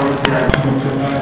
Thank you.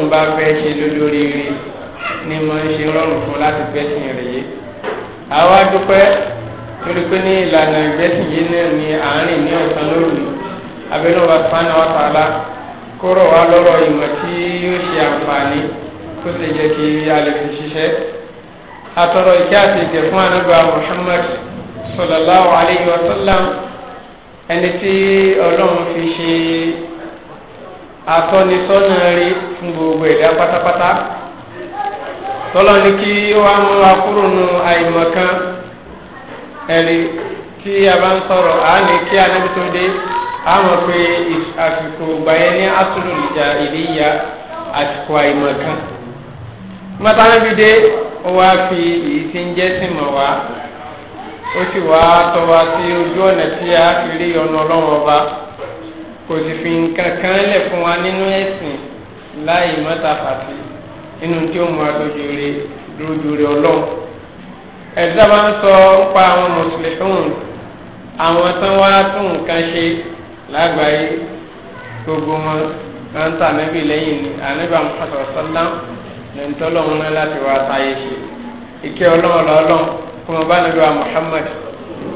tọ́lọ́run bá fẹ́ ṣe lólórí rí ni mo ń ṣe rọrùn fún láti gbẹ́sìn rẹ̀ yìí. àwa dúpẹ́ torí pé ní ìlànà ìgbẹ́sìn yìí náà ni àárín ní ọ̀sán lóru abẹ́nú wa sánà wa tààlà kóró wa lọ́rọ̀ ìmọ̀ tí yóò ṣe àǹfààní tó ti jẹ́ kí a lè fi ṣiṣẹ́. àtọ̀rọ̀ ìkẹ́ àti ìjẹ̀ fún anábà Muhammad sallallahu alayhi wa sallam ẹni tí ọlọ́run fi ṣe atọ́nisọ́nà rí. fún gbogbo ẹ̀dá pátápátá tọ́lọ́ ní kí ó wá mú wa kúrò nù àìmọ̀kan ẹ̀rí tí a bá ń sọ̀rọ̀ á ní kí anábì tó dé á mọ̀ pé àsìkò gbàyẹn ní fi èyí wa a ọba kò fi wa láì mọ́ta pàtì nínú tí ó mú adójúre dúrójúre ọlọ́run ẹ̀dá máa ń sọ nípa àwọn mùsùlùmí àwọn tán wá tún nǹkan ṣe lágbàáyé gbogbo wọn máa ń tànẹ́bì lẹ́yìn ní ànábì àmúfàṣọ sọ́lá lẹ́yìn tó lọ́wọ́ náà láti wá táyé ṣe ìkẹ́ ọlọ́run lọ́lọ́run kó wọn bá nílò Muhammad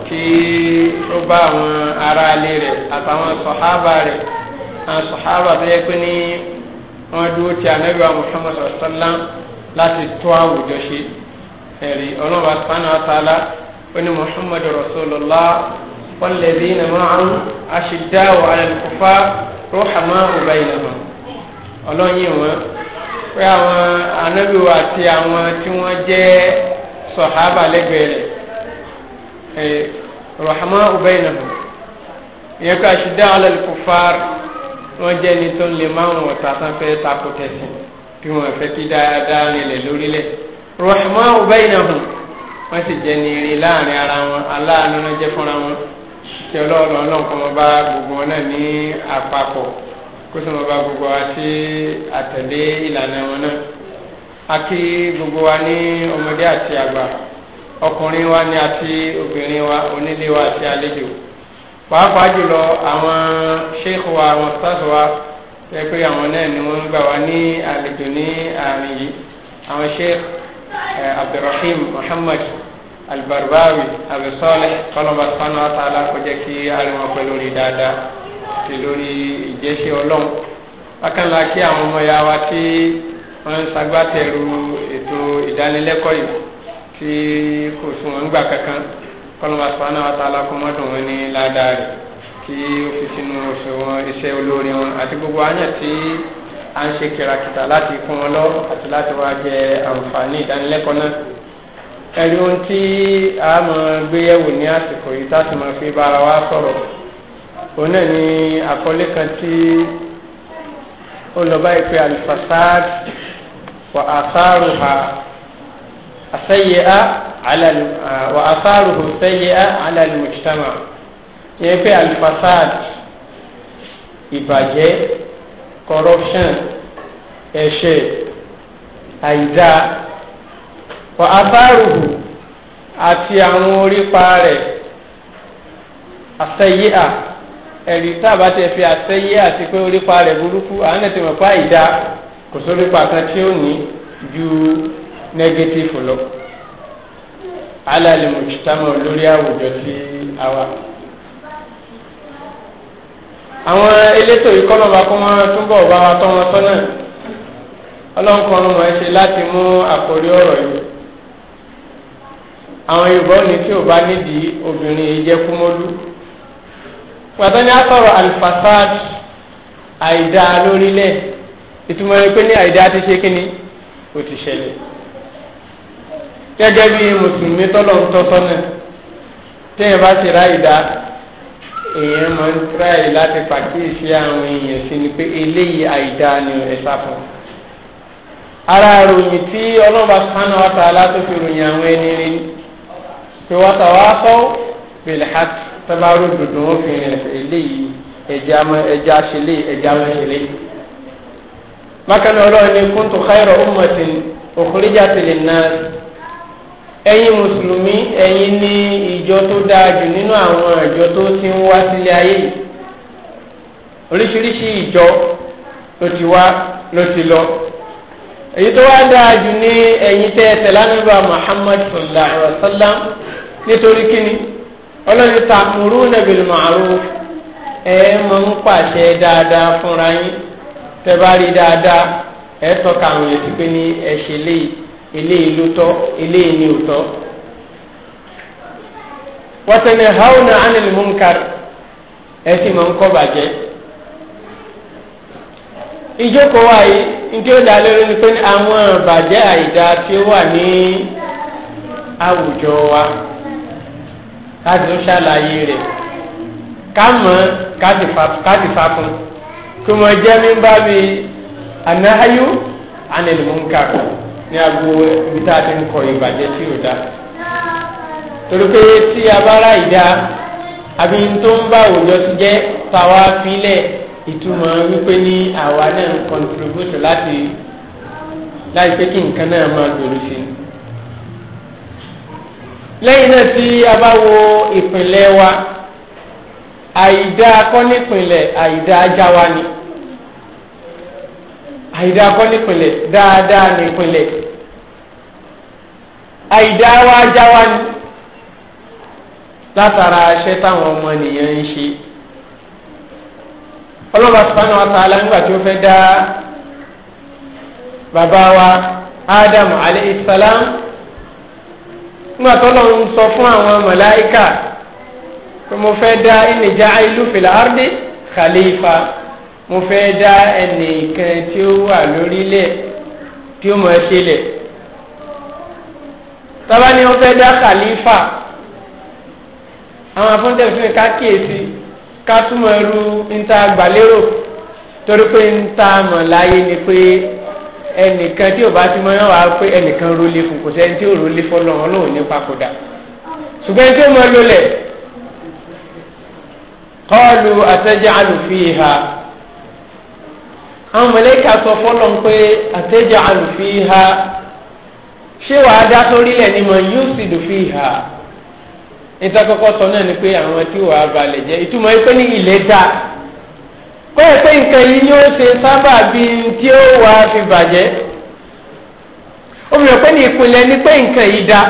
kí ó bá àwọn aráalé rẹ̀ àtàwọn sọ̀hábà rẹ̀ àwọn sọ̀hábà tó yẹ pé wọn dúró ti anabiwa muhammad sallam láti tó àwùjọ ṣe ẹ̀rí ọlọ́ba sanu àtàlà oní muhammad rasulullah wàlẹ́bí iná máa ń aṣèdá wà lẹ́nukúfà rúhàmá ọ̀bẹ́yìnàmọ́ ọlọ́yin wọn pé àwọn anabiwa àti àwọn tí wọ́n jẹ́ sọ̀hábà lẹ́gbẹ̀ẹ́ rẹ̀ rúhàmá ọ̀bẹ́yìnàmọ́ ìyẹn kó aṣèdá wà lẹ́nukúfà rúhàmá ọ̀bẹ́yìnàmọ́ wọ́n jẹ́ ẹni tó ń lè máwọn ọ̀tá tán fẹ́ takò tẹ̀sìn bí wọ́n fẹ́ kí dáadáa rinlẹ̀ lórílẹ̀ rọ̀ṣùmọ́ bainahum wọ́n sì jẹ́ ní irin láàrin ara wọn aláàánú náà jẹ́ fúnra wọn kí ọlọ́run ọlọ́nkọ́ wọn bá gbogbo wọn náà ní àpapọ̀ kó sì wọn bá gbogbo wa sí àtẹ̀lé ìlànà wọn náà a kí gbogbo wa ní ọmọdé àti àgbà ọkùnrin wa ni àti obìnrin wa onílé wa àti àlejò pàápàá jùlọ àwọn ṣéèkù wa àwọn sọ́ọ̀sì wa ṣe pé àwọn náà ni wọ́n ń gbà wá ní àlejò ní àárín yìí àwọn ṣéèkù abdulrahim muhammad albarbawi abisọ́lẹ̀ kọ́lọ́mbà sanu àtàlà kò jẹ́ kí ariwo pẹ̀lú rí dáadáa ti lórí ìjẹ́sẹ̀ ọlọ́run bákanlá kí àwọn ọmọ ya wa tí wọ́n ń ṣagbátẹrù ètò ìdánilẹ́kọ̀ọ́ yìí tí kò sùn wọn gbà kankan kọlọmọ sọfúnà wa tààlà kó mọ dùn wọn ní ládàá rẹ kí ó fi sínú oṣù wọn iṣẹ́ olórí wọn àti gbogbo àyàn tí a ń ṣe kìràkìtà láti kún wọn lọ àti láti wá jẹ àǹfààní ìdánilẹ́kọ̀ọ́ náà ẹni ohun tí a máa gbéyẹ̀wò ní àsìkò yìí tá máa fi bára wa sọ̀rọ̀ òun náà ni àkọlé kan tí ó lọ báyìí pé alifasad wa asaruha asẹyẹ على وآثاره سيئة على المجتمع يبقى الفساد ìbàjẹ́ corruption ẹ̀ṣẹ̀ àìdá wà afárùhù àti àwọn orípa rẹ̀ àtẹ̀yíà ẹ̀rí tábà tẹ̀ fi àtẹ̀yíà àti pé orípa rẹ̀ burúkú àwọn ẹ̀tẹ̀ mọ̀pá àìdá kò sórípa kan tí ó ní ju negative lọ alali mujtama lórí àwùjọ tí a wà. àwọn elétò ìkọlọ́ba kó wọn túbọ̀ bá wa tọ́ wọn sọ́nà ọlọ́nkọ́nù wọn ṣe láti mú àkórí ọ̀rọ̀ yìí. àwọn yorùbá ní tí ò bá nídìí obìnrin yìí jẹ́ kúmọ́lú. pàtàkì àtọ̀rọ̀ alifasad àìdá lórílẹ̀ ìtumọ̀ rẹ̀ pé ní àìdá ti ṣe kínní ó ti ṣẹlẹ̀ gẹ́gẹ́ bí mùsùlùmí tọ́lọ̀ ń tọ́tọ́ náà téèyàn bá ti ráyè dá èèyàn máa ń ráyè láti pàkíyèsí àwọn èèyàn sí ni pé eléyìí àìdá ni ẹ sá fún. ara ròyìn tí ọlọ́ba sánà wàtà alátòfin ròyìn àwọn ẹni rí pé wàtà wàá sọ bilhat tabaru dundun wọn fi rìn ẹsẹ eléyìí ẹja ẹja ṣẹlẹ̀ ẹja wọn bákan náà ọlọ́run ní kuntu khayra ummatin ukhrijat lin nas. ẹ̀yin mùsùlùmí ẹyin ní ìjọ tó dáa jù nínú àwọn ìjọ tó ti ń wá sílé ayé yìí oríṣiríṣi ìjọ ló ti lọ èyí tó wá dáa jù ní ẹyin tẹ́ ẹ tẹ̀lé Muhammad sallallahu alaihi wa sallam nítorí kíni ọlọ́ni ẹ ń pàṣẹ dáadáa fúnra yín bá rí dáadáa ẹ eléyìí ló tọ́ eléyìí ni ò tọ́. wọ́tẹ̀lẹ̀ haúnà ánìlì múnkàr ẹ sì máa ń kọ́ bàjẹ́. ìjókòó wa yìí njẹ́ ó dá lórí ni pé àwọn àbàjẹ́ àìdá tí ó wà ní àwùjọ wa láti ń ṣàlàyé rẹ̀ ká mọ̀ káti fa fún kí wọ́n jẹ́ mímbá bíi anahayu ánìlì múnkàr ní agbo ibi tá a ti ń kọ ìbàjẹ́ tí ò da torí pé tí a bá rà ìdá àbí tó ń bá òòjọ́ ti jẹ́ tàwa fílẹ̀ ìtumọ̀ wípé ní àwa náà ń kọ́ntribútù láti láì pé kí nǹkan náà máa gbèrú sí i. lẹ́yìn náà tí a bá wo ìpìlẹ̀ wa àìdá akọ́ àìdá ajá wa ni àìdá akọ́ nípìnlẹ̀ dáadáa nípìnlẹ̀ àìdáwá jáwá ni látara aṣẹ táwọn ọmọ nìyẹn ń ṣe ọlọ́ba sùpánù àtàlà nígbà tí ó fẹ́ dá bàbá wa ádámù alayhi salam nígbà tó lọ́n sọ fún àwọn màláíkà pé mo fẹ́ dá ìnìjà ìlúfìlà árdì khalifa mo fẹ́ dá ẹnìkan tí ó wà lórílẹ̀ tí ó mọ̀ ẹ́ sílẹ̀ tọ́ba ni wọ́n fẹ́ dá khalifa àwọn afọ́ńtẹ̀ fún mi ká kíyèsí ká túmọ̀ ẹrú níta gbàlérò torí pé níta mọ̀ láyé ni pé ẹnìkan tí ò bá ti mọ yẹn wàá pé ẹnìkan rólé fún kò sẹ́ni tí ò rólé fọlọ́ ọlọ́run ní papòdà ṣùgbọ́n tí ó mọ lólẹ̀ kọ́ọ̀lù àtẹ́jáàlù fi hà àwọn mọ̀lẹ́kà sọ fọlọ́n pé àtẹ́jáàlù fi hà ṣé wàá dá sórí ẹ̀ ni mo yóò sì dùn fi hà níta kọ́kọ́ sọ náà ni pé àwọn tí wàá balẹ̀ jẹ́ ìtumọ̀ yìí pé ní ilé dá kọ́ ẹ̀ pé nǹkan yìí ni ó ṣe sábà bí tí ó wàá fi bàjẹ́ obìnrin pé ní ìpínlẹ̀ ni pé nǹkan yìí dá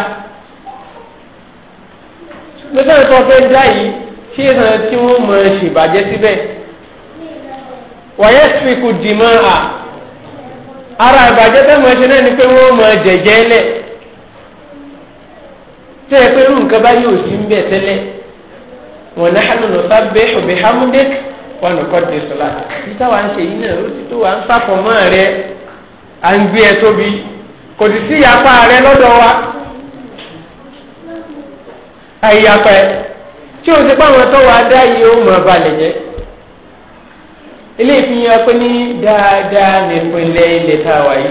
lọ́sọ̀rọ̀ tó fẹ́ dá yìí ṣé ìran tí wọ́n mọ̀ ṣèbàjẹ́ síbẹ̀ wàyẹ̀ sùn dì mọ́ à. ara àgbàjẹ́ tẹ́mọ̀ ẹ̀ṣẹ̀ náà ni pé wọ́n mọ jẹ̀jẹ́ lẹ tẹ́ ẹ pé irú nǹkan bá yóò sí wọn náà hàn lọ sá bẹ́ òbí hamdek wọn nìkan dé sọlá títà wà ń ṣe yìí náà ó ti tó wà ń rẹ à ń gbé ẹ tóbi kò sì sí rẹ wa ẹ tí o ti pa àwọn tó dá ó balẹ̀ ilé ìfihàn pé ní dáadáa nípìnlẹ̀ ilẹ̀ tá a wà yìí.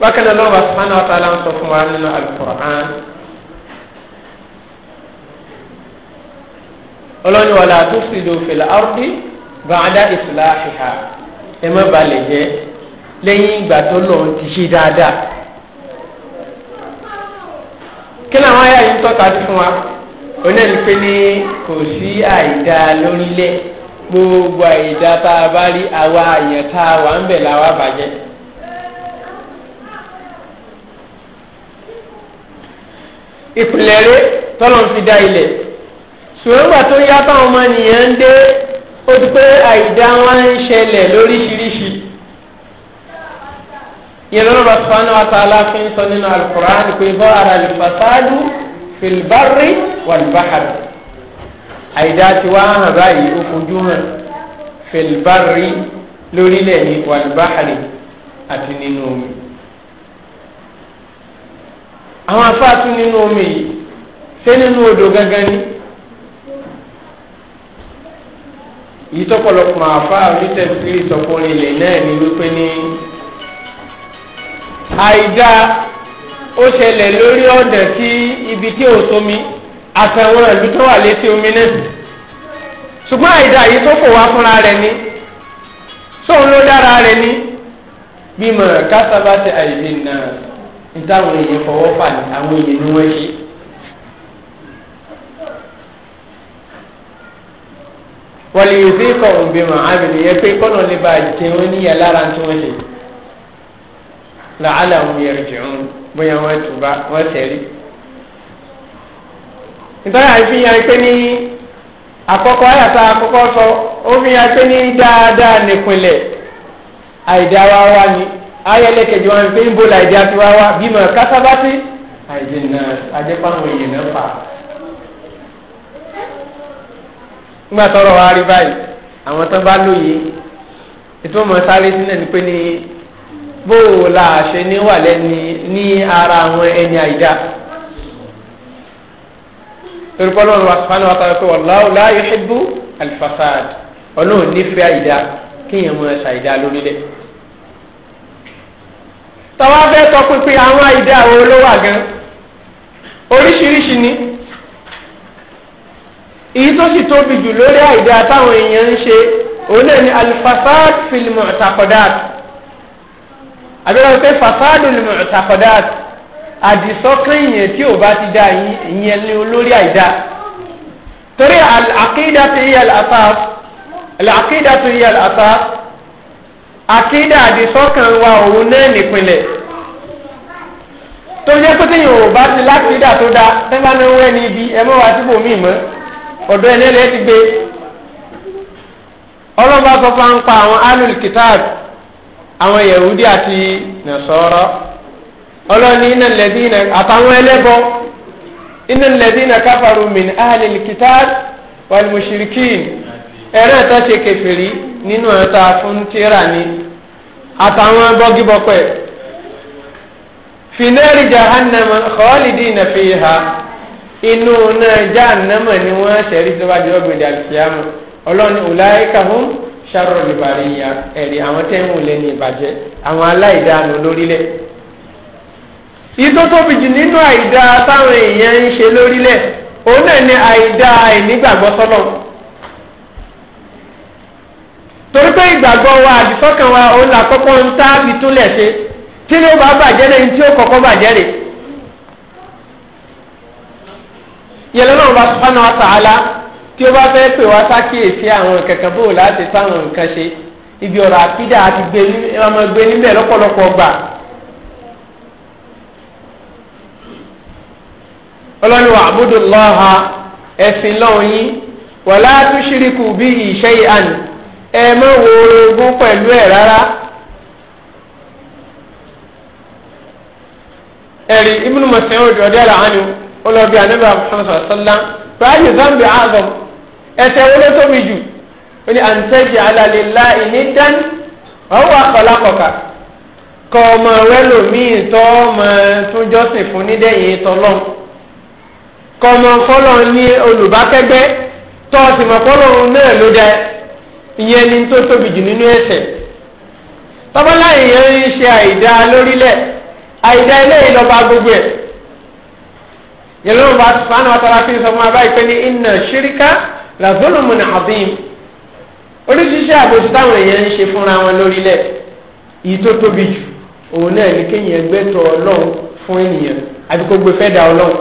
bákan náà lọ́wọ́ subhanahu wa ta'ala ń sọ fún wa nínú al-Qur'an. ọlọ́ni wàlá tufsidu fil ardi ba'da islahiha ẹ má balẹ̀ jẹ́ lẹ́yìn ìgbà tó lọ́n ti ṣe dáadáa. kí ni àwọn ayé yìí ń tọ́ka fún wa onáni pé ní kò sí àìdá lórílẹ̀ gbogbo àìdá tá a bá rí àwa àyàn tá a wà ń bẹ̀ làwa bàjẹ́. ìpìlẹ̀ rẹ̀ tọ́lọ̀ fi dá ilẹ̀ ṣùgbọ́n tó yá táwọn ọmọ nìyẹn ń dé ó ti pé àìdá wọn ń ṣẹlẹ̀ lóríṣiríṣi ìrọ̀lọ́ba sọ́nà àtàlà fi ń sọ nínú alukur'an pé bọ́ ara lè fasádù filibari walibahari àyídá ti wá hàn báyìí ó fojú hàn filibari lórílẹ̀ ní walibahari àti nínú omi àwọn afáàtú nínú omi yìí ṣé nínú odò gangan ni yìí tọ̀pọ̀lọpọ̀ àfáà onítẹ̀sílì sọ̀kùnrin ilẹ̀ náà ni wípé ní àyídá ó ṣẹlẹ̀ lórí ọ̀dẹ̀ sí ibi tí ò sómi àtàwọn ìlú tó wà létí omi náà ṣùgbọ́n àìdá yìí tó kò wá fúnra rẹ̀ ni sóun ló dára rẹ̀ ni bímọ kásábà ti àìdè náà nítawọn èèyàn fọwọ́ fà ní àwọn èèyàn ni wọ́n ṣe. wọ́n yóò fi kọ̀ ọ̀hún bímọ àbẹ̀lẹ̀ yẹ pé kọ́nà lè bá jẹun níyà lára tí wọ́n ṣe làálàá òun yẹ jẹun bóyá wọ́n tùbá wọ́n tẹ̀rí. nítorí àìfihàn pé ní àkọ́kọ́ àyàtà àkọ́kọ́ sọ ó fi hàn pé ní dáadáa nìpínlẹ̀ àìdá wa wá ni ayẹlẹ kẹjọ wa ni pé níbo la àìdá ti wá wá bímọ kásábátì àìdè náà ajẹ́pàwọn èèyàn náà fà á. nígbà tọrọ wa rí báyìí àwọn tó bá lóye ètò ọmọ sáré sílẹ̀ ni pé ní bó o la ṣe níwà lẹ́ni ní ara àwọn ẹni àìdá torúkọ lọ́run wa sùpánù wa sọ pé wallahu la yuhibbu al-fasad ọlọ́run nífẹ̀ẹ́ àìdá kéèyàn mú ẹ̀ṣà àìdá lórílẹ̀. tọ́wọ́ fẹ́ sọ pínpín àwọn àìdá àwọn olówà gan oríṣiríṣi ni èyí tó sì tóbi jù lórí àìdá táwọn èèyàn ń ṣe òun náà ni al-fasad fil mu'taqadat àbẹ̀wò pé fasadu ni mu'taqadat àdìsọ́kàn yẹn tí ò bá ti dá ìyẹn ní olórí àìdá torí àkídà tó yẹ al-asas àkídà tó yẹ al-asas àkídà àdìsọ́kàn wa òun náà nìpínlẹ̀ tó jẹ́ pé téèyàn ò bá ti lákìdá tó dá tẹ́lá náà wẹ́ ní ibi ẹ mọ́ wa síbò míì mọ́ ọ̀dọ̀ ẹ̀ lẹ́lẹ́ ti gbé ọlọ́ba sọ fún àwọn alul kitab àwọn yahudi àti nasọrọ ọlọ́ni iná lẹ́dínà àtàwọn ẹlẹ́bọ iná lẹ́dínà káfàrú min ahlil kitab wal mushrikin ẹ̀rọ ẹ̀tọ́ ṣe kẹfìrí nínú ẹ̀ta fún tíra ni àtàwọn bọ́gìbọ́pẹ́ finari jahannama khalidina fiha inú náà jahannama ni wọ́n ṣẹ̀rí síwájú ọ̀gbìn dàlùkìyàmù ọlọ́ni ọ̀làyíkà hùn. sharro libariya ẹ̀rí àwọn tẹ́wọ̀n lé ní ìbàjẹ́ àwọn aláìdáàánú lórílẹ̀. ìtò tóbi nínú àìdá táwọn èèyàn ń ṣe lórílẹ̀ òun náà ni àìdá àìnígbàgbọ́ sọ́lọ̀. torí pé ìgbàgbọ́ wa àdìsọ́kàn wa òun là ń tá àbí túnlẹ̀ ṣe tí ló bá bàjẹ́ lẹ́yìn tí ó kọ́kọ́ bàjẹ́ rè. náà tí ó bá fẹ́ pè wá sákìyèsí àwọn kankan bò láti sáwọn nǹkan ṣe ibi ọ̀rọ̀ àkídà àti gbé níbẹ̀ lọ́pọ̀lọpọ̀ gbà. ọlọ́niwà àbúdò lọ́ha ẹ̀sìn lọ́hùn yín wàlá túṣìríkù bí ìṣe ìhàn ẹ mọ̀ wo pẹ̀lú ẹ̀ rárá. ẹ̀rí ibùdó mọ̀sán òjò ọdẹ àlàánu ọlọ́bí anábìà mọ̀sán sọ̀tọ́lá báyìí zambi àzọ̀ ẹ̀ṣẹ̀ wo ló tóbi jù ó ní àǹtẹ̀jì alàlélá ìnídán ọwọ́ àkọlákọ̀ọ́kà kọ́ ọmọ rẹ lòmíì tọ́ ọmọ tún jọ́sìn fún nídẹ̀yìn tọ́lọ́n kọ́ ọmọ fọ́lọ́ ní olùbákẹ́gbẹ́ tọ́ ọ̀sìn mọ̀ fọ́lọ́ náà ló dẹ ìyẹn ni tó tóbi jù nínú ẹ̀ṣẹ̀ tọ́bọ́lá ìyẹn ń ṣe àìdá lórílẹ̀ àìdá eléyìí lọ́ba gbogbo ẹ̀ yẹlẹ́wọ̀n bá sùpánù àtàrà fi sọ fún abáyé pé ní ìnà ṣíríkà làzọ́nù mọ̀nà àbíyìn oríṣiríṣi àbòsí táwọn èèyàn ń ṣe fúnra wọn lórílẹ̀ yìí tó tóbi jù òun náà ní kéèyàn ẹgbẹ́ tọ ọlọ́run fún ènìyàn àti kó gbé fẹ́ da ọlọ́run.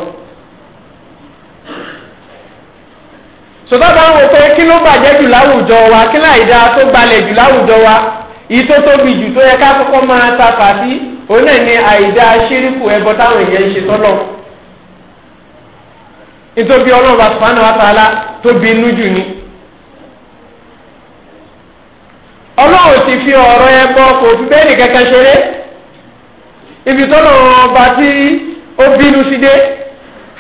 sọ̀tọ́ bá ń wò pé kí ló bàjẹ́ jù láwùjọ wa kí láì dáa tó gbalẹ̀ jù láwùjọ wa yìí tó tóbi jù tó yẹ ká kọ́kọ́ máa ta fàtí òun náà ní àìdáa ṣírífù ẹbọ táwọn èèyàn ń ṣe tọ́lọ́run nítorí ọlọ́run bá sùpánù àtàlà tó bí inú jù ni. ọlọ́run ti fi ọ̀rọ̀ ẹ bọ́ kò fi bẹ́ẹ̀ nìkan kan ṣeré ibi tọ́lọ̀ ọba tí ó bínú sí dé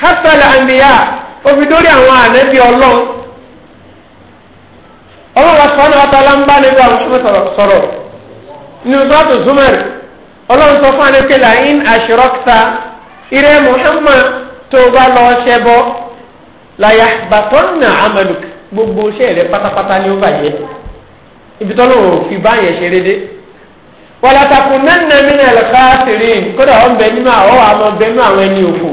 hásàlẹ̀ àmìyá ó fi dórí àwọn ànẹ́bí ọlọ́run ọlọ́run bá sùpánù àtàlà ń bá níbi àwọn sọ̀rọ̀ ní ọdún zumar ọlọ́run sọ fún ànẹ́kẹ́lá in àṣírọ́kta ire muhammad tó o bá lọ ṣẹbọ láyà bàtọ́ nà amalùk gbogbo iṣẹ́ rẹ pátápátá ni ó bàjẹ́ ibi tọ́lọ́ ò fi báyẹn ṣe dédé wàlàtàkùn nánà nínú ẹ̀lẹ́kàásìrì kódà ọ̀ ń bẹ nínú àwọn àmọ́ bẹ nínú àwọn ẹni òfò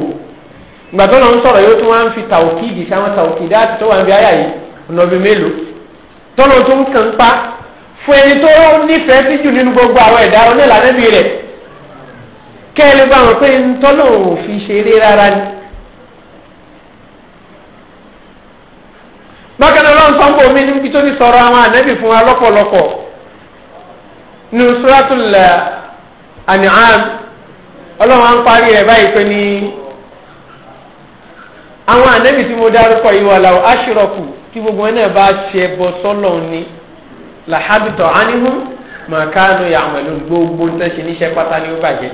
gbàtọ́ lọ ń sọ̀rọ̀ yóò tún wá ń fi tàwùkìdì sáwọn tàwùkìdì àti tó wà ń bí àyà yìí ọ̀nà bíi mélòó tọ́lọ́ tó ń kàn pa fún ẹni tó nífẹ̀ẹ́ sí jù nínú gbogbo àwọn ẹ̀dá onílànà bíi rẹ̀ kẹ́ẹ̀lẹ́ bá wọn pé ntọ́lọ́ ṣeré rárá ni. bákan náà lọ́nà sọ́nbó mi níbi tó ti sọ̀rọ̀ àwọn ànábì fún wa lọ́pọ̀lọpọ̀ ní suratul An'am ọlọ́run á ń parí ẹ̀ báyìí pé ní àwọn ànábì tí mo dárúkọ yìí wà láwọ aṣírọ̀kù tí gbogbo ẹ̀ náà bá ṣe bọ sọ́lọ̀ ni làhábìtọ̀ ánihùn gbogbo níṣẹ́ pátá ni ó bàjẹ́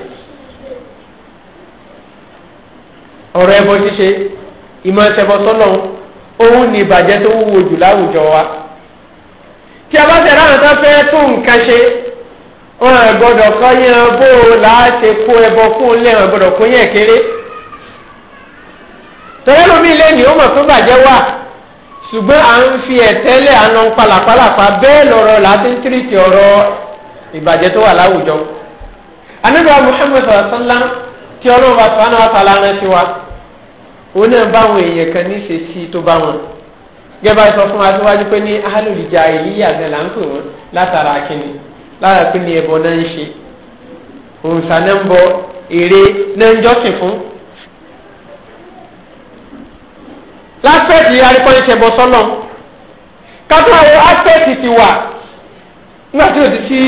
ọ̀rọ̀ òun ni ìbàjẹ́ tó wúwo jù láwùjọ wa tí a bá tẹ̀ láwọn tó fẹ́ tó nǹkan ṣe wọn à kọ́ yẹn bó o kó ẹbọ kó o lé wọn kó yẹn kéré tọ́lẹ́ lómi ilé ni ó mọ̀ tó bàjẹ́ wà ṣùgbọ́n à ń fi ẹ̀tẹ́lẹ̀ àna ń palàpalàpa bẹ́ẹ̀ lọ́rọ̀ láti ń tìrìtì ọ̀rọ̀ ìbàjẹ́ tó wà láwùjọ anábìá Muhammad sallallahu alaihi wasallam tí ọlọ́run bá sọ ánà wà sálá rẹ sí wa. òun náà bá àwọn èèyàn kan ní ṣe sí tó bá wọn gẹ́gẹ́ sọ fún wa síwájú pé ní alòlìjà ìlíyà gan là ń pè wọ́n látara akínni lára pé ní náà ń ṣe òǹṣà náà ń bọ èrè náà ń jọ́sìn fún. sọ́nà kátó àwọn ti wà nígbà tí o ti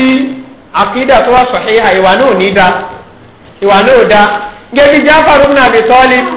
àkídà tó wà sọ̀hí àìwà náà ò ní da ìwà náà ò da gẹ́gẹ́ bí jáfàrú náà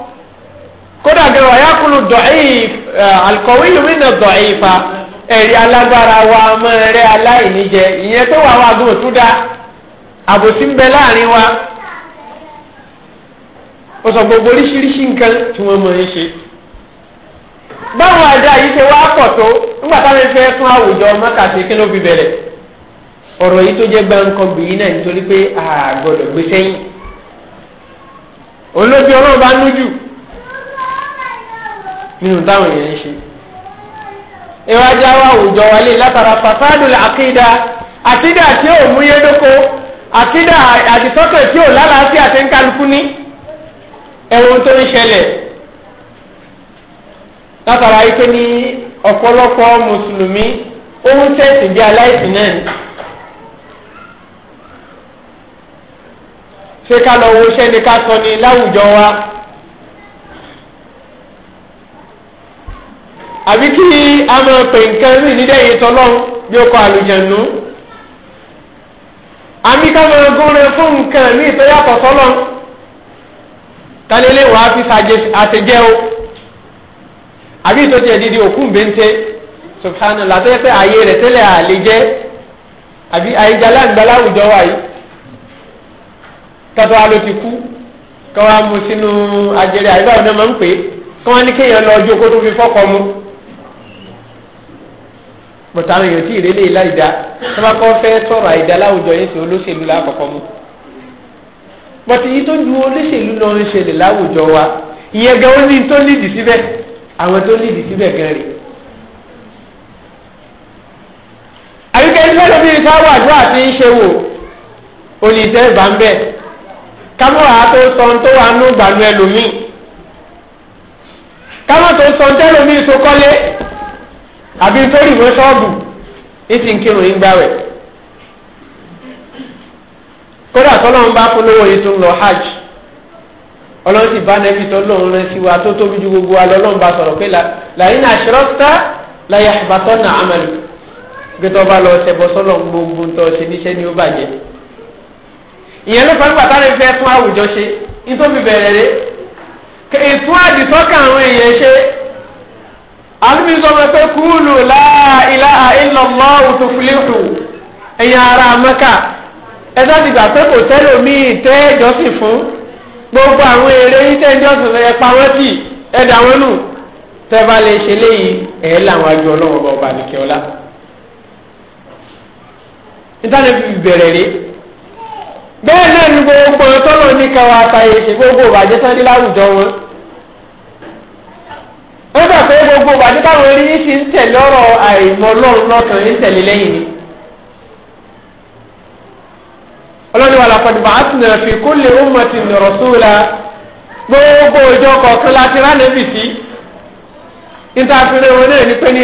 kódà gẹ̀rọ ayákùlù dọ̀ìf alkọ̀wéyù mí nà dọ̀ìfà ẹ̀rí alágbára wa ọmọ rẹ́ aláìní jẹ ìyẹn wà dá àbòsí ń bẹ wa ó sọ gbogbo oríṣiríṣi nǹkan tí wọ́n máa ń ṣe báwọn àdá yìí ṣe wá pọ̀ tó nígbà táwọn fún àwùjọ bẹ̀rẹ̀ ọ̀rọ̀ yìí tó jẹ́ nínú táwọn èèyàn ń ṣe. ìwájú àwọn àwùjọ wa lè látara fasadul àkídà àkídà tí ò múyédóko àkídà àdìsọ́kẹ̀ tí ò lálàáfíà tí ń kálukú ní ẹ̀wọ̀n tó ń ṣẹlẹ̀ látara ike ní ọ̀pọ̀lọpọ̀ mùsùlùmí ó tẹ̀sí bí aláìsìn náà ṣé ká lọ wo iṣẹ́ ni ká sọ ní láwùjọ wa. àbí kí a máa pè nǹkan mí nílẹ̀ yìí tọ́lọ́hún bí ó kọ àlùjẹ̀nu àmì ká máa gúnra fún nǹkan mí ìtọ́yàtọ̀ tọ́lọ́hún kálílé wàá fi àtẹ̀jẹ́ o àbí ìtọ́jú ẹ̀ dídí òkú bẹ́ńtẹ́ subhanallah tó yẹ pé ààyè rẹ̀ tẹ́lẹ̀ àlè jẹ́ àbí àyíjà láǹgbá láwùjọ wa yìí kátó alo ti kú káwá mu sínú ajẹrẹ àyíká ọ̀nà máa ń pè é káwá ní kéèyàn lọ ọjọ́ kó tó fi fọ́kọ̀ mu bọ̀tà àwọn èèyàn tí ìrẹ́lẹ̀ ìlàjà tó bá kọ́ fẹ́ sọ̀rọ̀ àìdá láwùjọ yẹn tí olóṣèlú lákọ̀ọ́kọ́ mú bọ̀tà èyí tó ju olóṣèlú lọ ń ṣẹlẹ̀ láwùjọ wa ìyẹn gan ó ní tó lídì síbẹ̀ àwọn tó lídì síbẹ̀ gan rè. àyíká ẹni fẹ́ẹ́ lóbìnrin ká wà ló àti ń ṣe wò oníṣẹ́ ìbá ń bẹ̀ kámọ́ra tó sọ tó wà nù gbànú ẹlòmíì kámọ́ tó sọ tẹ́lòmíì tó kọ́lé. àbí sórí ìwé sọ́ọ̀bù ìsì ń kírun ń gbáwẹ̀ kódà tọ́lọ́run bá fún hajj ọlọ́run sì bá nẹ́bí tó lóun rẹ sí wa tó tóbi ju gbogbo wa lọ́lọ́run bá sọ̀rọ̀ pé làyín àṣírọ́tà láyé àbátọ́ nà bá lọ gbogbo tó ṣe níṣẹ́ ni ó bàjẹ́ ìyẹn ló fẹ́ẹ́ pàtàkì fẹ́ fún àwùjọ ṣe nítorí bẹ̀rẹ̀ rẹ̀ ètò àdìsọ́kà àwọn àdúgbò sọ̀rọ̀ pé kúlù la ilaha illallahu tuflihu ẹ̀yin ará Mẹ́kà ẹ̀dá ti gbà pé kò tẹ́lẹ̀ míì tẹ́ ìjọsìn fún gbogbo àwọn eré yín tẹ́ ìjọsìn lẹ́yẹ pawọ́ tì ẹ̀dá wọn nù tẹ́fà lè ṣe léyìí ẹ̀ làwọn àjọ ọlọ́wọ́ bá ọba nìkẹ́ ọlá. ìtàlẹ́ fi bẹ̀rẹ̀ rí bẹ́ẹ̀ náà ni gbogbo ọ̀tọ́lọ́ ní káwa àtàyè ṣe gbogbo ó gbà pé gbogbo ìgbà tí káwọn fi ń tẹ̀lé ọ̀rọ̀ àìmọ̀ ọlọ́run lọ́tọ̀ ní tẹ̀lé lẹ́yìn ni. ọlọ́ni wa làkọ̀dù bá a tún fi kulli ummatin rasula gbogbo ìjọ kọ̀ọ̀kan láti rán níta fúnra wọn náà ní pé ní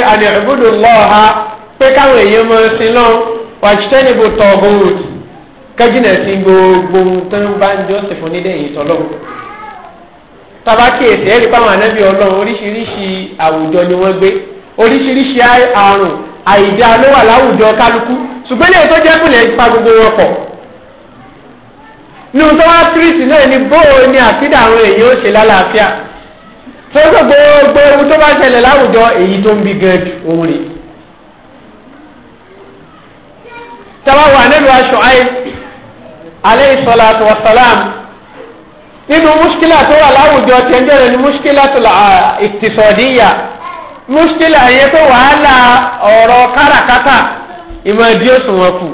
tabaki èsì ẹ̀rí pàwọn ànábì ọlọ́run oríṣiríṣi àwùjọ ni wọ́n gbé oríṣiríṣi àrùn àìjà ló wà láwùjọ kálukú ṣùgbọ́n ilé tó jẹ́ múlẹ̀ ipa gbogbo wọn pọ̀ ní ohun tó wá kírísì náà ni bóò ni àkídà àwọn èèyàn ó ṣe lálàáfíà tó gbogbo ohun tó bá ṣẹlẹ̀ láwùjọ èyí tó ń bi gan ju òun rè tabawo ànábì wa Ṣuaib alayhi salatu wa salam nínú muskila tó wà láwùjọ tẹ́jọ́ rẹ̀ ni muskila tó la ìtìsọ̀díyà muskila yẹn tó wàhálà ọ̀rọ̀ káràkátà ìmọ̀ ẹ̀dí òṣùwọ̀n kù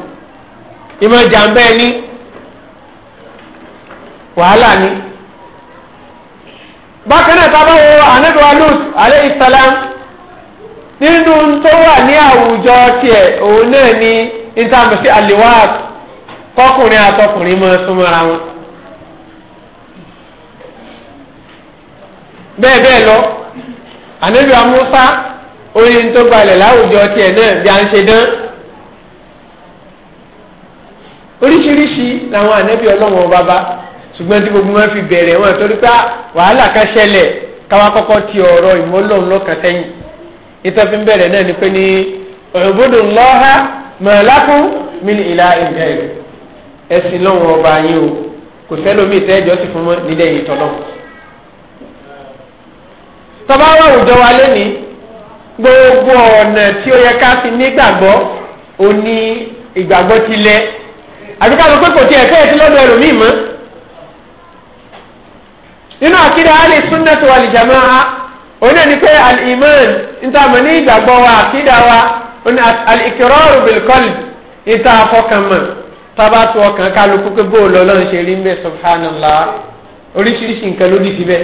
ìmọ̀ jàǹbẹ́ ni wàhálà ni. bákan náà tábà wo anaduwa luz alẹ́ ìsàlám nínú tó wà ní àwùjọ tiẹ̀ òun náà ni ìtàmùsí àlèwà kọkùnrin àtọkùnrin mọ́ súnmọ́ra wọn. bẹ́ẹ̀ bẹ́ẹ̀ lọ ànábì amúsá orin tó gbalẹ̀ láwùjọ tiẹ̀ náà bí a ń ṣe dán oríṣiríṣi làwọn ànábì ọlọ́wọ́n bàbá ṣùgbọ́n tí gbogbo fi bẹ̀rẹ̀ wọn torí pé wàhálà kan ṣẹlẹ̀ káwa kọ́kọ́ ti ọ̀rọ̀ ìmọ̀lọ́run lọ́kàn sẹ́yìn ìtọ́ fi ń bẹ̀rẹ̀ náà ni pé ní ńlọ́ha mi ní ìlà ẹ̀sìn lọ́wọ́ ọba yín o kò sẹ́lómi ìtẹ́jọ́ sì fún tọ́ba wà àwùjọ wa lẹ́ni gbogbo ọ̀nà tí ó yẹ ká fi nígbàgbọ́ ò ní ìgbàgbọ́ ti lẹ àbí ká lọ pé kò tiẹ̀ fẹ́ẹ̀ sí lọ́dọ̀ ẹlòmíì mọ́ nínú àkídá alẹ́ sunnatu wal jamaa òun náà ni pé al-iman ntàmọ̀ ní ìgbàgbọ́ wa àkídá wa al-iqraru bil qalb níta afọkànmọ̀ tábà tó ọkàn kálukú pé bóòlù ọlọ́run ṣe rí ń subhanallah oríṣiríṣi nǹkan ló dì síbẹ̀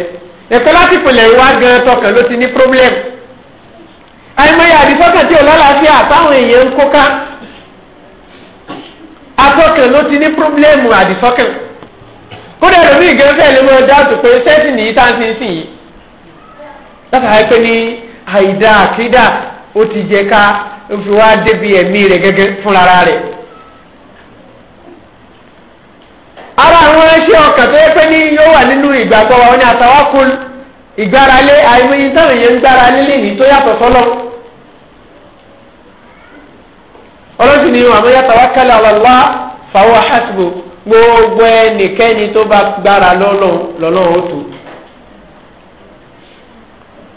ẹ̀kọ́ láti pèlè ìwá gan tọkàn ló ti ní problem àìmọye àdìsọ́kàn tí ò lálàáfíà táwọn èèyàn ń kó ká atọ́kàn ló ti ní problem àdìsọ́kàn kódà ẹ̀rọ míì gan fẹ́ẹ́ lè mọ dáàtò pé sẹ́ẹ̀tì nìyí tá à ń sin sìn yìí látàrí pé ní àìdá àkídà ó ti jẹ ká ó fi wá débi ẹ̀mí rẹ̀ gẹ́gẹ́ fúnra rẹ̀ ara àwọn ẹṣẹ́ ọkàn tó yẹ pé ní yóò wà nínú ìgbàgbọ́ wa ní àtàwákùn ìgbáralé àìmọye táwọn èèyàn ń gbáralé lèyìn tó yàtọ̀ sọ́lọ́ ọlọ́sìn ni àmọ́ yàtọ̀ wá kálí àlọ́lá fàwọ́ àṣìbò gbogbo ẹnìkẹ́ni tó bá gbára lọ́lọ́run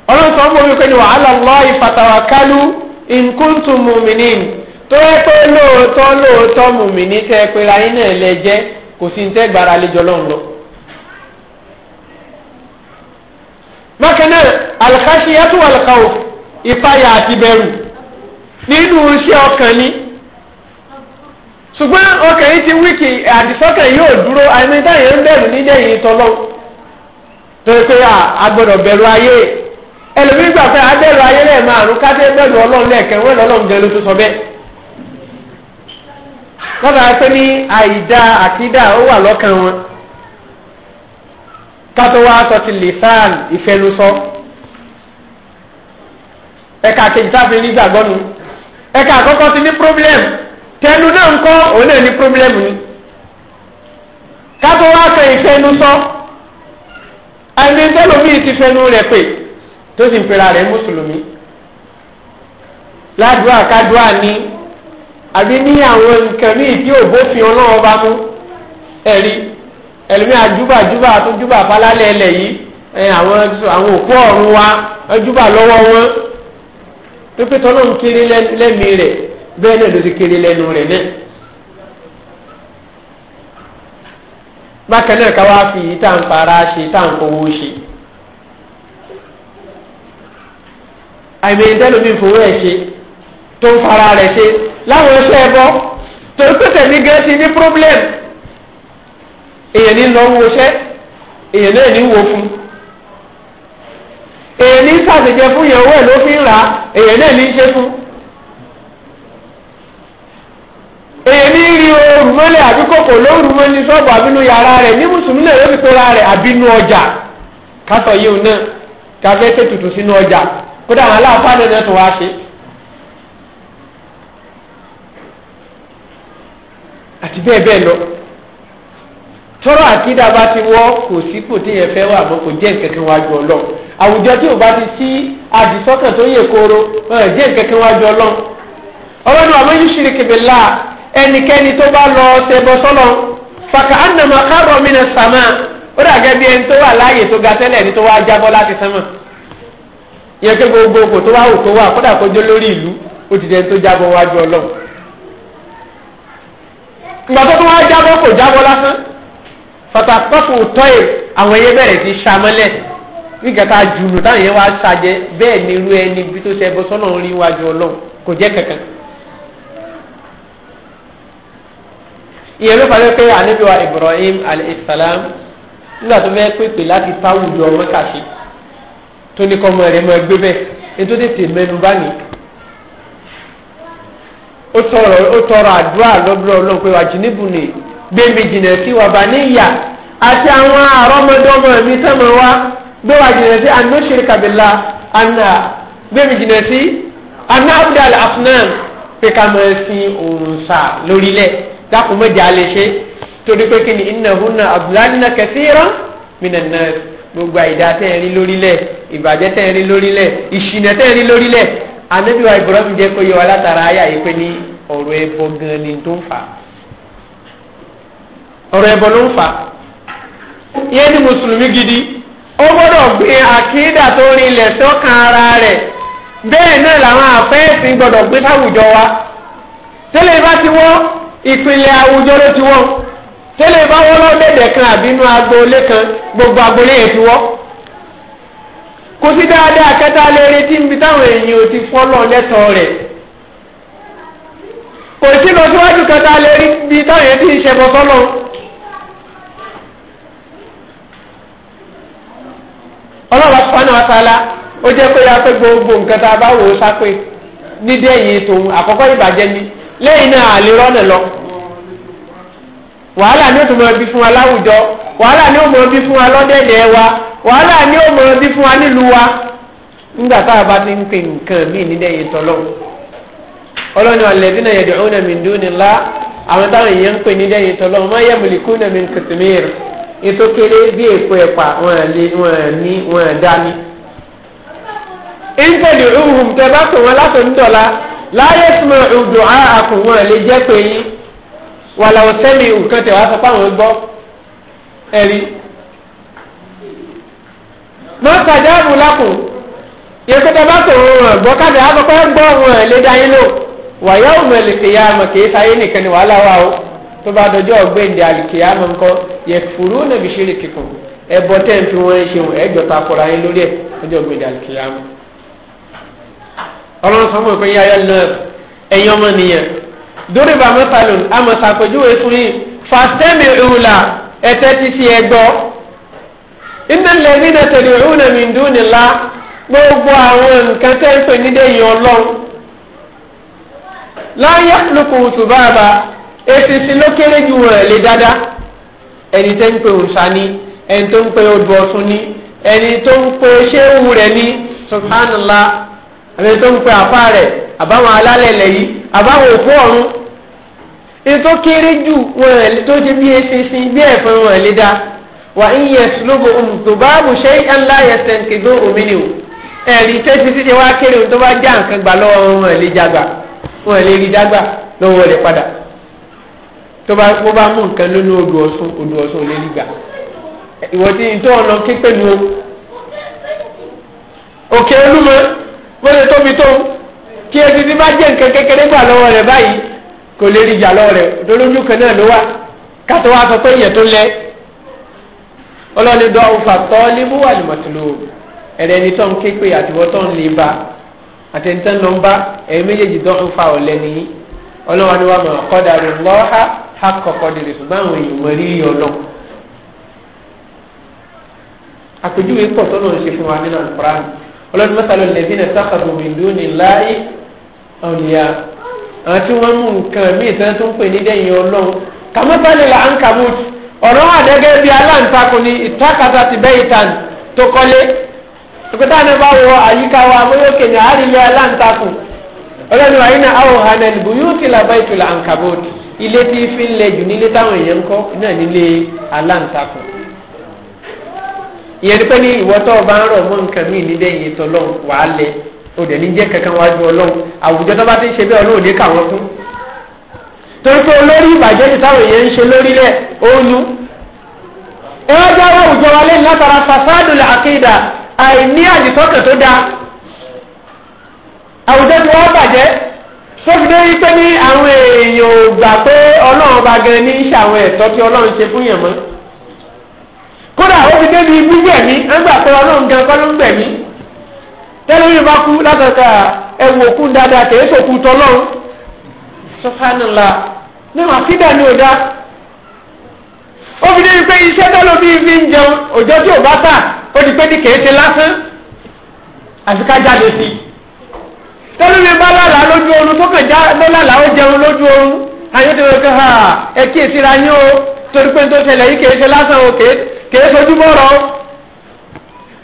ó tó ọmọ mi pé wàhálà lọ́ ìfàtàwà kálú ìǹkùntùn tó yẹ pé lóòótọ́ lóòótọ́ mùmìnì tẹ́ pé ra iná ẹ̀ lẹ́jẹ́ kò sí ní gbara gbára lé lọ. bákan náà alkhashiyatu walkhawf ìpayà àti bẹ̀rù nínú iṣẹ́ ọkàn ni ṣùgbọ́n ọkàn yìí ti wíkì àdìsọ́kàn yóò dúró àìmọ́tá yẹn ń bẹ̀rù nídẹ̀yìn ìtọ́lọ́ torí pé a gbọ́dọ̀ bẹ̀rù ayé ẹlòmígbà pé a bẹ̀rù ayé lẹ́ẹ̀ márùn-ún ká tẹ́ bẹ̀rù ọlọ́run lẹ́ẹ̀kẹ́ wọ́n lọ́lọ́run jẹ́ ló tó bẹ́ẹ̀. lọ́dà pé ní àìdá àkídà ó wà lọ́kàn wọn kátó wá sọ ti lìsàn ìfẹnusọ ẹ̀ka kejì táfi nígbàgbọ́ nu ẹ̀ka àkọ́kọ́ ti ní pírọ́blẹ́mù tẹnu náà ń kọ́ òun náà ní pírọ́blẹ́mù ni kátó wá sọ ìfẹnusọ ẹni tẹ́lómi ti fẹnu rẹ̀ pé tó sì ń pera rẹ̀ mùsùlùmí ládùúgbà kádùúgbà ní àbí ní àwọn nǹkan míì tí ò bófin ọlọ́wọ́ bá mú ẹ̀rí ẹ̀lùmí àjúbàjúbà tó júbà falálẹ̀ ẹlẹ̀ yìí àwọn àwọn òkú ọ̀run wa júbà lọ́wọ́ wọn pípẹ́ tọ́lọ́ ń kiri lẹ́mí rẹ̀ bẹ́ẹ̀ náà ló ti kiri lẹ́nu rẹ̀ náà. bákan náà ká wá fi yìí tá ṣe tá à ṣe. àìmọ̀ ìdẹ́lómi fowó ẹ̀ ṣe tó ń fara rẹ̀ ṣe láwọn iṣẹ́ ẹbọ torí pé tẹ̀mí gan ti ní problem èèyàn ní lọ ń woṣẹ́ èèyàn náà ní wo fún èèyàn ní sàṣẹjẹ fún ìyàwó ẹ̀ ló fi ń rà èèyàn náà ní ṣe fún èèyàn ní rí oòrùn mọ́lẹ̀ àbí kòkò lóòrùn mọ́lẹ̀ ṣọ́ọ̀bù àbínú yàrá rẹ̀ ní mùsùlùmí náà ló fi pera rẹ̀ àbínú ọjà kátọ̀ yìí náà káfẹ́ ṣètùtù sínú ọjà kódà àwọn aláàfáà náà tó wá ṣe. àti bẹ́ẹ̀ bẹ́ẹ̀ lọ tọrọ àkídà bá ti wọ kò sí kò fẹ́ wà mọ́ kò jẹ́ nǹkankan wájú o bá ti sí àdìsọ́kàn tó yẹ kóró jẹ́ nǹkankan jọ àwọn yìí la ẹnikẹ́ni tó bá lọ ṣẹbọ sọ́lọ́ fàkà ànàmọ́ kárọ̀ mi nà sàmà ó dàgẹ́ bí ẹni tó wà láàyè tó ga tẹ́lẹ̀ ẹni tó wá jábọ́ láti sánmà kí gbogbo kò tó wá òkò wà kódà kó lórí ìlú ó ti tó ìgbàgbọ́ tó wá jábọ́ kò jábọ́ lásán fatakọ́fù tọ́yì àwọn ẹyẹ bẹ̀rẹ̀ sí sàmọ́lẹ̀ nígbà tá a jùlù táwọn ẹyẹ wá sàjẹ́ bẹ́ẹ̀ ni irú ẹni bí tó ṣe bọ́ sọ́nà orí iwájú ọlọ́run kò jẹ́ kankan. ìyẹn ló fàdé pé ànábì wa Ibrahim alayhisalaam nígbà tó fẹ́ pèpè láti táwùjọ mẹ́kàṣí tó ní kọ́ ọmọ rẹ̀ mọ́ ẹgbẹ́ bẹ́ẹ̀ ètò tètè mẹ́nu bá nìyí ó tọrọ àdúrà lọ́dọ̀ ọlọ́run pé wàá jìnnìbù ni gbẹ̀mí jìnnà sí wàbà níyà àti àwọn àrọ́mọdọ́mọ mi sọ́mọ wa gbé wàá jìnnà sí àná ṣèkàbílà àná gbẹ̀mí jìnnà sí àná abdul afnan pé ká máa sin òun sà lórílẹ̀ dákun mẹ́jẹ alẹ́ ṣe torí pé kí ni ìnáhùnà abdulhanna kẹsíran mìíràn náà gbogbo àìdá tẹ́ ẹ rí lórílẹ̀ ìbàjẹ́ tẹ́ ẹ rí lórílẹ̀ ìṣìnà anabi wa ibrahim jẹ́ kó yẹ wa látara ayé àyè pé ní ọ̀rọ̀ ẹbọ gan ni tó ń fà ọ̀rọ̀ ẹbọ ló ń fà yẹn ní mùsùlùmí gidi ó gbọ́dọ̀ gbé àkídà tó rin ilẹ̀ sọ́kàn ara rẹ̀ bẹ́ẹ̀ náà làwọn àfẹ́ẹ̀sìn gbọ́dọ̀ gbé fáwùjọ wa tẹ́lẹ̀ bá ti wọ́n ìpìlẹ̀ àwùjọ ló ti wọ́n tẹ́lẹ̀ bá wọ́n lọ́dẹ̀dẹ̀ kan àbínú agboolé kan gbogbo agboolé yẹn ti wọ́n. kò sí dáadáa kẹta lè retí níbi táwọn èèyàn ò ti fọ́lọ̀ lẹ́tọ̀ọ́ rẹ̀ kò sí lọ síwájú kẹta lè rí táwọn èèyàn ti ń ṣẹbọ sọ́lọ̀ ọlọ́wà sọ́nà ó ya pé gbogbo nǹkan tá a bá wò ó sápé àkọ́kọ́ ìbàjẹ́ ni lẹ́yìn náà àlè wàhálà ni ó máa bí fún wa ni ó máa bí fún wa lọ́dẹ̀dẹ̀ wa wàhálà ni ó máa bí fún wa nílùú wa nígbà tá a bá ti ń pè nǹkan míì nílẹ̀ yẹn tọ́lọ́ ọlọ́ni alladhina yad'una min dunillah àwọn táwọn èèyàn ń pè nílẹ̀ yẹn ma min qitmir ètò kéré bí èpo ẹ̀pà wọn lè wọn ní wọn dání. ìtẹ̀lẹ̀ wàlà òsẹ́mi nǹkan tẹ̀ wá sọ fáwọn gbọ́ ẹ̀rí. mọ́tàjà ààbò lákùn ìpínlẹ̀ bá sọ̀rọ̀ wọn gbọ́ kájà á sọ pé gbọ́ wọn ẹ̀ lé dayé lò wàyà òmò ẹ̀lẹ́kẹ̀yà àmọ̀ kì í sáyé nìkan ni wàhálà wà o tó bá dọjọ́ ọ̀gbẹ́ǹdẹ̀ àlìkẹ̀yà àmọ̀ nǹkan yẹ fùrú nàbí ṣẹlẹ̀ kíkùn ẹ̀bọ tẹ́ ń fi wọ́n ṣe wọn ẹ̀gbọ́ta kọ̀ra yín lórí ẹ̀ dọjọ́ ọ̀gbẹ́ǹdẹ̀ àlìkẹ̀yà àmọ̀ ọlọ́run sọ fún mi pé yáyà náà ẹ̀yin ọmọ nìyẹn dórí bá mọ́tàlù amọ̀sàpèjúwe fún yín fàtẹ́mì ìhùlà ẹ̀tẹ́ ti fi ẹ̀ gbọ́. iná lẹ́ni náà tẹ̀lé ìhùnà mi dùn nílá gbogbo àwọn nǹkan tẹ́ ń pè nídé yìí ọlọ́run. láyé lóko òtù bàbá èsì sí ló kéré ju rẹ̀ lé dáadáa. ẹni tẹ́ ń pè òǹṣà ni ẹni tó ń pè odò ọ̀tún ni ẹni tó ń pè ṣéwù rẹ̀ ni subhanallah ẹni tó ń pè àfá rẹ̀ àbáwọn alálẹ̀lẹ̀ yìí àbáwọn òfó ọ̀run ètò kéré jù wọn tó ṣe bí eṣinṣin bí ẹ̀fọn wọn lè dá wà ń yẹ sùlóbù ohun tó bá bù ṣe é ńlá yẹ sẹ́ńkìdó òmìnir ẹ̀rí tẹ́tí títí wá kéré ohun tó bá já nǹkan gbà lọ́wọ́ wọn lè jágbà wọn lè rí jágbà lọ́wọ́ rẹ̀ padà tó bá kó bá mú nǹkan lónú odò ọ̀sùn odò ọ̀sùn lè rí gbà ìwọ tí n tó kí pẹ̀lú o òkè olúmọ wọ́n lè tóbi tó tí ebi bí bá jẹ́ nǹkan kékeré gbà lọ́wọ́ rẹ̀ báyìí kò lè rí ìjà lọ́wọ́ rẹ̀ lójú kan náà ló wá kátó wá sọ pé ìyẹn tó lẹ ọlọ́ni dọ́ ọ̀fà tọ́ níbú wà ní mọ̀tòló ẹ̀rẹ́ ẹni tó ń ké pé àtiwọ́ tó ń lè ba àtẹnitẹ́ ló ń bá ẹ̀yin méjèèjì dọ́ ọ̀fà ọ̀lẹ́ ni ọlọ́wọ́n wà mọ̀ ọ̀kọ́dà rẹ̀ lọ́ha ha kọ̀kọ́ dèrè ṣùgbọ́n àwọn èèyàn wọ́n rí ọlọ́ àpèjúwe pọ̀ tọ́lọ́ ń ṣe fún wa nínú àkùrá ọlọ́ni mọ́tàlọ́ lẹ́bí náà sáfàdùn ọ̀nìyà àwọn tí wọ́n mú nǹkan míì tán tó ń pè ní dẹ́yìn ọlọ́run kàmọ́tàlẹ̀ là ń kàbùt ọ̀rọ̀ wà bí aláǹtakùn ní ìtàkàtà ti bẹ́yìí tàn tó kọ́lé ìpẹ́tà ni bá wọ àyíká wa amóyókè ní àárín aláǹtakùn ọlọ́run wà yín àwọn ọ̀hánà ìbò yóò ti làbá ètò là ń kàbùt ilé tí fi ń lẹ jù nílé táwọn èèyàn ń kọ́ náà nílé aláǹtakùn ìyẹn ni pé ní ìwọ́tọ̀ bá ń rọ̀ mọ́ nǹkan míì o n'i ní jẹ́ kankan wájú ọlọ́run àwùjọ tó bá ti ń ṣe ọlọ́run káwọn torí pé olórí ìbàjẹ́ ti táwọn èèyàn ń ṣe oyún ẹ wá já àwùjọ wa látara fasádùn àkéèdà àìní àdìsọ́kẹ̀ tó dáa àwùjọ tí wọ́n bàjẹ́ sófin dé wípé ní àwọn èèyàn ò gbà pé ọlọ́run ọba ní ṣe àwọn ẹ̀tọ́ tí ọlọ́run ṣe fún mọ́ kódà ó fi gbígbẹ̀mí tẹ́lómi bá kú látọ̀ka ẹ̀wù òkú dáadáa kèé kú tọ́lọ́ sọ́fánàlá nínú àkídà ni ò dá ó fi pé iṣẹ́ tẹ́lómi fi ń jẹun òjò tí ò bá tà ó pé ní kèé lásán àti ká jáde sí i bá lálà lójú oorun tó kàn já ó jẹun lójú oorun tó ha ẹ kí èsì ra yín o torí pé tó ṣẹlẹ̀ yìí kèé lásán o kèé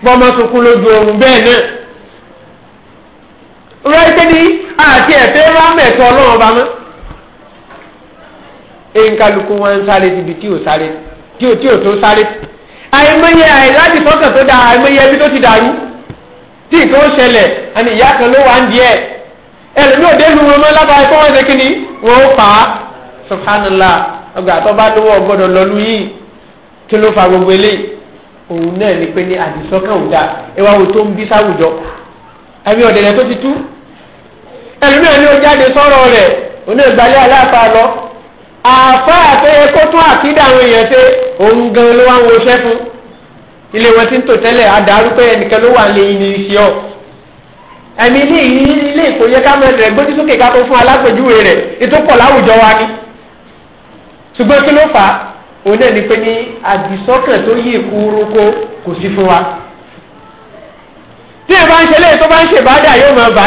bọ̀rọ̀ lójú oorun bẹ́ẹ̀ náà. rẹ́pẹ́ ní àti ẹ̀fẹ́ rámẹ̀tọ́ ọlọ́run bá mọ́. ẹnìkálukú e wọn ń sáré síbi tí ò sáré tí ò tí ò tó sáré. àìmọye àìláti sọ́kàn tó da àìmọye ẹbí tó ti dàrú. tí nǹkan ó ṣẹlẹ̀ àni ìyá kan ló wà ń díẹ̀. ẹlòmí òde lu wọn mọ́ lábàá ẹ̀kọ́ wọn ṣe kí ni wọ́n ó fà á. subhanallah ọgbà tó bá dówó ọgbọ́dọ̀ lọ́lú yìí kí ló fa gbogbo eléyìí òun náà ní pé ní àdìsọ́kàn ò dáa ẹ wo tó ń bí sáwùjọ ọ̀dẹ̀dẹ̀ tó ti tú ẹlòmíràn ni ó jáde sọ̀rọ̀ rẹ̀ oní ìgbàlẹ̀ aláfa lọ àfa àtẹyẹ kó tún àkídà àwọn èèyàn ṣe òun gan ló wá ń woṣẹ́ fún ilé wọn ti ń tò tẹ́lẹ̀ àdàrú pé ẹnìkan ló wà lé ní iṣẹ́ ọ ẹ̀mí ilé yìí ilé ìkòyẹ kámẹ́rì rẹ̀ gbójú sókè ká tó fún alágbèjúwe rẹ̀ ìtòpọ̀ láwùjọ wa ni ṣùgbọ́n kí ló fà á òun náà ni pé ní àdìsọ́kàn tó yí ìkúrúkó kò sí fún wa tí ẹ bá ń ṣe léyìí tó bá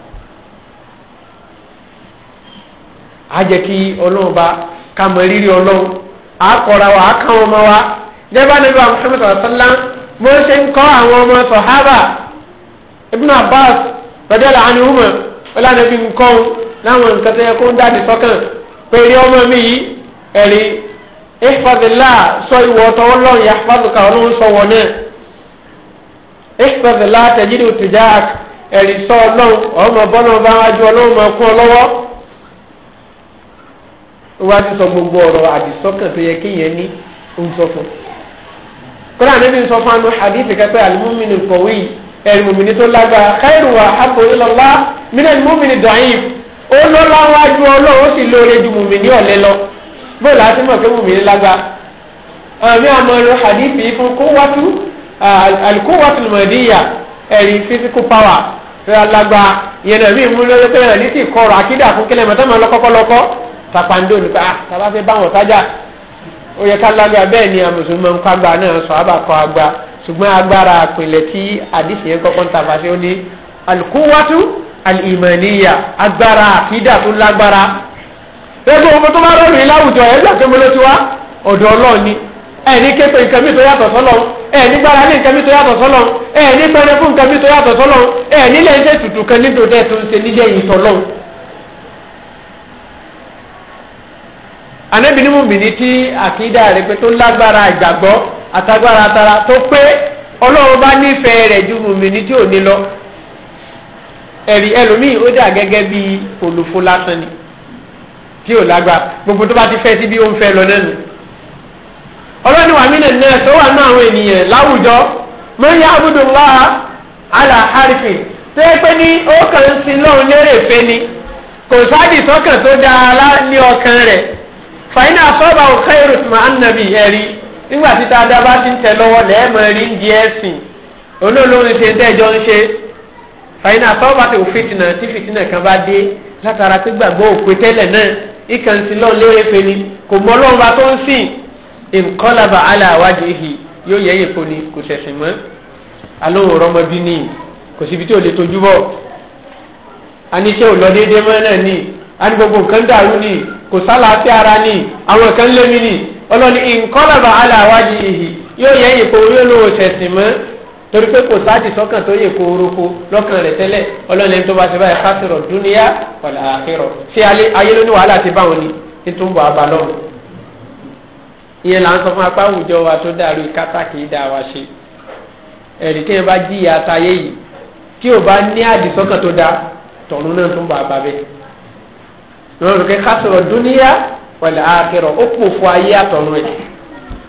á jẹ́ kí ọlọ́run bá ká mọ rírì ọlọ́run á kọ́ra wa á kàn ọmọ wa jẹ́bá níbi àwọn sọ́mọ́tò ọ̀sánlá mo ṣe ń kọ́ àwọn ọmọ sọ̀hábà Ibn Abbas pẹ̀lú àánú mọ̀ ọlànàbí ń kọ́ láwọn nǹkan tó yẹ kó ń dáàdì sọ́kàn pé eré ọmọ mi yìí ẹ̀rí ìfọ̀dìlá sọ ìwọ̀ ọ̀tọ̀ ọlọ́run yà fọ́dùkà ọlọ́run sọ wọ̀ náà ìfọ̀dìlá tẹ̀jídìí òtìjà ẹ̀rí sọ ọlọ́run ọmọ bọ́lọ́ bá wájú ọlọ́run máa kún ọ lọ́wọ́ ó wá ti sọ gbogbo ọ̀rọ̀ àdìsọ́kàn tó yẹ kéèyàn ní ó ń sọ fún un kódà níbi ń sọ fún anu hadithi kẹfẹ́ alimumini kọ̀wé ẹ̀rùmùmìnì tó lágbára khairu wa habbu ilallah minal mumini da'if ó lọ́lá wájú ọlọ́run ó sì lóore ju mùmìnì ọ̀lẹ lọ bóyá láti mọ̀ pé mùmìnì lágbára àmì àmọ́ hadithi fún kówátú alikówátú mọ̀díyà ẹ̀rí physical power fẹ́ yẹn náà mi mú lọ́jọ́ pé ní sì kọ̀rọ̀ àkídà fún kílẹ̀ mọ̀tọ́mọ̀ lọ́kọ́kọ́lọ́kọ́ tapando nípa ah tàbá fẹ́ báwọn tájà ó yẹ ká lágbára bẹ́ẹ̀ ni àmùsùlùmí ń kágbá náà sọ àbàkọ àgbà ṣùgbọ́n agbára àpìlẹ̀ tí àdìsí yẹn kọ́kọ́ ń tàbá ṣe ó ní alukówátú alìmọ̀níyà agbára àkídà tó lágbára lẹ́gbẹ̀ẹ́ ọmọ tó bá rẹ̀ rìn láwùjọ ẹ̀ gbà tó mo ló ti wá ọ̀dọ̀ ọlọ́ọ̀ ni ẹ̀ẹ́ni képe nǹkan mi tó yàtọ̀ sọ́lọ́ ẹ̀ẹ́ni gbára ní nǹkan mi tó yàtọ̀ sọ́lọ́ ẹ̀ẹ́ni pẹrẹ fún anabi nimu bìíní tí àkídà rẹ pé tó lágbára ìgbàgbọ́ àtagbára tara tó pé ọlọ́run bá nífẹ̀ẹ́ rẹ̀ ju bìíní tí ò ní lọ ẹ̀rí ẹlòmíì ó dà gẹ́gẹ́ bí olùfo lásán ni tí ò lágbára gbogbo tó bá ti fẹ́ síbi o ń fẹ́ lọ nẹ́nu ọlọ́ni wàmí nà nẹ́ẹ̀ tó wà náà àwọn ènìyàn láwùjọ mẹ́rin abudu ńlá àlà tó yẹ pé ní ó kàn ń sin lọ́run lérè fẹ́ ni kò sáàdì sọ́kàn tó dáa ní ọkàn rẹ̀ fàyín àfọ́bà òkèèrè tó máa ń nàbì ẹ̀rí nígbà tí dáadáa bá ti ń tẹ̀ lọ́wọ́ lẹ́ẹ̀mọ̀ ń di ẹ̀sìn ṣe dẹ́jọ́ ń ṣe fàyín àfọ́bà tó fìtìnà tí fìtìnà kan bá dé látara pé gbàgbọ́ òpè tẹ́lẹ̀ náà ìkànsìn lọ́ọ̀ lóore fe kò mọ ọlọ́run bá tó ń sìn ìǹkọ́làbà aláwádìí yìí yóò yẹ ni kò ṣẹ̀sìn mọ́ alóhùn kò sálàáfíà ara ní àwọn kan lé mi ní ọlọ́ni ìǹkọ́lọ̀bà aláwájú ìhì yóò yẹ ìpò yóò lówó ṣẹ̀sìn mọ́ torí pé kò sáàdì sọ́kàn tó yẹ kó oroko lọ́kàn rẹ̀ tẹ́lẹ̀ ọlọ́ni ẹni tó bá ti báyìí kásìrọ̀ dúníyà wàlà àkérò ṣé ayé ló ní wàhálà ti báwọn ni nítorí bọ̀ abalọ́ ìyẹn là ń sọ fún apá àwùjọ wa tó dàrú ìkátà kì í dá wa ṣe ẹ̀rí kí ẹ bá jí ìyá yìí tí ò bá ní àdìsọ́kàn tó dá tọ̀run náà tó bọ̀ ababẹ́ lọ́wọ́ kí kásọ̀rọ̀ dúníyà wàlẹ̀ àkẹrọ̀ ó kò fún ayé àtọ̀run ẹ̀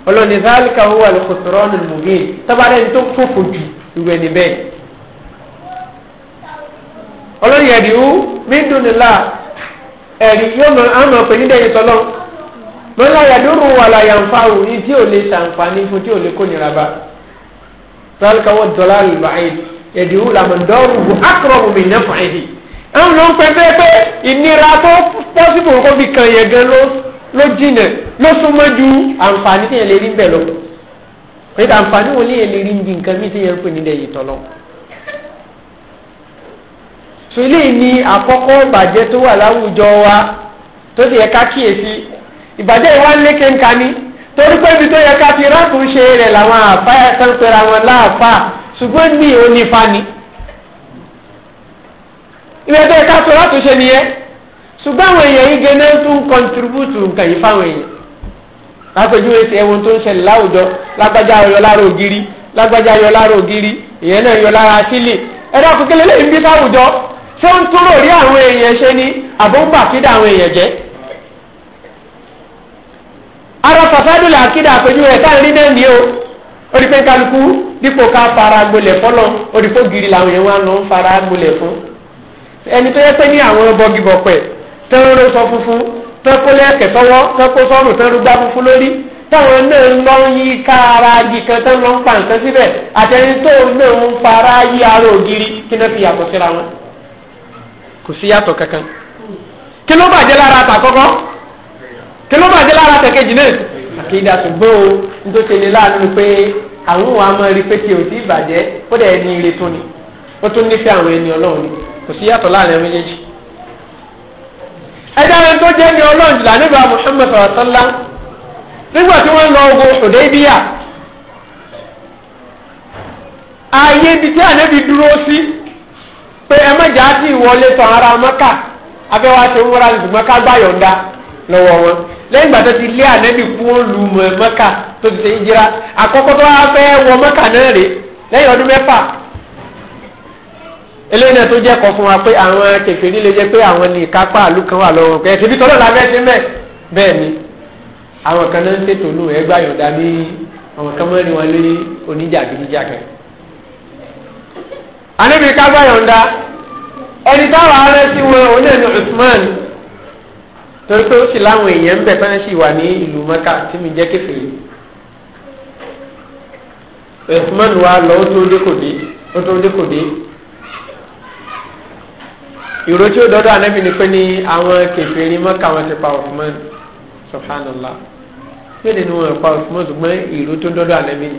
ọlọ́ni zálìkà wọ́n wà lè kòtòrọ́ nínú mùgé tábàdé tó fòfò ju ìwé níbẹ̀ ọlọ́ni ẹ̀dínwó mídùnnìlá ẹ̀rí yóò mọ àmọ̀ pé nídẹ̀ yìí tọ́lọ́ mọ́lá yàdúrú wàlà yànfàwù ní tí ò lè ṣàǹfààní fún tí ò lè kó nira bá zálìkà wọ́n dọ́là lùbàáyé ẹ̀dínwó làmọ̀dọ́rù akọ̀rọ̀ àwọn ló ń pẹ́ bẹ́ẹ̀ pé ìnira tó pọ́sibù kó fi kàn yẹn gan ló ló jìnà ló súnmọ́ ju àǹfààní tí yẹn lè rí ń lọ. pé àǹfààní wo ni yẹn lè rí ń nǹkan bí tí yẹn ń pè nílẹ̀ yìí tọ́lọ́. sọ ilé àkọ́kọ́ ìbàjẹ́ tó wà láwùjọ wa tó ti yẹ ká kíyèsí ìbàjẹ́ ìwà lékè ń kani torí pé ibi tó yẹ ká ti rákùn ṣe rẹ̀ làwọn àfáà tán pera wọn láàfáà ṣùgbọ́n ní fani ìrẹ́ bẹ́ẹ̀ ká sọ láti ṣe nìyẹn ṣùgbọ́n àwọn èèyàn yìí gẹ́nẹ́ tún kọ́ntribútù nǹkan yìí fáwọn èèyàn lápèjúwe ti ẹ̀wọ̀n tó ń ṣẹlẹ̀ láwùjọ lágbájá yọ lára ògiri lágbájá yọ lára ògiri ìyẹn náà yọ lára sílì ẹ̀rọ àkókélé lè ń bí láwùjọ ṣé ń túrò rí àwọn èèyàn ṣe ni àbó ń gbàkídà àwọn èèyàn jẹ́ ara fàfádùn làkídà àpèjúwe táà ń rí náà ní o orí pé kálukú dípò ká fara gbolẹ̀ fọ́lọ́ orí pé ògiri làwọn èèyàn wá lọ ń fara gbolẹ̀ fún ẹni tó yẹ pé ní àwọn bọgibọpẹ tán ló sọ funfun tán kó lẹ́kẹ̀ sọ́wọ́ tán kó sọ́rùn tán ló gbá funfun lórí táwọn náà ń lọ yí ká ara yí kan tán lọ ń pa nǹkan síbẹ̀ àtẹni tó náà ń fara yí ara ògiri kí náà fi yàtọ̀ síra wọn kò sí yàtọ̀ kankan kí ló bàjẹ́ lára àtàkọ́kọ́ kí ló bàjẹ́ lára àtẹ̀kejì náà àkéjà ṣùgbọ́n o nítorí ṣe láàánú pé àwọn àwọn ọmọ rí pé tí o ti bàjẹ́ ó dẹ̀ ẹni ire tó ni ó tún nífẹ̀ẹ́ àwọn ẹni ọlọ́run ni. kò sí yàtọ̀ láàrin méjèèjì. ẹja rẹ tó jẹ́ ní ọlọ́run jùlọ nígbà Muhammad sọ̀rọ̀sọ́lá nígbà tí ogun ààyè ibi tí ànábì dúró sí pé ẹ má jà á tán ara mọ́kà abẹ́wá ṣe ń múra ṣùgbọ́n ká gbá yọ̀ǹda lọ́wọ́ wọn lẹ́yìn ìgbà tó ti lé ànábì kú ó lu mọ́kà tó ti ṣe ń wọ mọ́kà náà rè lẹ́yìn ọdún eléyìí náà tó jẹ́ kọ́ fún wa pé àwọn kèfèrí lè jẹ́ pé àwọn ní ìkápá àlù kan wà lọ́wọ́ pé ẹ̀sìn bítọ́lọ́ la bẹ́ẹ̀ ti mẹ́ bẹ́ẹ̀ ni àwọn kan náà ń ṣètò olú ẹgbà yọ̀ǹda ní àwọn kan mọ́rin wọn lé oníjà gidijakan. àníbi kágbá yọ̀ǹda ẹni táwọn ará sí wọn onílẹ̀ Usman torí pé ó sì láwọn èèyàn ń bẹ̀ tán sì wà ní ìlú Mẹ́kà tí mi jẹ́ kèfèrí Usman wa lọ ó tó dé kò dé ó tó dé kò dé ìró tí ó dọ́dọ̀ ànábì ni pé ní àwọn kèfèrí Mọ́kà wọn ti pa Usman subhanallah méde ni wọn pa Usman ṣùgbọ́n ìró tó dọ́dọ̀ ànábì ni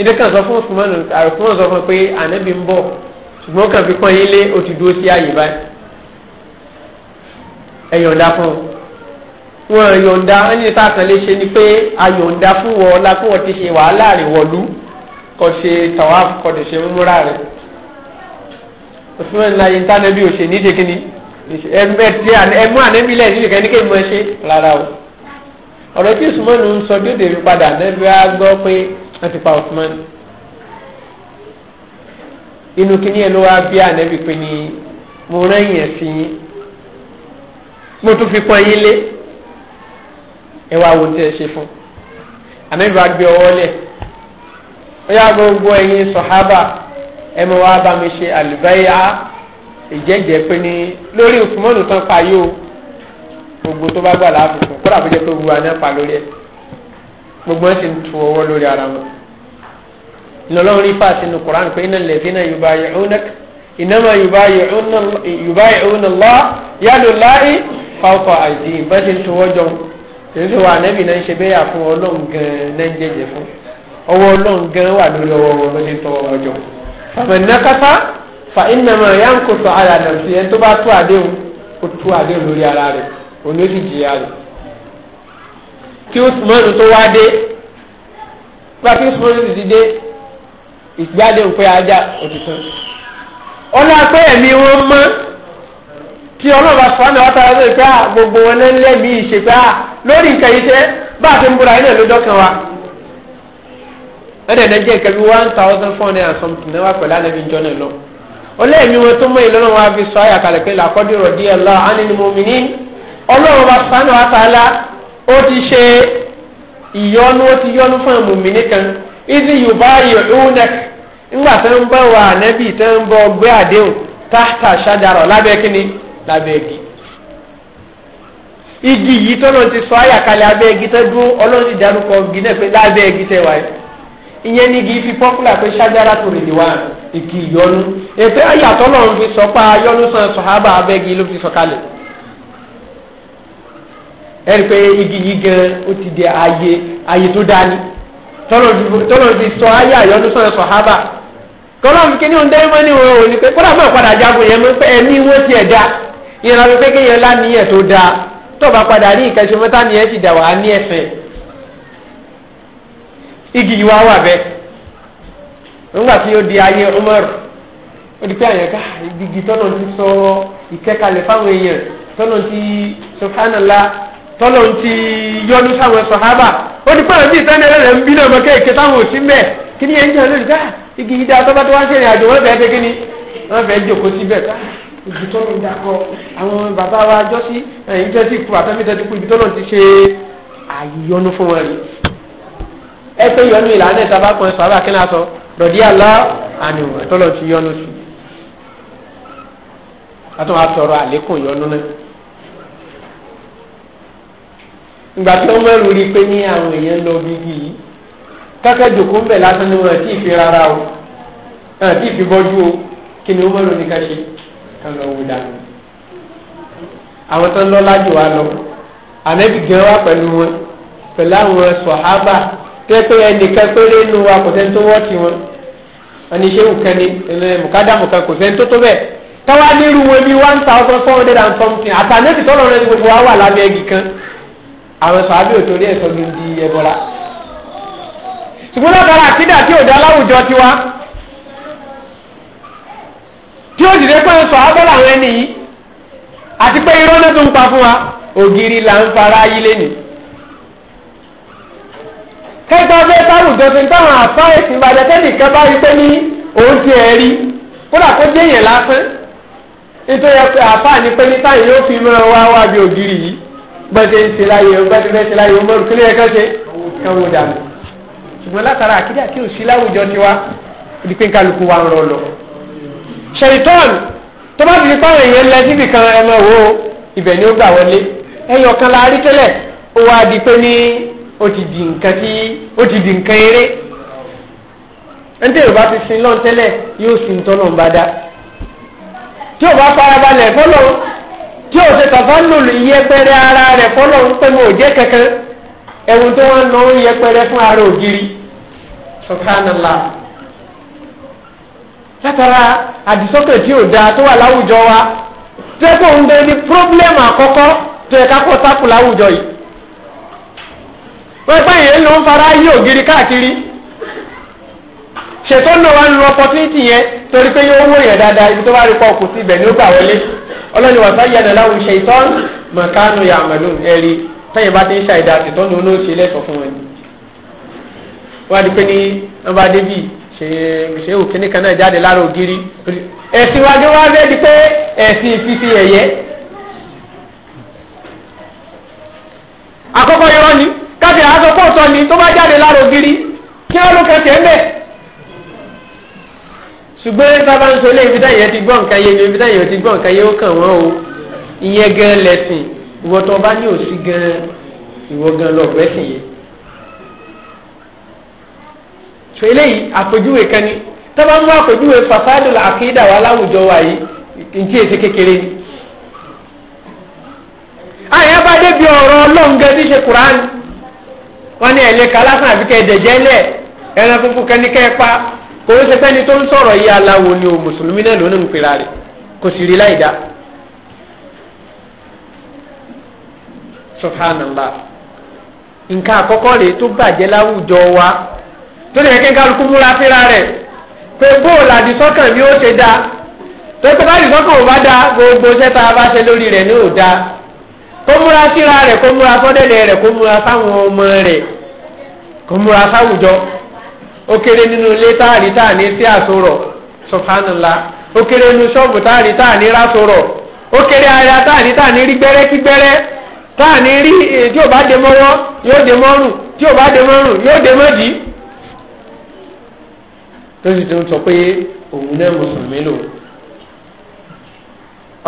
ìdí kan sọ fún Usman Usman sọ fún pé ànábì ń bọ̀ ṣùgbọ́n kàn fi pọ́n yín lé o ti dúró sí àyè báyìí ẹ yọ̀ǹda fún wọn yọ̀ǹda ẹni tá a kàn lè ṣe ni pé a yọ̀ǹda fún wọn ọlá fún wọn ti ṣe wàhálà rẹ̀ wọ̀lú kọ́ ṣe tàwa kọ́ Usman náà yìí ntánà bí o ṣe níṣe kí ni ẹmú ànẹ́bí lẹ́yìn nílùú kẹ́ni kéèmù ẹ ṣe rárá o ọ̀rọ̀ tí Usman ń sọ bí ó dèrè padà ànẹ́bí á gbọ́ pé wọ́n ti pa Usman inú kíní ẹ ló wá bí ànẹ́bí pé ni mo rẹ́yìn ẹ̀ yín mo tún fi pọ́n yín lé ẹ wá wo tí ẹ ṣe fún ànẹ́bí wa gbé ọwọ́ lẹ̀ ó yá gbogbo ẹ̀yin sọ̀hábà ẹ mọ wá bá mi ṣe àlùbáyà ìjẹ́jẹ́ pé ní lórí òfúmọ́nù tán pa yìí o gbogbo tó bá gbà láàfin kó dà bó jẹ́ pé wúwa náà pa lórí ẹ̀ gbogbo ẹ̀ sì ń tu ọwọ́ lórí ara wọn. lọ́lọ́run rí fáṣí nu koran pé iná lẹ́sìn náà yorùbá yẹ̀ ọ́n náà ìnáma yorùbá yẹ̀ ọ́n náà lọ́ yálò láì fáfọ́ àìsí bẹ́ẹ̀ sì tu ọwọ́ jọun èyí wà nẹ́bì náà ń ṣe bẹ́yà fún ọlọ́run gan-an náà ń jẹ́jẹ́ fún ọwọ́ ọlọ́run gan-an wà lórí ọwọ́ wọn ló ṣe tọ́ ọjọ́ fàmì nàkàtà fa ìnàmà yà ń kóso àlà nàfsi ẹni tó bá tú àdéhùn ó tú àdéhùn lórí ara rẹ̀ òní ó sì jìyà rẹ̀ kí Usman tó wá dé gba kí Usman ti dé ìgbàdé òpè ajá òtítàn ọlọ́wà pé ẹ̀mí wọn mọ́ tí ọlọ́wà sọ́nà wọ́n tara lórí pé ah, gbogbo wọn lẹ́lẹ́mìí ṣe pé ah, lórí nǹkan bá a ti ń búra yín náà lójọ́ kan wa. ẹ̀rẹ̀ náà jẹ́ nǹkan one thousand four hundred and something náà wà pẹ̀lú na ìjọ náà lọ. ọlẹ́ẹ̀mí wọn tó mọ ìlọ́nà wọn fi sọ àyàkálẹ̀ pé làkọ́dìrọ̀ díẹ̀ lọ ánínimọ̀mìnì ọlọ́run bá sánú àtàlà ó ti ṣe ìyọnu ti yọnu fún àmùmìnì kan ìdí yorùbá yòónẹ́k ńgbà tó ń bọ̀ wà ànábì tó ń bọ̀ gbé igi tó lọ ti sọ ìyẹn ní igi í fi pọ́pùlà pé ṣájára tó rèdè wá ìkì ìyọnu ètò ayàtọ̀ náà ń fi sọpá ayọ́nu san sọ̀hábà abẹ́gi ló fi sọ̀kalẹ̀ ẹ rí i pé igi yìí gan ó ti di ààyè ààyè tó dání sọ ayé ayọ́nu san sọ̀hábà kí ni ó ń dẹ́rẹ́ mọ́ ní wọn ò pé kọ́lá máa padà jagun yẹn mọ́ pé ẹ̀mí wọn ti ẹ̀ da ìyẹn la pé kéèyàn lá níyẹn tó da tọ́ọ̀ igi yìí wá wà bẹ́ẹ̀ nígbà tí ó di ayé Umar ó di pé àyàn ká igi tọ́nà ti sọ ìkẹ́kalẹ̀ fáwọn èèyàn tọ́nà ti subhanallah tọ́nà ti yọnu sáwọn sọ̀hábà ó di pé àwọn bíi sẹ́ni ẹlẹ́rẹ̀ ń bí náà mọ́ kéèké táwọn ò sí mẹ́ẹ̀ kí ni ẹni jẹ́ lórí ká igi yìí dáa tọ́ba tó wá ń ṣèrìn àjò wọ́n fẹ́ẹ́ kí ni wọ́n fẹ́ẹ́ jòkó síbẹ̀ ká igi tọ́nà ń dakọ àwọn bàbá wa jọ́sí ẹ̀yìn jọ́sí ikú àtọ́mítẹ́sí ikú ibi tọ́nà ti ṣe ẹ pé yọnu ìlànà ìtaba kan sọ abá kíni aṣọ lọdí àlọ àní ẹtọ lọ ti yọnu sí látọ wá sọ̀rọ̀ àlékún yọnu náà ìgbà tí wọn mẹrù rí i pé ní àwọn èèyàn lọ bíbí yìí kẹkẹ jòkó ń bẹ lásán ni wọn àti ìfi rárá o àti ìfi bọjú o kí ni wọn mẹrù ní ká ṣe lọ wò dànù àwọn tó ń lọ lájò wa lọ ànẹ́bí gẹ̀ wá pẹ̀lú wọn pẹ̀lú àwọn sọ̀hábà. tẹ́pẹ́ ẹnìkan péré nu wa kò sẹ́ni wọn ẹni ṣé ni mùkádàmù kan kò sẹ́ni tó tó bẹ́ẹ̀ táwa nírú wọn one thousand four hundred and something tọ́lọ̀ rẹ gbogbo wa wà lábẹ́ ẹgì kan àwọn sàábì ò torí ẹ̀sọ́ mi di ṣùgbọ́n àkídà tí òde tiwa tí ó dìde pé sọ abọ́là àwọn ẹni àti pé irọ́ náà tó ń pa fún wa ògiri kẹta fẹ́ táwùjọ fi táwọn àfa ẹ̀sìn ìbàdàn tẹ́nìkan bá rí pé ní òun ti ẹ̀ rí kódà kó dé yẹn lásán nítorí ẹ̀pẹ́ àfa ní pé ní táyì yóò fi mọ́ wá wá bí ògiri yìí gbẹ́sẹ̀ ń ṣe láyé o gbẹ́sẹ̀ fẹ́ ṣe láyé o mọ́rù kílẹ̀ ẹ̀kọ́ ṣe kàn wò dànù ṣùgbọ́n látara àkídà kí òsì láwùjọ tiwa ibi pé kálukú wa ń rọ lọ. ṣèyítọ́ọ̀nù tó bá fi pààrọ̀ èèyàn lẹ síbi kan ẹ wo ibẹ̀ ni ó gbà wọlé ẹyọ kan la rí tẹ́lẹ̀ ó wá di pé ní ó ti di nǹkan tí o ti di eré ẹnití yorùbá ti sin lọ́n tẹ́lẹ̀ yóò sin tọ́lọ̀ ń bá dá tí ò bá farabalẹ̀ fọlọ́ tí ò ṣe tàfà lòlù iyẹpẹrẹ ara rẹ̀ fọlọ́ ń pẹ́ mọ́ òjẹ́ kankan ẹ̀wùn tí wọ́n nà ó yẹpẹrẹ fún ara ògiri subhanallah látara àdìsọ́kẹ̀ tí o da tó wà láwùjọ wa tẹ́kọ̀ ń bẹ ní pírọ́blẹ́mù àkọ́kọ́ tó yẹ ká kọ́ sákùn láwùjọ yìí. wọ́n pẹ́ yẹn ló ń fara yí ògiri káàkiri ṣètò náà wà nínú opportunity yẹn torí pé yóò wó yẹn dáadáa ibi tó bá rí pọ̀ kù sí ibẹ̀ ni ó gbà wọlé ọlọ́ni wàá sáyé àdàlà òun ṣe ìtọ́n mọ̀kánù yà màlúù ẹ̀rí tẹ́yìn bá ti ń ṣàìdá ṣètò ní olóòṣè lẹ́sọ̀ fún wọn. wọ́n á di pé ní wọ́n bá débì ṣe ṣe òkè nìkan náà jáde lára ògiri ẹ̀sìn wájú wá bẹ́ẹ̀ di pé ẹ̀sìn fífi ẹ̀yẹ. àkọ́kọ́ irọ́ ni jáde aṣọ pọ̀ sọ ni tó bá jáde lára ògiri kí wọ́n ló kẹsẹ̀ ń bẹ̀. ṣùgbọ́n sábà ń sọ ilé ibi táyà ti gbọ́ nǹkan yé ibi táyà ti gbọ́ nǹkan yé ó kàn wọ́n o ìyẹn gan lẹ̀sìn ìwọ tó bá ní òsì gan ìwọ gan lọ gbẹ́sìn yé. sọ eléyìí àpèjúwe kan ni tó bá ń mú àpèjúwe fàfádùn àkídà wà láwùjọ wa yìí nkí èsì kékeré ni àyàbá débi ọ̀rọ̀ ọlọ́ǹgẹ́ ti ṣe kùránì wọ́n ní ẹ̀lẹ́ ká lásán àbí kẹ́ ẹ̀dẹ̀jẹ́ lẹ̀ ẹran funfun kẹ́ni kẹ́ ẹ pa kò ó ṣe pẹ́ni tó ń sọ̀rọ̀ yìí aláwo ni o mùsùlùmí náà lónìí ń pera rẹ̀ kò sì rí láì dá. subhanallah nǹkan àkọ́kọ́ rèé tó bàjẹ́ láwùjọ wa tó lè kí n múra síra rẹ̀ pé bóòlù àdìsọ́kàn mi ó ṣe dáa tó tó bá àdìsọ́kàn ò bá dáa gbogbo iṣẹ́ bá ṣe lórí rẹ̀ ni ò dáa. kó múra síra rẹ̀ kó múra fọ́dẹ̀dẹ̀ rẹ̀ kó múra fáwọn ọmọ rẹ̀ kó múra fáwùjọ ó kéré nínú ilé táàrí táà sí àsọ̀rọ̀ sọ̀fánàlá ó kéré nínú ṣọ́ọ̀bù táàrí táà ní ó kéré aya táà rí eh, tí ò bá dé mọ́wọ́ yóò dé mọ́rùn tí ò bá dé mọ́rùn yóò dé mọ́dì tó sì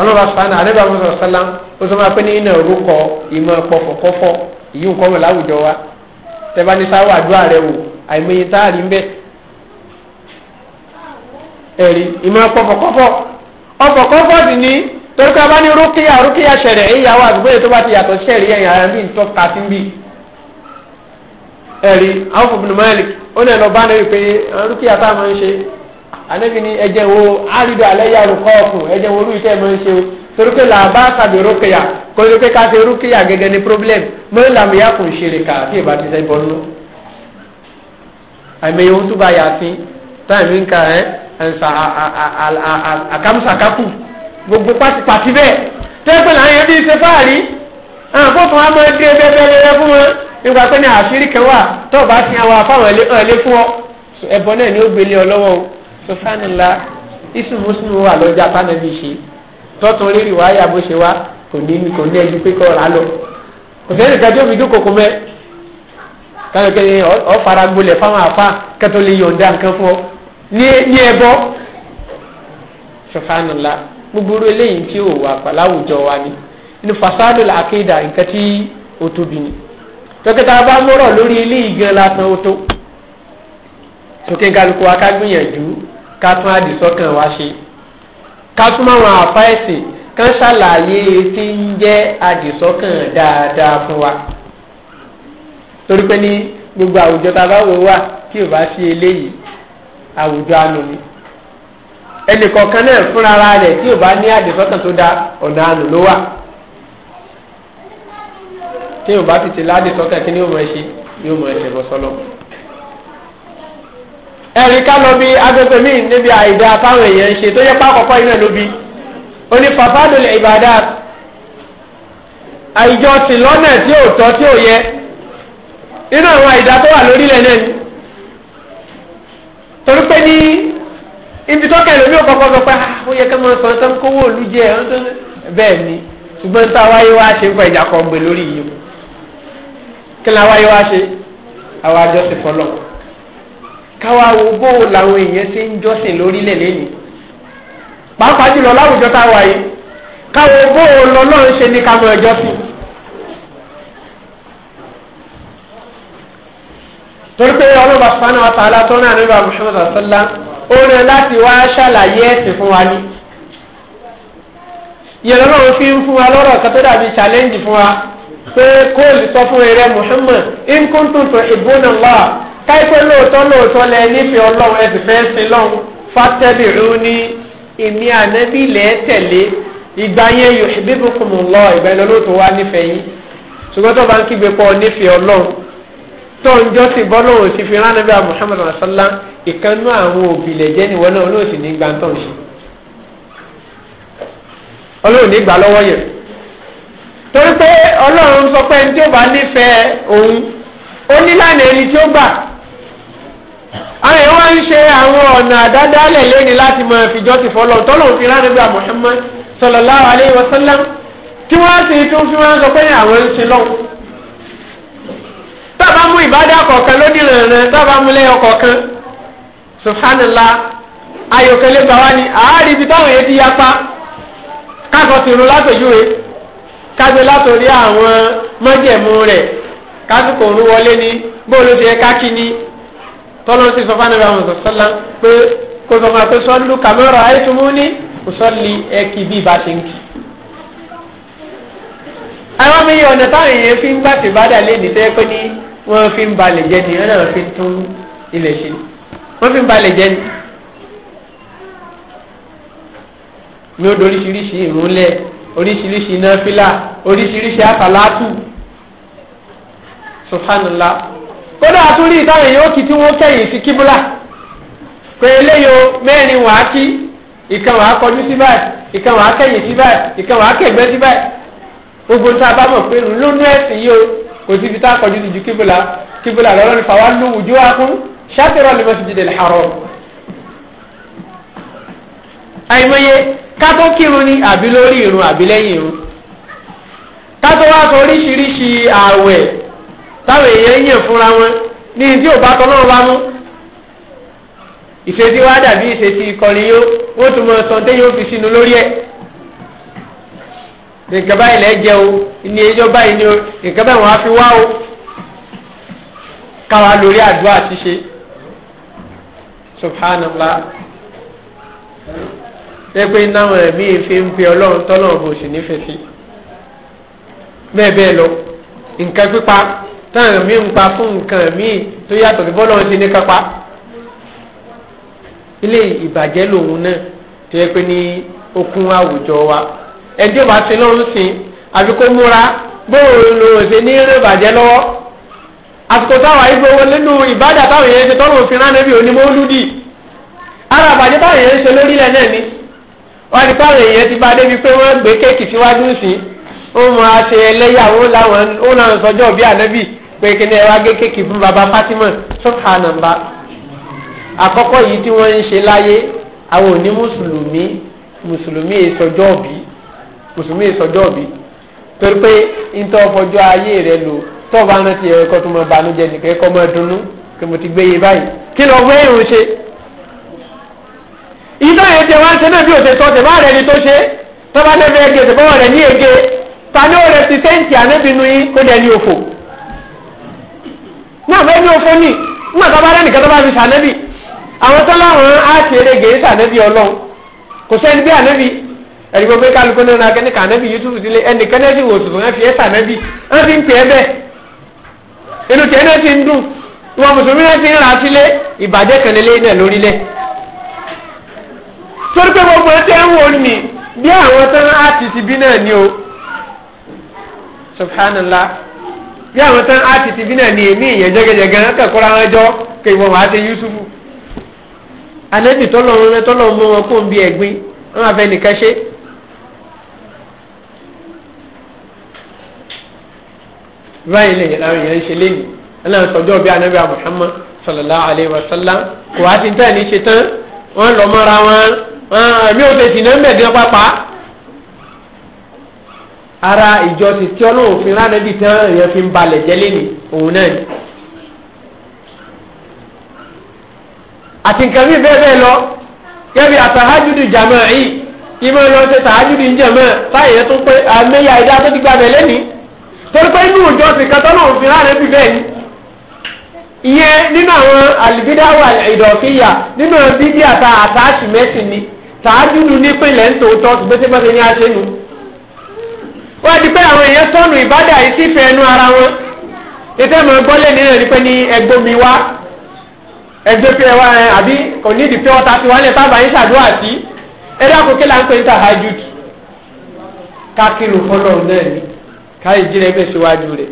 ọlọ́run asọ́nà àdébà mọ́sọ̀ sálám ó sọ máa pé ní iná orúkọ ìmọ̀ pọ̀fọ̀kọ́fọ̀ ìyí nǹkan láwùjọ wa tẹ́bá ní sáwọ́ àdúrà rẹ wò àìmọye táàrí ń bẹ. ẹ̀rí ìmọ̀ pọ̀fọ̀kọ́fọ̀ ọ̀fọ̀kọ́fọ̀ sì ní torí ká bá ní rúkìá rúkìá ti yàtọ̀ chere, ẹ̀yìn ara bí nǹkan anabi ni ẹjẹ wo alidu alẹya rukọọku ẹjẹ wo olú ìtẹ máa ń ṣe o torí pé làbá tàbí rúkìá kò ní pé ká ṣe rúkìá gẹ́gẹ́ ní problem mọ ìlànà ìyá kò ń ṣe rèka àti ìbá ti sẹ bọlú. àmì ohun tó bá yà sí táìmì ń ka ẹ ẹnsa àkàmùsàkàkù gbogbo pàtìpàtì bẹ́ẹ̀ tẹ́pẹ́ làwọn yẹn bí ṣe fáàrí àkókò wọn máa dé bẹ́ẹ̀ bẹ́ẹ̀ fún wọn nígbà pé ní àṣírí kẹwàá tó o bá sin àwọn afáwọn ẹlẹ́ fún ọ ẹ̀bọ náà ni ó gbélé ọ o subhanallah isu muslim wà lọ́jà tánàbí ṣe tọ́tún rírì wáyà bó ṣe wá kò ní kò ní ẹjú pé kọ́ ra lọ kò sẹ́ni kájọ́ mi dúkokò mẹ́ kánàkẹ́ ọ fara gbolẹ̀ fáwọn àfa kẹ́tọ́ lè yọ̀ǹda nǹkan fún ọ ní ẹbọ subhanallah gbogbo eléyìí tí ò wà pàlà àwùjọ wa ni inú fasádù làákéèdà nǹkan tí ó tóbi ni dókítà bá mọ̀rọ̀ lórí eléyìí gan lásán ó tó sókè kálukú wa ká gbìyànjú ká tún àdìsọ́kàn wa ṣe ká tún máwọn àfáìsì kán ṣàlàyé tí ń jẹ́ àdìsọ́kàn dáadáa fún wa torí pé ní gbogbo àwùjọ tá a bá wò wá tí ò bá sí eléyìí àwùjọ àná ni ẹnìkọ̀ọ̀kan náà fúnra ara rẹ̀ tí ò bá ní àdìsọ́kàn tó da ọ̀nà àná ló wà tí ò bá ti ti ládìsọ́kàn kí ni yóò mọ̀ ẹ́ ṣe yóò mọ̀ ẹ́ ṣe bọ́ sọ́lọ́ ẹ̀rí ká lọ bí agbègbè míì níbi àìdá táwọn èèyàn ń ṣe tó yẹ pákọ̀kọ́ iná ló bí ó ní fàfádùlẹ̀ ìbàdà àìjọ sí lọ́nà tí ò tọ́ tí ò yẹ nínú àwọn àìdá tó wà lórílẹ̀ náà ni torí pé ní ibi tó kẹ́ lómi òkọ́kọ́ sọ pé ah, ó yẹ ká máa sọ tó ń kówó òlu jẹ bẹ́ẹ̀ ni ṣùgbọ́n tá a wáyé wá ṣe ń pa ìjà kan gbè lórí yìí kí ni a wáyé wá ṣe àwọn àjọṣe fọlọ́ọ̀ káwa wo bóò làwọn èèyàn ṣe ń jọ́sìn lórílẹ̀ lẹ́yìn pàápàá jùlọ láwùjọ tá a wà yìí káwa wo bóò lọ́lọ́run ṣe ní káwọn ẹjọ́sìn. torí pé ọlọ́ba sùpánà ọ̀tá alátọ́nà àníbà muhammed asọ́lá ó rẹ láti wá ṣàlàyé ẹ̀sìn fún wa ní. ìyẹn lọ́wọ́ fi ń fún wa lọ́rọ̀ kan tó dàbí challenge fún wa pé kóòlù sọ fún eré muhammed in kuntum tuhibbuna Allah káyipẹ́ lóòótọ́ lóòótọ́ lẹ nífẹ̀ẹ́ ọlọ́run ẹ sì fẹ́ sin lọ́run fátẹ́bìrú ní èmi ànábì lẹ́ẹ̀tẹ̀lé ìgbà yẹn yóò ṣe bíbí kùmù lọ ìgbà yẹn lóòótọ́ wá nífẹ̀ẹ́ yín ṣùgbọ́n tó bá ń kígbe pọ̀ nífẹ̀ẹ́ ọlọ́run tó ń jọ́ sí bọ́lọ̀ ò sì fi rán nàbẹ́ muhammadu asálá ìkànnú àwọn òbí lẹ̀ jẹ́ níwọ̀n náà olóòsì ní gbà ṣe ọlọ́run ní gbà lọ́wọ́ yẹn torí pé ọlọ́run sọ pé ẹni tí ó bá nífẹ̀ẹ́ òun ó nílànà ẹni tí ó gbà àwọn èèyàn wá ń ṣe àwọn ọ̀nà àdádálẹ̀ lẹ́ni láti mọ ìfìjọ́ ti fọlọ́ tọ́lọ́hún fi ránibà Muhammad sallallahu alaihi wasallam tí wọ́n ti tún fi wọ́n sọ pé àwọn ń ṣe lọ́wọ́. tábà mú ìbádá kọ̀ọ̀kan lónìí rẹ̀rẹ̀ tábà mú lẹ́yọ kọ̀ọ̀kan subhanallah ayọ̀kẹ́lẹ́ bá wá ní àárín ibi táwọn èèyàn ti yapa kákọ̀ ti rún látòjúwe kájọ látòrí àwọn mọ́jẹ̀mú rẹ̀ kásìkò òru wọlé ní bóòlù ti yẹ káàkiri tọ́lọ́n ti sọ fún anabi àwọn sọ́lá pé kó sọ ma pé sọ́lú kàmẹ́rọ̀ àìsùnmú ní sọ́lì ẹ̀kì bí ìbá ṣe ń kì. àwọn mi yẹ ọ̀nà táwọn èèyàn fi ń gbà tí bá dà lé nìtẹ́ pé ní wọ́n fi ń balẹ̀ jẹ́ ni wọ́n fi tún ilẹ̀ ṣe wọ́n fi ń balẹ̀ jẹ́ ni. ní odò oríṣiríṣi ìrúnlẹ̀ oríṣiríṣi náfìlà oríṣiríṣi àfàlátù subhanallah. kódà àtúrí ìtàn èyí ó kì tí wọ́n kẹ́yìn sí kíbúlà pé eléyò mẹ́rin wàá kí ìkan kọjú sí báyìí ìkan wàá sí báyìí ìkan wàá gbogbo a bá mọ̀ pé lónú ẹ̀sìn yìí o kò sí tá a kọjú sí ju kíbúlà kíbúlà lè mọ̀sí àìmọye kátó kírun ni àbí lórí àbí lẹ́yìn kátó wá sọ oríṣiríṣi táwọn èèyàn yàn fúnra wọn ní ibi ò bá tọ́lọ́run bá mú ìṣesí wa dàbí ìṣesí ìkọrin yó wọ́n tún mọ sọ̀dé yóò fi sínú lórí ẹ̀ nǹkan báyìí lẹ́ jẹ́ o ní ẹjọ́ báyìí ni o nǹkan báyìí wọ́n á fi wá o káwa lórí àdúrà ṣíṣe subhanallah pẹ́pẹ́ náwọn ẹ̀mí ìfi ń pe ọlọ́run tọ́lọ́run bò sí nífẹ̀ẹ́ sí bẹ́ẹ̀ bẹ́ẹ̀ lọ nǹkan pípa táwọn mi ń pa fún nǹkan míì tó yàtọ̀ sí bọ́lọ́ ti ní kápá ilé ìbàjẹ́ lòun náà tó yẹ pé ní okun àwùjọ wa ẹjọ́ bá ṣe lọ́rùn sí àfi kó múra bóun ló ṣe ní rẹ̀ bàjẹ́ lọ́wọ́ àsìkò táwọn nínú ara àbàjẹ́ táwọn yẹn ṣe lórílẹ̀ náà ni wọ́n ti táwọn èèyàn ti bá débi pé wọ́n gbé kéèkì síwájú sí i ó pé kí ni ẹ wá gé kéèkì fún baba Fatima subhanallah àkọ́kọ́ yìí tí wọ́n ń ṣe láyé àwọn òní mùsùlùmí mùsùlùmí ìsọjọ́ òbí mùsùlùmí ìsọjọ́ òbí torí pé ntọ́ fọjọ́ ayé rẹ lò tọ́ bá rántí ẹ̀rọ kọ́ tó mọ banújẹ́ nìkan kọ́ mọ dunnú kí mo ti gbé yé báyìí kí lọ wé irun ṣe. ìtọ́ yẹn tẹ wá ń ṣe náà bí òṣèṣọ́ tẹ bá rẹ ni tó ṣe tọ́ bá lẹ́nu ẹgẹ tẹ rẹ ní ẹgẹ ta ni ó rẹ ti sẹ́ǹtì ànẹ́bínú kó dẹ òfò náà bẹ́ẹ̀ ní òfò ní nígbà tó bá rẹ́nìkan tó bá fi sànẹ́bì àwọn tó láwọn á ti eré gèé sànẹ́bì ọlọ́run kò sẹ́ni bí ànẹ́bì ẹ̀rí gbogbo kálukú nínú akẹ́ni kànẹ́bì yusuf dílé ẹnì kẹ́nẹ́bì wò sùn ẹ̀ fi ẹ́ sànẹ́bì ẹ̀ fi ń pè é bẹ́ẹ̀ inú tiẹ̀ náà ti ń dùn ìwọ mùsùlùmí náà ti ń ra sílé ìbàjẹ́ kẹlẹ́lé náà lórílẹ̀ torí pé gbogbo ẹ̀ subhanallah bí àwọn tán á ti ti bí náà ní èmi ìyẹn jẹgẹjẹgẹ hàn kẹkọrọ àwọn ẹjọ kí wọn wàá ṣe yusufu anabi tọlọrun rẹ tọlọrun mọ wọn kó ń bi ẹ̀gbin wọn àfẹ nìkan ṣe. báyìí lè yẹn láwọn èèyàn ń ṣe léyìn ẹlẹ́yìn sọjọ́ bí anabi Muhammad sallallahu alayhi wa sallam kò wá ti ń tẹ̀ ní ṣe tán wọ́n lọ́ mọ́ra wọn ẹ̀mí ò tètè náà ń pápá. ara ìjọ ti tí ọlọ́run fi rán ẹbí tán fi ń balẹ̀ jẹ́lé ni òun náà ni. àti nǹkan bí bẹ́ẹ̀ lọ kẹ́bi àtàhájúdù jàmọ́ yìí ìmọ̀ lọ ṣe tàhájúdù ń jẹ̀mọ́ táyẹ̀ tó pé àmẹ́yà ẹ̀dá tó ti gbàgbẹ́ lẹ́ni torí pé inú ti kan tọ́lọ́run fi rán ẹbí bẹ́ẹ̀ ni. ìyẹn nínú àwọn àlùbídáwà ìdọ̀kíyà nínú bíbí àtà ni tàhájúdù ń tòótọ́ wọ́n ti pé àwọn èèyàn tọ́nu ìbádà yìí sí fẹ́ ẹnu ara wọn ètò ẹ̀mọ̀ gbọ́lẹ̀ nínú ẹni pé ní ẹgbómi wá ẹgbẹ́ pé wá ẹ àbí kò ní ìdí ọ̀tá ti wá lẹ̀ tábà ṣàdúrà sí ẹ̀rọ àkókè là ń pè ní tahajud kákìrù fọlọ́ náà ni káyé jí rẹ̀ bẹ́ẹ̀ síwájú rẹ̀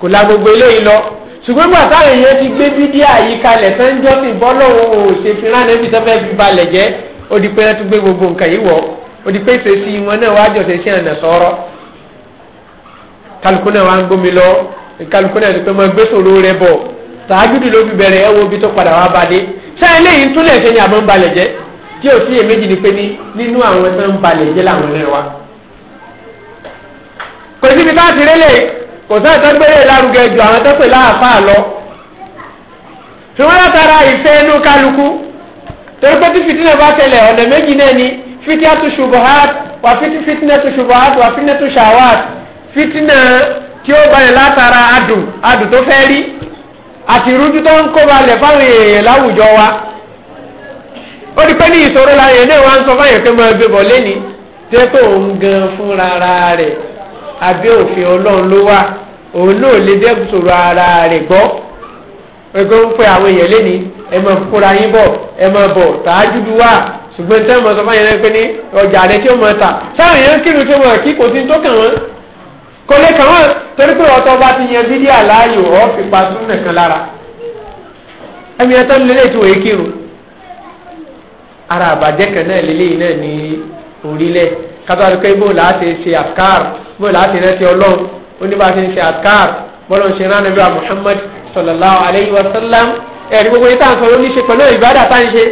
kò la gbogbo eléyìí lọ ṣùgbọ́n gbà táwọn èèyàn ti gbé bídíà yìí kalẹ̀ fẹ́ ń jọ́sìn bọ́lọ̀ òṣèfin ránà ibi tó fẹ́ fi balẹ̀ jẹ́ ó di pé wọ́n tún gbé gbogbo nǹkan yìí wọ̀ ó di pé ìṣesí wọn náà wájọ́ ṣe ṣe àná sọ̀rọ̀ kálukú náà wà ń gbómi lọ kálukú náà ti pé máa gbé sòrò rẹ bọ̀ tàájúdì ló fi bẹ̀rẹ̀ ẹ wo ibi tó padà wá balẹ̀ ṣé eléyìí tún lè ṣe ni àbọ̀ ń balẹ̀ jẹ́ tí ò sí ni pé ní nínú àwọn tó ń balẹ̀ jẹ́ làwọn náà wá. kò síbi tá a ti rélẹ̀ kò sáà tó gbélé lárugẹ ju àwọn tó pè láàfáà lọ tí wọ́n látara ìfẹ́ inú kálukú torí pé tí fìtínà bá tẹlẹ̀ ọ̀nà méjì náà ni fìtínà tó ṣubuhat wà fìtínà tó ṣubuhat wà fìtínà tó ṣàwáàtì fitinà tí ó balẹ̀ látara adùn adùn tó fẹ́ rí àti ìrújú tó ń kó balẹ̀ fáwọn èèyàn láwùjọ wa ó di pé ní ìṣòro láyé náà wá ń sọ fáyọ̀ pé máa gbé bọ̀ lẹ́ni tẹ́ tó ń gan fúnra rẹ̀ àbí òfin ọlọ́run ló wà òun náà lè dẹ́kù sọ̀rọ̀ ara rẹ̀ gbọ́ ẹgbẹ́ ń pẹ́ àwọn èèyàn lẹ́ni ẹ máa kóra yín bọ̀ ẹ máa bọ̀ tàájúdú wà ṣùgbọ́n tẹ́ mọ̀ sọ fáyọ̀ náà pé ní ọjà rẹ̀ kí ó máa tà sáwọn èèyàn kírun kí máa kí kò sí tó kàn wọ́n kò lè kàn wọ́n torí pé ọ̀tọ̀ bá ti yan bídíà láàyò ọ́ fi pa sún nìkan lára ẹ̀mí ẹ̀ tán lélẹ̀ wòye kírun ara àbàjẹ́ kan náà lélẹ̀ náà ní orílẹ̀ kátó àdúgbò bó láti ṣe àkàr bó láti rántí ọlọ́run oníbà ti ń ṣe àkàr bọ́lọ̀ ń ṣe rán nàbíwá Muhammad sallallahu alayhi wa sallam ẹ̀rí gbogbo yìí tá à ń sọ ló ní ṣe pẹ̀lú ìbádà tá à ń ṣe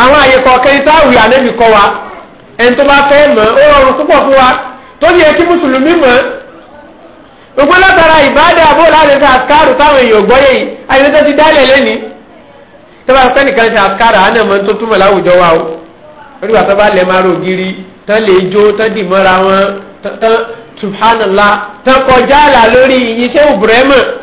àwọn àyè kọ̀ọ̀kan yìí táwì ànẹ́bì kọ́ wa ẹni tó bá fẹ́ mọ̀ ó rọrùn púpọ̀ fún wa tó yẹ kí mùsùlùmí mọ̀ gbogbo látara ìbáàdà àbó láti ṣe àkàrù táwọn èèyàn gbọ́ yẹ yìí àyè tó ti dálẹ̀ lẹ́ni tó bá fẹ́ nìkan ṣe àkàrà àná mọ̀ tó túmọ̀ láwùjọ wa o orí wa tó bá lẹ̀ máa rògiri tán lè jó tán dì mọ́ra wọn tán subhanallah tán kọjá àlà lórí iye iṣẹ́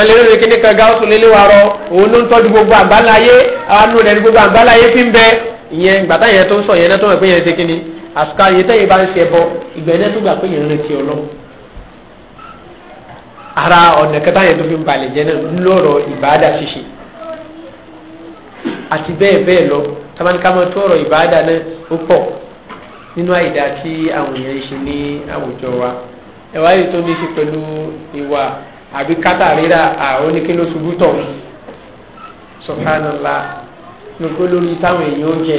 alẹ́rẹ́ rẹ̀ kíní kan gáwọ́sùn lélẹ́ wa rọ òun ló ń tọ́jú gbogbo àgbáláyé àánú rẹ̀ ní gbogbo àgbáláyé fi ń bẹ ìyẹn gbàtà yẹn tó ń sọ yẹn náà tó mọ̀ pé yẹn ti kíní àsùká yẹn tẹ́yìn bá ń ṣe bọ ìgbẹ́ náà tó gbà pé yẹn ń retí ọlọ́ ara ọ̀nà kẹta yẹn tó fi ń balẹ̀ jẹ́ náà lọ́rọ̀ ìbáadà ṣíṣe àti bẹ́ẹ̀ bẹ́ẹ̀ lọ tamanikaman tó ọ̀rọ̀ ìbáadà àbí kátà rírà àwọn oníkéló ṣubú tọ̀ ń sọ̀hánàlá nìkó lórí táwọn èèyàn ó jẹ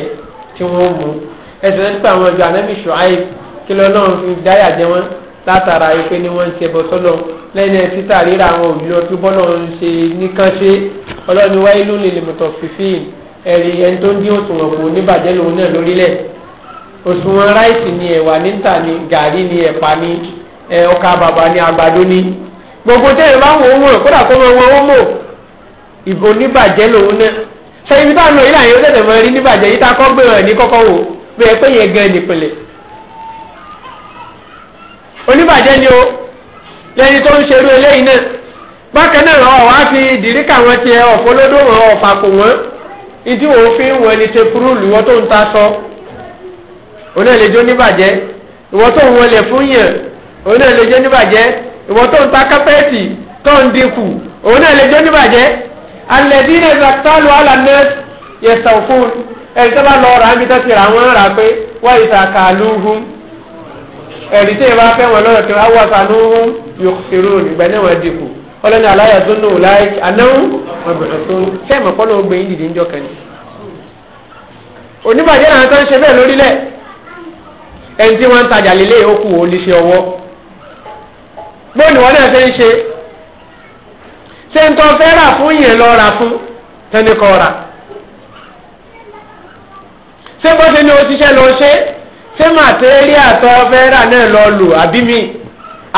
tí wọ́n mú ẹsẹ̀ náà nípa àwọn ọjọ́ anábì ṣùáì kí lọ́lọ́run fi dáyà jẹ wọ́n látara ipe ni wọ́n ń ṣe bọ́sọ́lọ́ lẹ́yìn ẹ̀ títà rírà àwọn òbí lọ tí bọ́lọ̀ ń ṣe nìkan ṣe ọlọ́ni wáyé ló lèmọ̀tọ̀ fífín ẹ̀rí ẹni tó ń dín òṣùwọ̀n kù níbàjẹ́ lòun náà lórílẹ̀ òṣùwọ̀n ráìsì ni ẹ̀wà níta ni gàrí ni ẹ̀pà ni ọkà bàbà ni àgbàdo ni gbogbo téèyàn bá ń wo owó kódà kó máa wọ owó mò ìbò níbàjẹ́ lòun náà ṣe ibi táwọn ìlànà yóò tẹ̀tẹ̀ mọ́ rí níbàjẹ́ yìí tá a kọ́ gbé rẹ̀ ní kọ́kọ́ wò bẹ́ẹ̀ pé yẹn gan nìpìnlẹ̀ oníbàjẹ́ ni o lẹ́ni tó ń ṣerú eléyìí náà bákan náà ọ̀ wá fi dìríkà wọn tiẹ̀ ọ̀fọ́ lódò wọn ọ̀fà kò wọ́n ìdí òfin wọn ni tepuru lùwọ́ tó ń ta sọ onílẹ̀jọ́ níbàjẹ́ ìwọ́ tó ń wọlé fún yẹn onílẹ̀jọ́ níbàjẹ́ ìwọ tó ń ta kápẹ́ẹ̀tì tó ń dínkù òun náà lè jẹ́ níbàjẹ́ alẹ́dínà ìzàkítàlù alànẹ́s yẹsà òfun ẹ̀rí tó bá lọ rà á bí tó ti rà wọ́n rà pé wọ́n ìsàkà lóhùn ẹ̀rí tó yẹ bá fẹ́ wọn lọ́rọ̀ tó wá wà lóhùn yóò ṣerú ìgbà náà wọ́n dínkù ọlọ́ni aláyà tó nù láì anáwó wọn bẹ̀rẹ̀ tó sẹ́ẹ̀mọ̀ kọ́ ló gbé yìí díjọ́ kan oníbàjẹ́ náà tó ń ṣe bẹ́ẹ̀ lórílẹ̀ ẹni tí wọ́n ń tajà lélẹ̀ ó kù ó lè ṣe ọwọ́ bó ni wọ́n náà ṣe ń ṣe ṣé ń tọ́ fẹ́ rà fún yẹn lọ rà fún tẹnikọ́ rà ṣé bó ṣe ni o ti ṣe lọ ṣe ṣé màtẹ́rì àtọ́ fẹ́ rà náà lọ lò àbí mi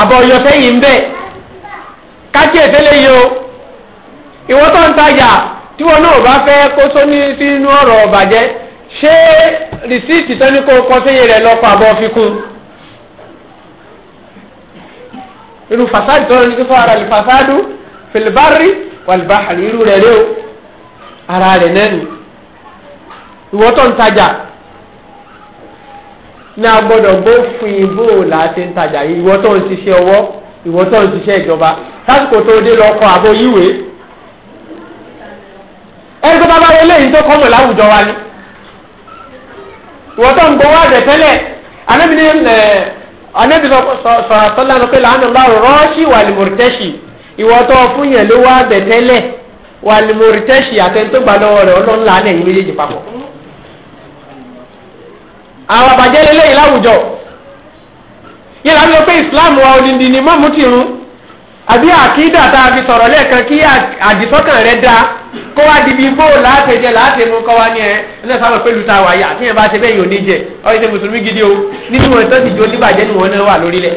àbọ̀ ọ̀yọ́ sẹ́yìn ń bẹ̀ kájí ètẹ́lẹ̀ yìí o ìwọ tó ń tajà tí wọn náà bá fẹ́ kó sóní sínú ọ̀rọ̀ ọ̀bàjẹ́ ṣé rìsíìtì sẹ́ni kó kọ́ sẹ́yìn rẹ̀ lọ́kọ̀ àbọ̀ fi kún un. irú fasadu tọ́lọ́ ní kíkọ́ ara lè fasadu filibari walibahari irú rẹ̀ rẹ̀ o ara rẹ̀ nẹ́nu ìwọ́ tó ń tajà ní agbọ́dọ̀ bófin bó láti ń tajà ìwọ́ tó ń ṣiṣẹ́ ọwọ́ ìwọ́ tó ń ṣiṣẹ́ ìjọba lásìkò tó dé lọ́kọ̀ tó bá bá eléyìí tó kọ́mọ̀ láwùjọ wa ni ìwọ́ tó ń gbowó àjẹtẹ́lẹ̀ anábìnrin anabi sọ̀rọ̀sọ̀lá ló pé lánàá lọ́rùn rọ́ọ̀ṣì wà ní mọ̀rìtẹ́ṣì ìwọ tó fún yẹn ló wá bẹ̀ tẹ́lẹ̀ wà ní mọ̀rìtẹ́ṣì àtẹ̀ntògbà lọ́wọ́ rẹ̀ ọlọ́run lánàá yìí méjèèjì papọ̀. àwọn àbàjẹ́ lélẹ́yìn láwùjọ yìí lánàá ló pé ìsìláàmù wa ò ní dì ní mọ́mú tìrún àbí àkídà tá a fi sọ̀rọ̀ lẹ́ẹ̀kan kí àdìsọ́kàn rẹ dáa kó wá di bíi bóò láti jẹ láti mú kọ́ wá ní ẹ ẹlẹ́sà lọ pẹ̀lú ta wáyé àti yẹn bá ṣe bẹ́ẹ̀ yóò ní jẹ ọ̀rẹ́ ṣe mùsùlùmí gidi o nínú wọn tó ti jó níbàjẹ́ ni wọn náà wà lórílẹ̀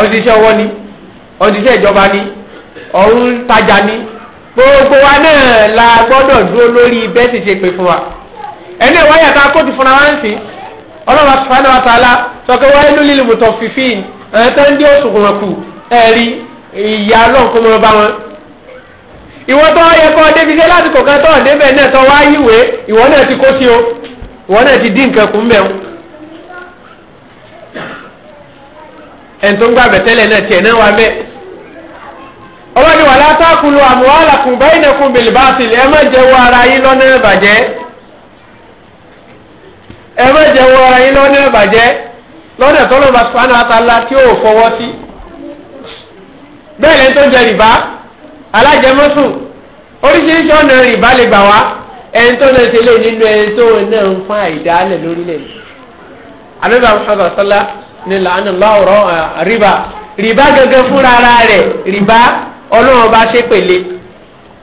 ọ̀ṣiṣẹ́ ọwọ́ ni ọ̀ṣiṣẹ́ ìjọba ni ọ̀hún tajà ni gbogbo wa náà la gbọ́dọ̀ dúró lórí bẹ́ẹ̀ sì ṣe pé fún wa ẹni ìwáyà tá a fúnra wá ń sìn ọlọ́run ẹ̀ẹ́tẹ́ ń dé òṣùkùn wọn ìyá kó mọ bá wọn. ìwọ tó yẹ kọ́ débi dé láti kọ̀ọ̀kan tó ọ̀dẹ́ bẹ́ẹ̀ náà tó wáyé ìwé ìwọ náà ti kó sí o ìwọ náà ti dín nǹkan kù tó ń gbà náà náà wà ọwọ́ ni kún bìlìbáàtìlì ẹ má wọ ara yín lọ́nà ẹ lọ́dọ̀ tó lọ́ba sùpánù àtàlà tí ò fọwọ́ sí bẹ́ẹ̀ lẹ́ni tó jẹ rìbá alájẹmọ́sùn oríṣiríṣi ọ̀nà rìbá lè gbà wá ẹni tó lè ṣe lé nínú ẹni tó náà ń fún àìdálẹ̀ lórílẹ̀ àbẹ́bà muhammed sọlá ní làánà lọ́rọ̀ rìbá rìbá gẹ́gẹ́ fúnra ara rẹ̀ rìbá ọlọ́run bá ṣe pèlè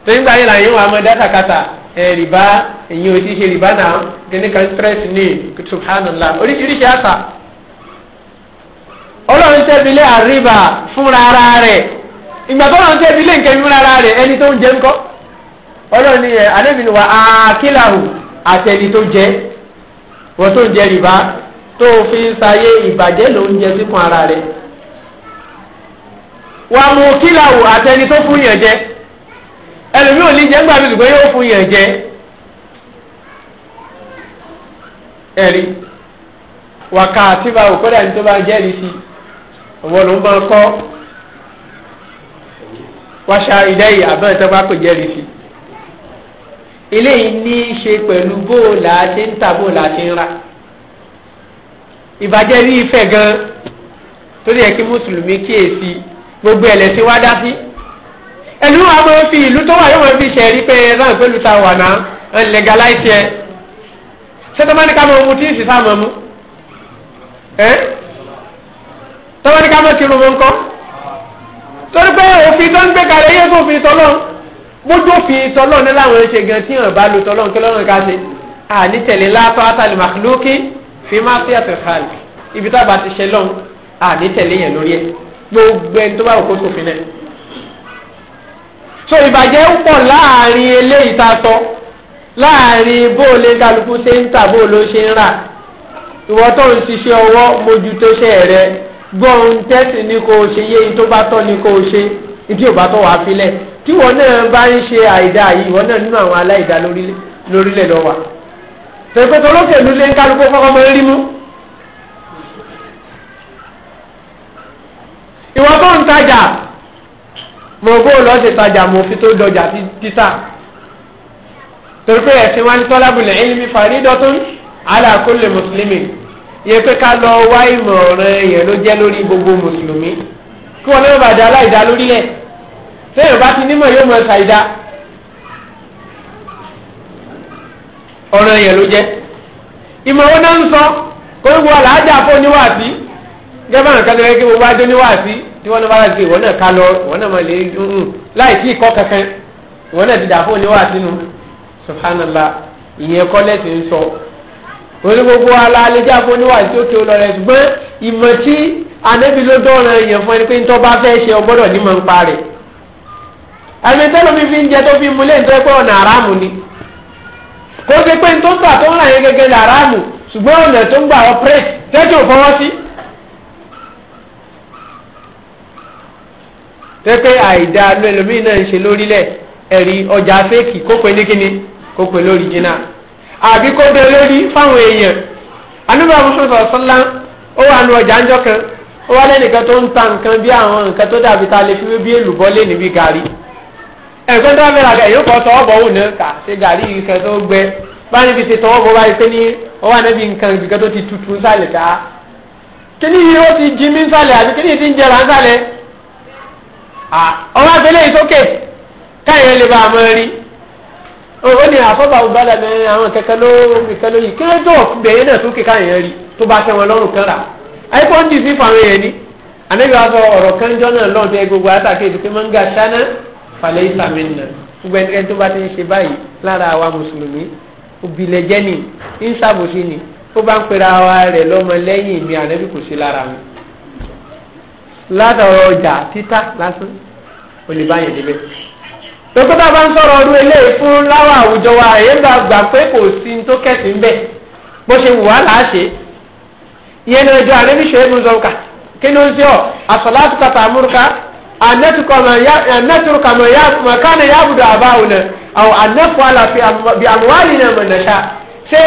tó nígbà yẹn làyẹn wà mọ́ dákàkàtà rìbá èyí ò ọlọ́run tẹ́bilé àríbà fúnra ara rẹ̀ ìgbà tó ọlọ́run tẹ́bilé nǹkan fúnra ara rẹ̀ ẹni tó ń jẹ ńkọ́ ọlọ́run ni ẹ̀ eh, àdébìnrin wa àkílàhù àtẹni tó jẹ wọ́n tó ń jẹ rìbá tó fi ń sayé ìbàjẹ́ ló ń jẹ síkùn ara rẹ̀ wà mú kílàhù àtẹni tó fún yàn jẹ ẹlòmí ò ní jẹ ńgbà mi ṣùgbọ́n yóò fún yàn jẹ ẹ̀rí wà ká àtibáwò ní tó bá jẹ́rìí sí i òun ló ń bá kọ́ wáṣà ìdẹ́yì àbẹ́rẹ́ tó bá pè jẹ́rìí sí eléyìí ní í ṣe pẹ̀lú bóòlà ṣe ń tà bóòlà ṣe ń ìbàjẹ́ ní ìfẹ́ gan torí ẹ̀ kí mùsùlùmí kíyèsí gbogbo ẹlẹ́sìn wá dá sí ẹnu wa máa fi ìlú tó wà yóò máa fi ṣẹ̀rí pé ẹran ìpẹ́lú ta wà náà ń legalize ẹ ṣé tó máa ní ká máa mu tí ń sì sáà máa mu ẹ́. Eh? tọ́wọ́ ní ká mọ̀ kírun wọn kọ́ torí pé òfin tó ń gbé kalẹ̀ yé sófin tọ́lọ́ bójú òfin tọ́lọ́ ní láwọn ṣe gan tí yàn bá lo tọ́lọ́ kí lọ́rùn ká ṣe àní tẹ̀lé látọ́ átàlì màkìlókì fi má sí ẹ̀sẹ̀ fàlì ibi tá a bá ti ṣe lọ́hùn àní tẹ̀lé yẹn lórí ẹ̀ gbogbo ẹni tó bá òkú sófin náà. so ìbàjẹ́ ń pọ̀ láàrin eléyìí tá a sọ láàrin bó o lè kálukú ṣe ń tà bó o ló ṣe ń rà ìwọ tó ń ṣiṣẹ́ ọwọ́ mójútóṣẹ́ rẹ̀ gbọ́n tẹ́sí ni kò ṣe yé ní tó bá tọ́ ni kò ṣe ibi ò bá tọ́ wàá filẹ̀ tí wọn náà bá ń ṣe àìdá yìí wọn náà nínú àwọn aláìdá lórílẹ̀ lọ́wọ́ tẹ̀síkọ́tọ̀ olókèlú lé ń kálukú kọ́kọ́ mọ́ rí mú. ìwọ tó ń tajà mo bó lọ ṣe tajà mo fi tó dọjà títà torí pé ẹ̀sìn wa ní tọ́lábùlẹ̀ ẹ̀yìn mi fàrídọ́tún ala kulli muslimin yẹ pé ká lọ wá ìmọ̀ràn èèyàn ló jẹ́ lórí gbogbo mùsùlùmí kí wọn náà bàjẹ́ aláìdá lórílẹ̀ sẹ́yìn bá ti nímọ̀ yóò mọ̀ ṣàìdá ọ̀ràn èèyàn ló jẹ́ ìmọ̀ràn náà ń sọ kó gbogbo aláàjà fún oníwàásí gẹ́gẹ́ bá nǹkan lẹ́yìn kí gbogbo adé oníwàásí tí wọ́n náà bá ti ìwọ náà ká lọ ìwọ náà mọ̀ lé láì tí ìkọ́ kankan ìwọ náà ti dà fún oníwàásí nu subhanallah ìyẹn sọ orí gbogbo ala alẹ́jà fúnníwà tí ó tó lọ rẹ̀ ṣùgbọ́n ìmọ̀ tí anẹ́bí ló dọ́ọ̀rọ̀ èèyàn fún ẹni pé nítorí bá fẹ́ ṣe ọgbọ́dọ̀ nímọ̀ ń parẹ́ ẹ̀mí tẹ́lọ̀ mi fi ń jẹ tó fi mu léyìn tó ẹ pé ọ̀nà àràmù ni kó ṣe pé tó ń gbà tó ń rà yẹn gẹ́gẹ́ ní àràmù ṣùgbọ́n ọ̀nà tó ń gbà ọ̀pẹ́rẹ́ tẹ́jọ́ fọwọ́ sí. pépé àìdá lóẹlòmíì náà ń ṣe lórílẹ̀ ẹ̀rí ọjà fẹ́ẹ̀kì kó pe ní kíni kó pe lórí jìnnà. àbí kó dé lórí fáwọn èèyàn anúbà mùsùlùmí sọ̀sọ́lá ó wà nù ọjà kan ó wá lẹ́nìkan tó ń ta nǹkan bí àwọn nǹkan tó dàbí ta lè fi wé bí èlùbọ́ lé níbi gàrí ẹ̀gbọ́n tó wà fẹ́ ràdà èyí kọ́ tọwọ́ bọ̀ wù ṣe gàrí yìí kan tó gbẹ bá níbi ti tọwọ́ bọ̀ wáyé pé ó wà níbi nǹkan tó ti tutù nsàlẹ̀ ká kíní yìí ó ti jí mí nsàlẹ̀ àbí kíní yìí ti ń jẹrà nsàlẹ̀ a o ó ní àfọ́bà ọ̀bàdà ní àwọn kẹ̀kẹ́ ló kẹ̀kẹ́ ló yìí kí ló tó bẹ̀yẹ náà tó kíkà yẹn rí tó bá tẹ wọn lọ́rùn kan rà àyíkọ́ ń dì sí fàwọn yẹn ni ànábi wa sọ ọ̀rọ̀ kánjọ́ náà lọ́n tẹ gbogbo àtàkì ètùkú máa ń ga sáná falẹ̀ ìsàmì nà gbogbo ẹnikẹ́ni tó bá ti ń ṣe báyìí lára àwa mùsùlùmí òbílẹ̀ jẹ́ ni ń ṣàbòsí ni ó bá ń pera wa rẹ̀ lọ́mọ lẹ́yìn mi ànábi kò sí lára mi látọ̀rọ̀ ọjà títà lásán olè báyìí débẹ̀ tòkótà bá ń sọ̀rọ̀ ọdún eléyìí fún láwọn àwùjọ wa èyí gbà gbà pé kò sí ní tó kẹ̀sì ń bẹ̀ bó ṣe wù wá làá ṣe ìyẹn ní ọjọ́ àlẹ́ níṣẹ́ ẹ̀mú zọ́ọ̀kà kí ló ń ṣe ọ́ àsọ̀láṣù kàtà àmúrúkà ànẹ́tùrúkà mọ̀kánà yàbùdó àbáwọnà àwọn ànẹ́fọ́ àlàfi bí àmúwálì náà mọ̀ nàṣà ṣé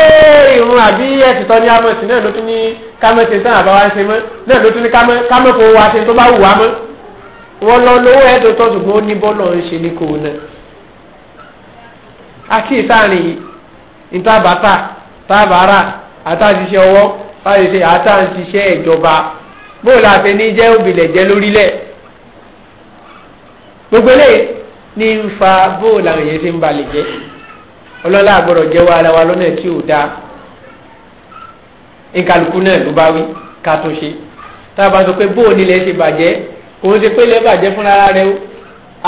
ìrun àbí ẹ̀sìtọ́ ní amọ̀sí náà náà ló tún ní kámẹ́kọ̀ọ́ wọ́n lọ lówó ẹ̀dùn tó ṣùgbọ́n ó ní bọ́ọ̀lù ń ṣe ní kòun náà. akíyè sáàrin yìí ìtàbàtà tàbàrà àtàṣiṣẹ́ ọwọ́ fàṣiṣẹ́ àtàṣiṣẹ́ ìjọba bóòlù àfẹ ní jẹ́ òbílẹ̀ jẹ́ lórílẹ̀. gbogbo eléyìí ní ń fa bóòlù àwọn èèyàn ṣe ń balẹ̀ jẹ́ ọlọ́lá àgbọ̀rọ̀ jẹ́wọ́ ara wa lọ́nà tí ò dáa ìkàlùkù náà ló bá wí ká tó ṣe tá pé bóòlù ilẹ̀ ṣe bàjẹ́ kò ti ṣe bàjẹ́ fúnra ara rẹ o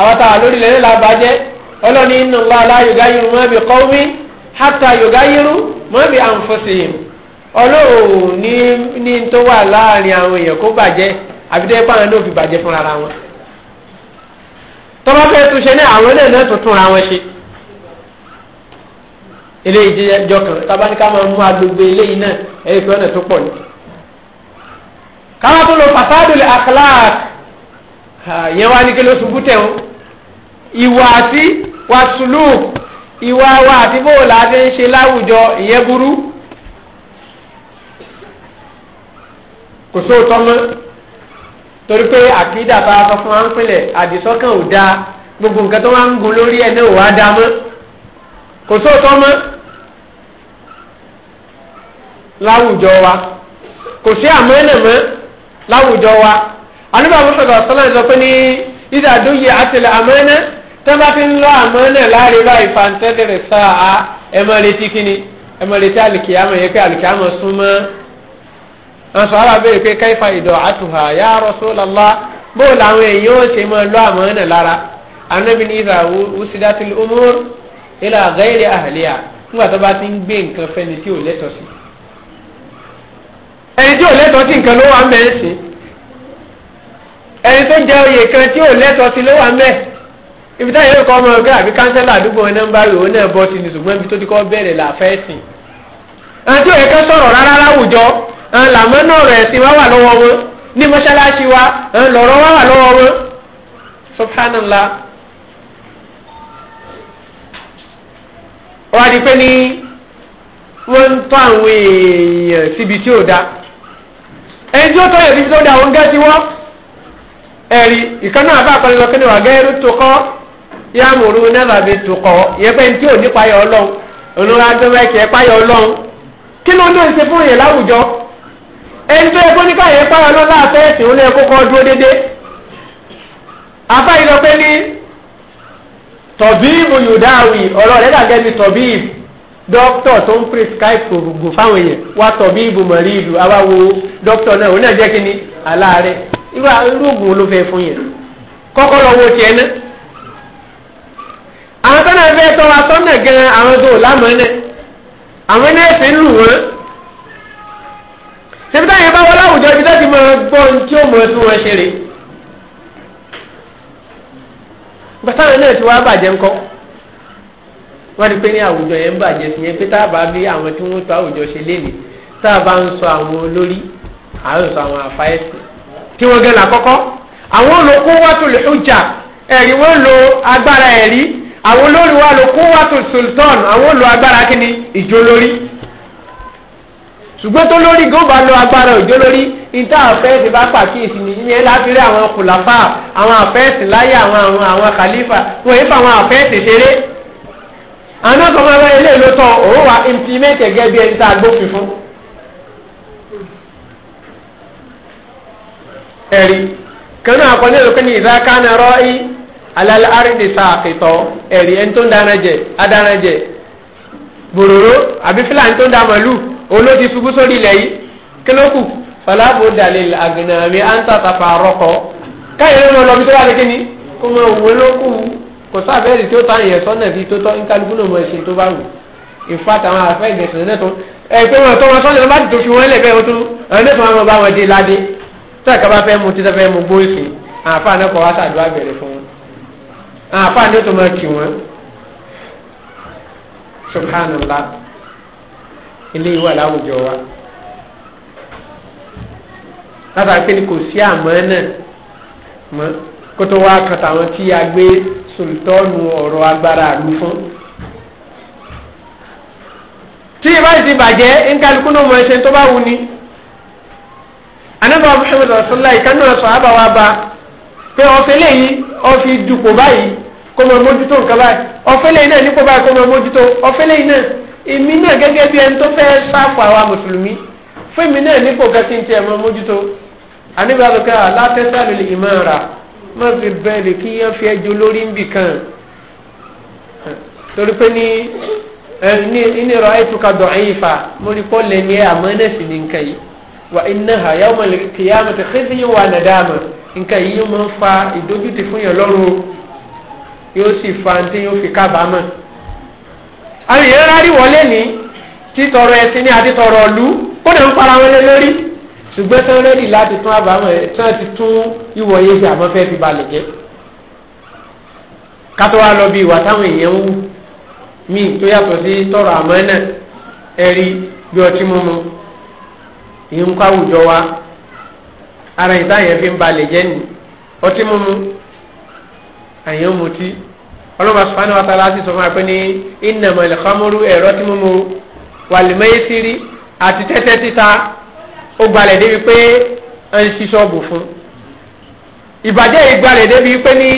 àwọn táwa lórí la bàjẹ́ ọlọ́ni inú wa la yìí mọ́ bí kọ́wé hátà yògá mọ́ bí ọlọ́run ní tó wà láàrin àwọn bàjẹ́ àbídẹ́ pàrọ̀ fi bàjẹ́ fúnra ara wọn tọ́ba fẹ́ tún ṣe ní àwọn ilé náà tuntun ra wọn ṣe ilé ìjẹjọ kan ní ká máa mú agbègbè ilé yìí yẹn wá ní kí ló ṣubú tẹ̀ o ìwà àti wàtúlù ìwà wa àti bóòlù àti ń ṣe láwùjọ ìyẹn burú kò sóòótọ́ mọ́ torí pé àkídà bá a sọ fún wa ń pinlẹ̀ àdìsọ́kàn ò dáa gbogbo nǹkan tó máa ń gun lórí ẹ̀ náà ò wá dáa mọ́ kò sóòótọ́ mọ́ láwùjọ wa kò sí àmọ́ ẹ̀nà mọ́ láwùjọ wa àníbà mọ́tòkà sọ́lá ìsọ pé ní ìdádóye àtẹlẹ àmọ́nà tẹ́lá fi ń lọ àmọ́nà láàrin báyìí fàǹtẹ́lẹ̀ sáà ẹ̀ máa retí kíni ẹ̀ máa retí àlìkìyàmọ̀ yẹ pé àlìkìyàmọ̀ súnmọ́ àwọn sọ ara béèrè pé káyífa ìdọ̀ àtùhà yá rọ́sọ́lọ́lá bóò làwọn èèyàn ó ṣe máa lọ àmọ́ náà lára anábì ní ìfà wùsídàtì umur ilà gáírì àhàlíyà nígbà tó ti ń gbé nǹkan fẹ́ni tí ò lẹ́tọ̀ọ́ sí. ẹni tí ò lẹ́tọ̀ọ́ sí nǹkan ló wà ń bẹ̀ ń ẹni tó jẹ oyè kan tí ò lẹ́tọ̀ọ́ sí ló wà mẹ́ ibi táyà yóò kọ́ ọmọ ọgá àbí kánsẹ́là àdúgbò ẹ̀ nọ́mbà rẹ̀ òun náà bọ́ sí ni ṣùgbọ́n ibi tó ti kọ́ bẹ̀rẹ̀ là fẹ́ sìn. àti òye kan sọ̀rọ̀ rárá láwùjọ làmọ́ náà rẹ̀ sí wá wà lọ́wọ́ wọn ní mọ́ṣáláṣí wa lọ́rọ̀ wá wà lọ́wọ́ wọn. subhanallah wọ́n á di pé ní wọ́n ń tọ́ àwọn èèyàn síbi tí ò da ẹni tí ó tọ́ ẹ̀rí ìkan náà bá akọni lọ́kẹ́ni wà gẹ́rù tó kọ́ yá mòrú nẹ́fà bí tó kọ́ yẹpẹ́ ní tí ò ní payọ̀ ọlọ́run olórí adébẹ́kì ẹ̀ payọ̀ ọlọ́run kí ló ń dún ṣe fún yẹn láwùjọ ẹni tó yẹ kó nípa yẹn payọ̀ ọlọ́run láàfẹ́ ẹ̀sìn ó lẹ́ kókó dúró dédé afá yìí lọ pé ní tọ̀bíìmù yòdáwì ọ̀rọ̀ rẹ̀ dàgẹ́ bí tọ̀bíìmù dókítà tó ń prescribe òògùn fáwọn èèyàn wá tọ̀bíìmù mọ̀rí ìlú awáwo dókítà náà òun náà jẹ́ kí ni aláàárẹ̀ irú oògùn wo ló fẹ́ fún yẹn kọ́kọ́ lọ wo tiẹ̀ ná àwọn tó náà fẹ́ tọ́ wa sọ́nà gan àwọn tó lámọ̀ ẹ̀ àwọn ẹ̀ náà fi ń lù wọ́n ṣebí táyà bá wọlé àwùjọ ibi láti máa gbọ́ ohun tí ó mọ̀ ẹ́ tí wọ́n ṣe rè bàtà náà ti wá bàjẹ́ ńkọ́ wọ́n ti pé ní àwùjọ yẹn ń bàjẹ́ sí yẹn pé tá a bá bí àwọn tí wọ́n tó àwùjọ ṣe léèlè tá a bá ń sọ àwọn olórí à ń sọ àwọn àfáyẹ́sì tí wọ́n gẹ́ la kọ́kọ́ àwọn lo quwwatul hujja ẹ̀rí wọ́n lo agbára ẹ̀rí àwọn olórí wa lo quwwatul sultan àwọn lo agbára kíni ìjó lórí ṣùgbọ́n tó lórí gan bá lo agbára ìjó lórí níta àfẹ́sì bá pàkíyèsí ni ìyẹn láti rí àwọn kùlàfà àwọn àfẹ́sì láyé àwọn àwọn àwọn kàlífà wọ́n yẹ fún àwọn àfẹ́sì ṣeré àwọn náà sọ fún ẹgbẹ́ ilé ìlú tán òun wà implement gẹ́gẹ́ bí ẹni tá a gbófin fún. ẹ̀rí kanú àkọ́ni ẹ̀rọ pé ní ìdákànnà rọ́ọ̀ì alálẹ́ àrídì sàkìtọ̀ ẹ̀rí ẹni tó ń dáná jẹ adáná jẹ bòròró àbí fúlàní tó ń da màlúù olóòtú ṣubú sórí ilẹ̀ yìí kílókù fọláàbò dalil àgbẹ̀nàmí àǹtàtàfà rọ́kọ káyọ̀ ló lọ bí tó wà lẹ́kẹ́ ni kó mọ òwò lókù kò sábẹ́rì tí ó tàn yẹn sọ́nà bíi tó tọ́ nkálukú náà mọ ẹ̀ṣin tó bá wù ìfàtà àwọn àfẹ́ ìgbẹ̀sìn náà ẹ̀ pé wọn tó wọn sọ́nà tó àkàbà fẹ́ mu títí fẹ́ mu gbóòsì àáfàá náà kọ́ wá sàdúrà bẹ̀rẹ̀ fún wọn àáfàá ní tó máa kì subhanallah ilé ìwà láwùjọ wa látàrí pé kò sí àmọ́ náà mọ́ kó tó wá kàtà wọn tí a gbé sultanu ọ̀rọ̀ agbára àlú fún tí ìbá ti bàjẹ́ nkálukú náà mọ̀ ẹsẹ̀ tó bá anábà muhammed rasulillah ìkànnì ọ̀sán àbáwá bá pé ọ̀fẹ́lẹ̀ yìí ọ̀fi dupò báyìí kó mọ mójútó nǹkan báyìí ọ̀fẹ́lẹ̀ yìí náà nípò báyìí kó mọ mójútó ọ̀fẹ́lẹ̀ yìí náà èmi náà gẹ́gẹ́ bí ẹni tó fẹ́ sáfù àwa mùsùlùmí fún èmi náà nípò gẹ́gẹ́ tí ẹ mọ mójútó anábà lókè alátẹ́sàlù lè má ra má fi bẹ́ẹ̀lì kí yẹn fi ẹjọ́ lórí nbì kan torí pé ní ní ní rọ ẹ̀tùkà dọ̀ ẹ̀yìn mo rí kọ́ lẹ́ni ẹ̀ àmọ́ ẹ̀ ní nǹkan wa innaha yawma al-qiyamati khizyun wa nadama nǹkan yìí yóò máa ń fa ìdójútì fún yẹn lọ́rùn yóò sì fa ní tí yóò fi kábàámọ̀. àwọn èèyàn rárí wọlé ní títọrọ ẹsìn ní àti tọrọ ọlú kódà ń para wọn lé lórí ṣùgbọ́n tí wọ́n rẹ́dì láti tún àbámọ̀ ẹ̀ tí wọ́n ti tún ìwọ̀ yé ṣe àmọ́ fẹ́ẹ́ fi balẹ̀ jẹ́. kátó wá lọ bí ìwà táwọn èèyàn ń wù míì tó yàtọ̀ sí tọrọ àmọ́ náà ẹ̀rí bí ọtí mímu ìyẹn kọ́ àwùjọ wa ara ìta yẹn fi ń balẹ̀ jẹ́ ni ọtí mímu àyẹ̀wò mutí ọlọ́mọ sùpánù wa sálásì sọ fún wa pé ní ìnàmọ̀lẹ̀ xamúrú ẹ̀rọ tí mímu wàlìmẹ́yẹsìrì àti tẹ́tẹ́ títa ó gbalẹ̀ débi pé ń ṣí ṣọ́ọ̀bù fún ìbàjẹ́ ìgbalẹ̀ débi pé ní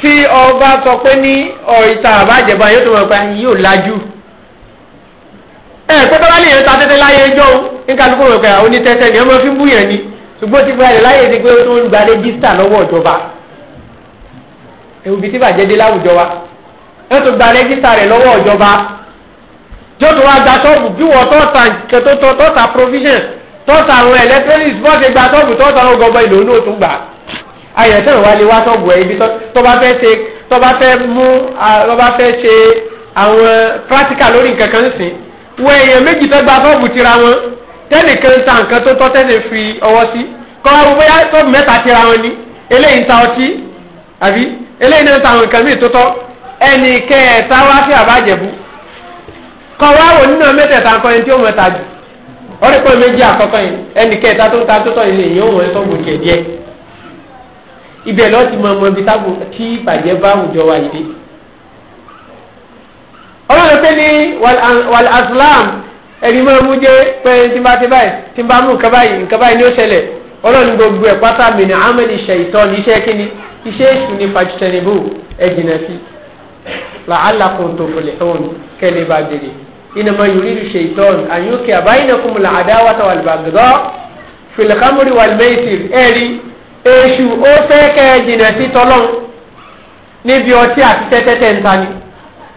kí ọba sọ pé ní ọ̀ ìta àbájẹ̀bá yóò tó wọn pa yóò lajú ẹ pé tọ́lá lè yẹn ta tẹ́tẹ́ láyé ẹjọ́ o nígbà tó kúrò pé àwọn onítẹ́tẹ́ ni ọmọ fi ń bú yẹn ni ṣùgbọ́n ti fúra rẹ̀ láyé ti pé ó ń gba rẹ́gísítà lọ́wọ́ ìjọba ewubi tí bàjẹ́ dé láwùjọ wa ẹ tó gba rẹ́gísítà rẹ̀ lọ́wọ́ ìjọba yóò tó wá gba ṣọ́ọ̀bù bí wọ́n tọ́ta kẹtọ́tọ́ tọ́ta provision tọ́ta àwọn electronics bọ́ọ̀sì gba ṣọ́ọ̀bù tọ́ta àwọn gọbọ ìlú ní òtún gbà ayẹ̀tẹ̀ wa lè wá ṣọ́ọ̀bù ẹ̀ ibi tọ́ba fẹ́ ṣe tọ́ba fẹ́ mú tọ́ba fẹ́ ṣe àwọn practical lórí nǹkan kan sìn wọ èèyàn méjì tó gba bọ́ọ̀bù tira wọn tẹ́nìkan ta nǹkan tó tọ́ tẹ́nì fi ọwọ́ sí kọ́ ọ bóyá bọ́ọ̀bù mẹ́ta tira wọn ni eléyìí ta ọtí àbí eléyìí náà ń ta àwọn nǹkan míì tó tọ́ ẹnì kẹta wá sí àbájẹ̀bú kọ́ wá wò nínú mẹ́tẹ̀ẹ̀ta nǹkan ẹni tí ó mọ̀ ta jù ọ̀rẹ́ pọ̀ méjì àkọ́kọ́ yìí ẹnì kẹta tó ń ta tó tọ́ ilé yìí ó mọ̀ ẹ́ tọ́gbù kẹ̀ díẹ̀ ibẹ̀ lọ́ọ́ ti mọ̀ ọmọ ibi táwọn tí ìbàjẹ́ bá àwùjọ wa yìí ọlọ́run pé ní wal aslam ẹni máa mú jẹ́ pé tí n bá ti báyìí tí n bá mú nǹkan báyìí nǹkan báyìí ni ó ṣẹlẹ̀ ọlọ́run gbogbo ẹ̀ pátá mi ní amẹ́lì ṣèyítọ́ ní iṣẹ́ kíni iṣẹ́ èṣù ní fàjùtẹ̀nìbù ẹ̀jìnà sí làálà kùn tó fòlẹ̀ òun kẹ́lẹ́ bá gbèrè iná máa yòrí lu ṣèyítọ́ àyùnkè àbáyínàkùn la àdáwàtà wàlùbàgùdọ́ fìlìkàmùrì wàlùmẹ́sìr ẹ̀rí èṣù ó fẹ́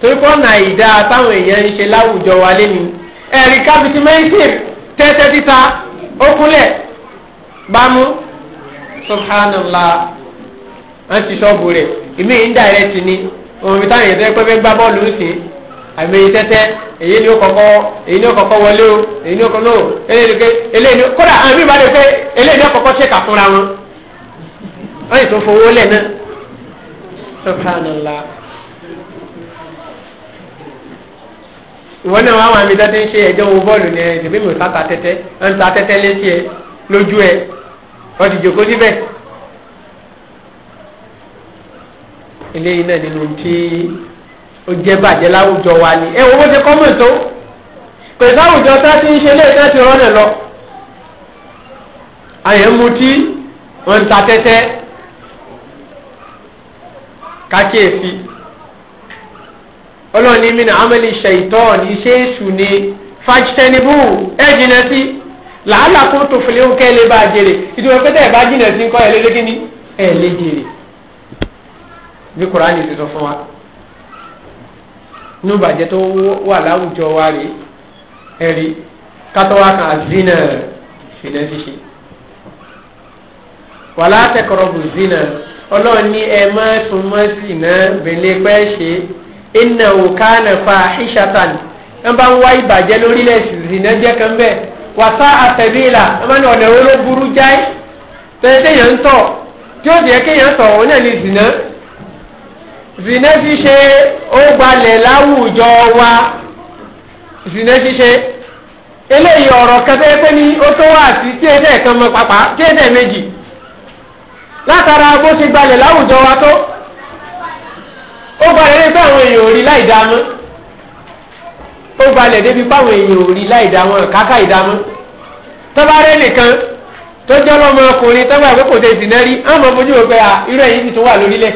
torípọ̀ nàìdá táwọn èèyàn ń ṣe láwùjọ wa lẹ́nu ẹ̀rí kábìtì mẹ́ńtìn tẹ́tẹ́ títa ókúnlẹ̀ bámú subhanallah wọ́n ti rẹ̀ ìmí ni òun fi táwọn ni ó kọ́kọ́ èyí ni ó kọ́kọ́ wọlé o èyí ni ó kọ́kọ́ eléyìí kódà àmì eléyìí ni ó kọ́kọ́ wọn wọ́n yìí ìwọ náà wàá wọn mi dá ti ń ṣe ẹjọ́ wo bọ́ọ̀lù ni ẹ̀ tẹ̀bí mi ò sáta tẹ́tẹ́ ẹ̀ ń ta tẹ́tẹ́ létí ẹ lójú ẹ wọ́n ti jòkó síbẹ̀. eléyìí náà nínú tí ó jẹ́ bàjẹ́ láwùjọ wa ni ẹ wo bó ṣe kọ́mọ̀ tó pè sáwùjọ tá ti ń ṣe ilé ìtẹ́ ti rọ́ọ̀nà lọ. àyẹ̀ ń mutí wọ́n ń ta tẹ́tẹ́ kákíyèsí ọlọ́run ní mìíràn amẹ́lì ṣèyítọ́ọ̀n iṣẹ́ èṣù ni fàjítẹ́nibú ẹ̀ jìnà sí làálà kó tó fìlẹ̀ ń kẹ́ lè bá a jèrè ìdúró pé tẹ́ẹ̀ bá jìnà sí nǹkan ẹ̀lẹ́dẹ́ kí ni ẹ̀ lè jèrè bí kùránì ti sọ fún wa inú ìbàjẹ́ tó wà láwùjọ wa rèé ẹ̀rí kátọ́wá kan zina ṣìnà ṣíṣe wàlá tẹkọrọ bù zina ọlọ́run ní ẹ má mọ́ sí náà bẹ̀lẹ́ ṣe inna wo ka fahisha tan n ba n wa ibajɛ lori le zina jɛ kan bɛ wa sa a sɛbi la a ma na ɔlɛ buru jai tɛn tɛ yan tɔ jɔnjɛ kɛ yan tɔ o na ni zina zina ti se o gba lɛla wa zina ti se eléyìí ɔrɔ kɛtɛ pé ni o tó wá sí tíyẹ̀dẹ̀ kan mọ́ pàápàá tíyẹ̀dẹ̀ méjì látara bó ti gbalẹ̀ láwùjọ wa to. ó gbalẹ̀ débi àwọn èèyàn ò rí láì dáná ó gbalẹ̀ débi báwọn èèyàn ò rí láì dáná káká ìdáná tọ́bárẹ́ nìkan tó jẹ́ lọ́mọ ọkùnrin tọ́gbà pé kò tẹ̀sí náà rí àmọ́ fojú wo pé irú ẹ̀yìn ti tún wà lórílẹ̀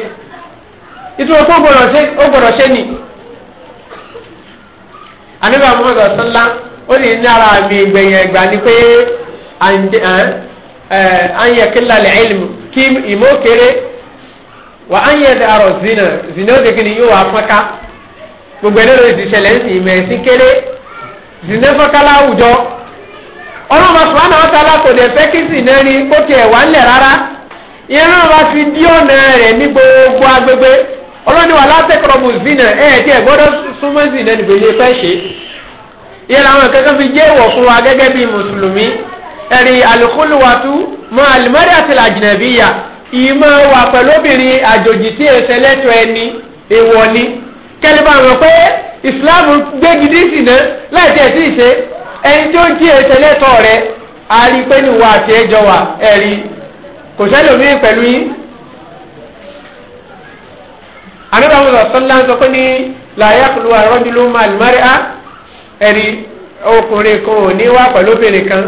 ìtura kó gbọ́dọ̀ ni àníbà mọ́tò sọ́lá ó lè ní ara mi gbẹ̀yìn ẹ̀gbà ni pé àyẹ̀kẹ́lá lẹ́yìn wa á yẹ ẹ̀dá ọ̀rọ̀ zina zina ó dèkìní yóò wá pọ́nká gbogbo ẹni lóye ti ṣẹlẹ̀ ń sìn ìmọ̀ ẹ̀sìn kéré zina fọ́nká láwùjọ ọlọ́mọ sùnwánà wọn tala kò dé fẹ́ kí zina rí kó tiẹ̀ wà ńlẹ̀ rárá irun wa fi dí ọ̀nà rẹ̀ ní gbogbo agbègbè ọlọ́ni wà látẹ̀kọ̀rọ̀mù zina ẹ̀ tiẹ̀ gbọ́dọ̀ súnmọ́ zina nìgbè yẹ fẹ́ ṣe yẹn làwọn kankan fi jẹ́ ìwọ̀ fún wa gẹ́gẹ́ bíi mùsùlùmí ẹ̀rí alùkùlùwàtú mọ àlùmọ́rí àti làjìnàbíyà ìmọ̀ wà pẹ̀lú obìnrin àjòjì tí èsẹ̀ lẹ́tọ̀ ẹni èèwọ̀ ni kẹ́lẹ́bà mọ̀ pé islam gbé gidi sínú láì tẹ̀ sí ìṣe ẹni tó ń tí èsẹ̀ lẹ́tọ̀ rẹ̀ a rí pé ní wà àti ẹjọ́ wà ẹ̀rí kò sẹ́lòmíì pẹ̀lú yín. àdúrà wọn sọ sọ́lá ń sọ pé ní làyà kúlú àrọ́jùlú màlúmárì á ẹ̀rí ọkùnrin kan ò ní wá pẹ̀lú obìnrin kan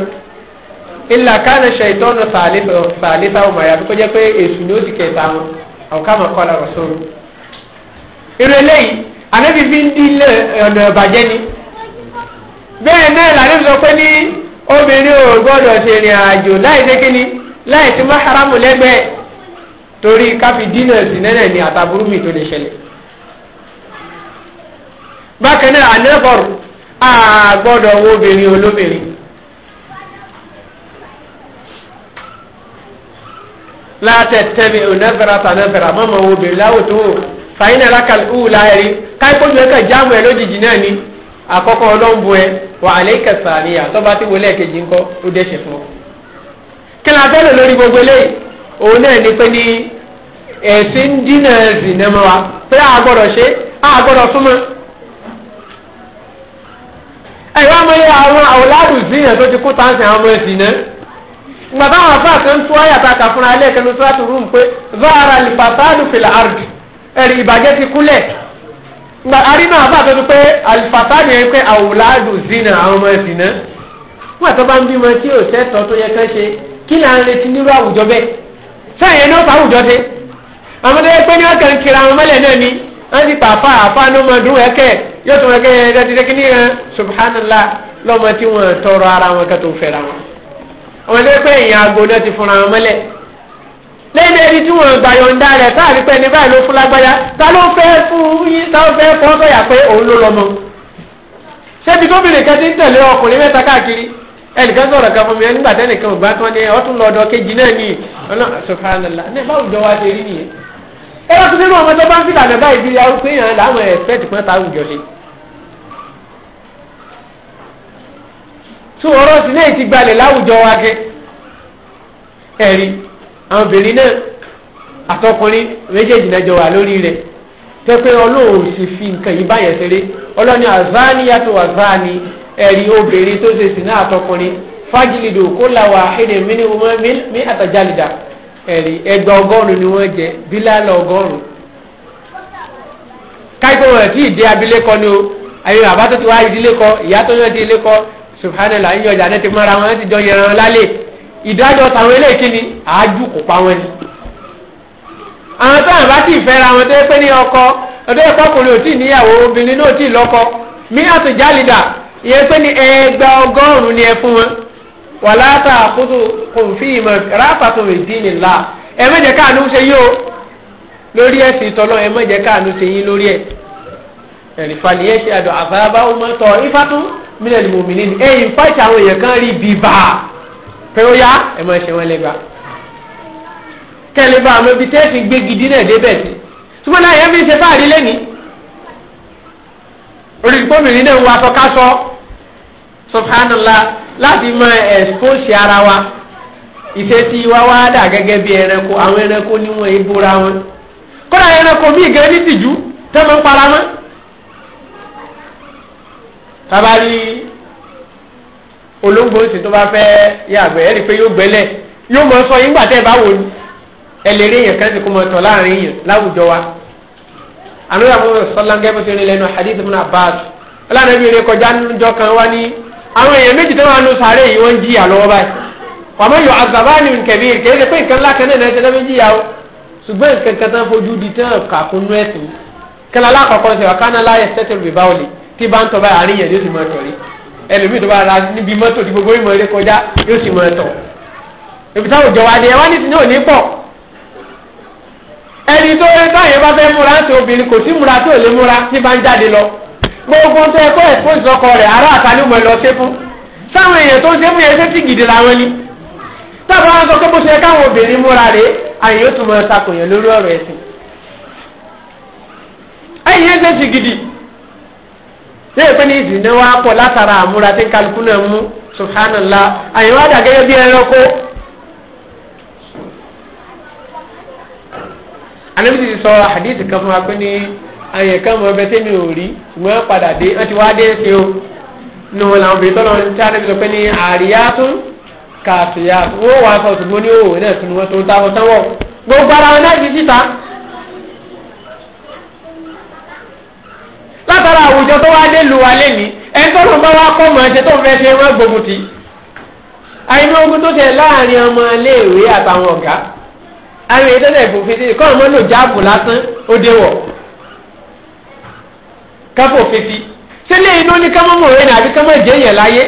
ilà kánà ṣètọ́nù sàlẹ́sà ọmọ àyàfi kó jẹ́ pé èsù ni ó ti kẹta wọn àwọn káàmọ̀ kọ́ la rọ̀ṣọ́ wọn. irú eléyìí ànábi fi ń dín ilé ọ̀nà ìbàjẹ́ ni bẹ́ẹ̀ náà lànà sọ pé ní obìnrin ò gbọ́dọ̀ ṣe ìrìn àjò láì ṣe kí ni láì ti má haramu lẹ́gbẹ̀ẹ́ torí káfí dínà sí nẹ́nẹ̀ ni àtàbúrú mi tó lè ṣẹlẹ̀. bákan náà àná gbọ́dọ̀ wo obìnrin olóbìnrin láti tẹ̀mí onẹ́fẹ̀rẹ́ tànẹ́fẹ̀rẹ́ àmọ́ mọ̀ wo bèrè láwùjọ o fàyínà lákàlù ù láyẹ̀rí káyipójú ẹ̀ka jáàmù ẹ̀ lójijì náà ni àkọ́kọ́ ọlọ́mbu ẹ wà alẹ́ kẹsà ni àtọ́ba tí wọlé ẹ̀kejì ńkọ́ ó dẹ́sẹ̀ fún ọ. kí ni abẹ́lẹ̀ lórí gbogbo eléyìí òun náà ni pé ní ẹ̀sìn dínà zìnà mọ́ wa pé a gbọ́dọ̀ ṣe a gbọ́dọ̀ súnmọ́. ẹ̀yọ́ àmọ́ yẹ àwọn àwòlárù zìnà tó ti kú táǹsì àwọn ọmọ ẹ̀sìn náà gbàtà àwọn afá àti ntú ayàtà kàfúnra ilé ìkẹnu sọ́ọ́tù rúùmù pé zọ́ọ̀rà lìfàtàlù fìlà àrùdì ẹ̀rì ìbàjẹ́ ti kúnlẹ̀ gba arínà àbá tó ti pé àlìfàtàlù yẹn pé àwòládù zina àwọn ọmọ ẹ̀sìn náà wọ́n àtọ́ bá ń bímọ tí ò sẹ́tọ̀ tó yẹ kán ṣe kí là ń retí nírú àwùjọ bẹ́ẹ̀ sẹ́yìn náà fà àwùjọ ṣe àwọn tó yẹ pé ní ọkàn kiri àwọn mọ́lẹ̀ náà ni wọ́n ti pàfà àfà lọ́mọdún ẹ̀kẹ́ yóò tó wọn kẹ́ ẹ̀ ẹ̀ dẹ́tí dẹ́kí ní ẹ̀ subhanallah lọ́mọ tí wọ́n toro ara wọn kẹ́ tó fẹ́ra wọn. àwọn ẹgbẹ́ ẹ̀yìn agbóná ti fúnra wọn mọ́lẹ̀ lẹ́yìn ẹni tí wọ́n gbà yọ̀ǹda rẹ̀ káàrí pé ní báyìí ló fún lágbájá ta ló fẹ́ fún yín ta ló fẹ́ fọ́ sọ̀yà pé òun ló lọ́mọ. ṣébi gómìnà kan ń tẹ̀lé ọkùnrin mẹ́ta káàkiri ẹnìkan sọ̀rọ̀ kan fún mi ò tán kejì náà ní báwo jọ wá ṣe rí i tó ọ̀rọ̀ sí náà ti gbalẹ̀ láwùjọ wa gẹ́ ẹ̀rí àwọn obìnrin náà àtọkùnrin méjèèjì náà jọ wà lórí rẹ̀ pẹ́pẹ́ ọlọ́run sì fi nǹkan yìí báyẹn ṣeré ọlọ́ni àzáni yàtọ̀ àzáni ẹ̀rí obìnrin tó ṣe sìnà àtọkùnrin fájìlìdò kó làwà àhìnrè mí àtàjálìdà ẹ̀rí ẹgbà ọgọ́rùn-ún ni wọ́n jẹ bílálà ọgọ́rùn-ún káyọ̀ rẹ̀ tí ìdí abilékọ ni o àyè àbátó ti wá ìdílé kọ ìyá tó yàn ti ilé kọ subhanallah la yọjà ní ti mọ́ra wọn ti jọ yẹran lálẹ́ ìdájọ́ tàwọn eléyìí kí ni àájú kò pa wọn ni. àwọn tó àwọn bá ti fẹ́ra wọn tó yẹ pé ní ọkọ ọdún ẹ̀kọ́ kò lè ò tí ì níyàwó obìnrin náà ò tí ì lọ́kọ jálìdà ìyẹn pé ní ẹgbẹ́ ọgọ́rùn-ún ni ẹ fún wọn wàlá ta àkóso kòfin ìmọ̀ ráfàtò ìdíni ńlá ẹ mẹ́jẹ̀ káàánú ṣe yí o lórí ẹ̀sìn tọ́lọ́ ẹ mẹ́jẹ̀ káàánú ṣe yí lórí ẹ̀ ẹ̀rìfàníyẹ́ ṣe àdó àbábá ọmọ tọ̀ ifá tún mílíọ̀nù mòmìnì ni ẹ̀yìn fáìtì àwọn èèyàn kan rí bíi bá a pé ó yá ẹ̀ máa ṣe wọn lẹ́gbà kẹ́lẹ́ bá àwọn ibi tẹ́ẹ̀sì gbé gidi náà débẹ̀ sí ṣùgbọ́n láyé mi ṣe fáàrí lẹ́ni olùdókòmìnì náà wọ afọkásọ subhanallah láti máa expose ara wa ìṣesí wa wá dà gẹ́gẹ́ bí ẹranko àwọn ẹranko níwọ̀n ìbúra wọn kódà ẹranko míì gẹ́gẹ́ ní tìjú tẹ́ mọ́ ń para mọ́ tabali olóńgbò ń sè tó bá fẹ́ yàgbẹ́ ẹ̀rí pé yóò gbẹ́lẹ̀ yóò mọ sọ yín gbà tẹ́ ẹ bá wò ní ẹlẹ́rìí yẹn kẹ́sì kó mọ tọ̀ láàrin yẹn láwùjọ wa àná yàgò sọláńgẹ́ bó ti rìn lẹ́nu hadith ibn abbas ọlọ́run ẹbí rẹ̀ kọjá níjọ kan wá ní àwọn èèyàn méjì tó wà nù sàárè yìí wọ́n ń jìyà lọ́wọ́ báyìí wàmọ́ yọ azabani nkẹ́bí kẹ́sì pé nǹkan ńlá kan náà ẹ̀ tẹ́lẹ̀ méjì yà ó ṣùgbọ́n nǹkan kan tán fojú di tán kàkúnú ẹ̀sìn tí bá ń tọ́ báyìí àárín yẹn yóò sì máa tọ̀ rí ẹlòmíì tó bá ra níbi mọ́tò tí gbogbo ìmọ̀ eré kọjá yóò sì máa tọ̀ ibi táwọn òjò wa ni ẹ wá ní ní òní pọ̀ ẹni tó rẹ táyẹ̀ bá fẹ́ múra ń sọ obìnrin kò sí múra tí ò lè múra tí bá ń jáde lọ gbogbo tó ẹ kó ẹ̀kọ́ ìsọkọ rẹ̀ ará àtàlù mọ̀ lọ sí fún sáwọn èèyàn tó ń ṣe fún yẹn ṣé tí gidi làwọn ni tábà wọn sọ pé bó ṣe gidi ṣé ìpín ní ìdìní wa pọ̀ látara àmúra tí kálukú náà mú subhanallah àyìnwá dàgẹ́gẹ́ bí ẹranko. anabiti ti sọ hadithi kan fún wa pé ní ayẹ kan mọ ẹbẹ tẹmí ò rí ṣùgbọ́n padà dé wọ́n ti wá dé ṣe o nù làwọn bèbí tọ́lọ̀ ní sáré sọ pé ní àríyátún kàfíyà wọ́n wà sọ ṣùgbọ́n ní òwò náà tún wọ́n tó ń táwọn tánwọ́ gbogbo ara wọn náà ti síta látara àwùjọ tó wá dé lu wa lẹ́ni ẹni tó lọ́n bá wá kọ́ mọ̀ ẹsẹ̀ tó ń fẹ́ ṣe wọ́n gbógun ti. àìní ogun tó ṣe láàrin ọmọ iléèwé àtàwọn ọ̀gá àwọn èyí tẹ́lẹ̀ ìfòfin ti kọ́ ọmọ lò jáàbù lásán ó dé wọ̀ kápò fífi sílẹ̀ inú ní kámọ́ mọ̀ rẹ́ni àbí kámọ́ ìjẹ́ yẹn láyé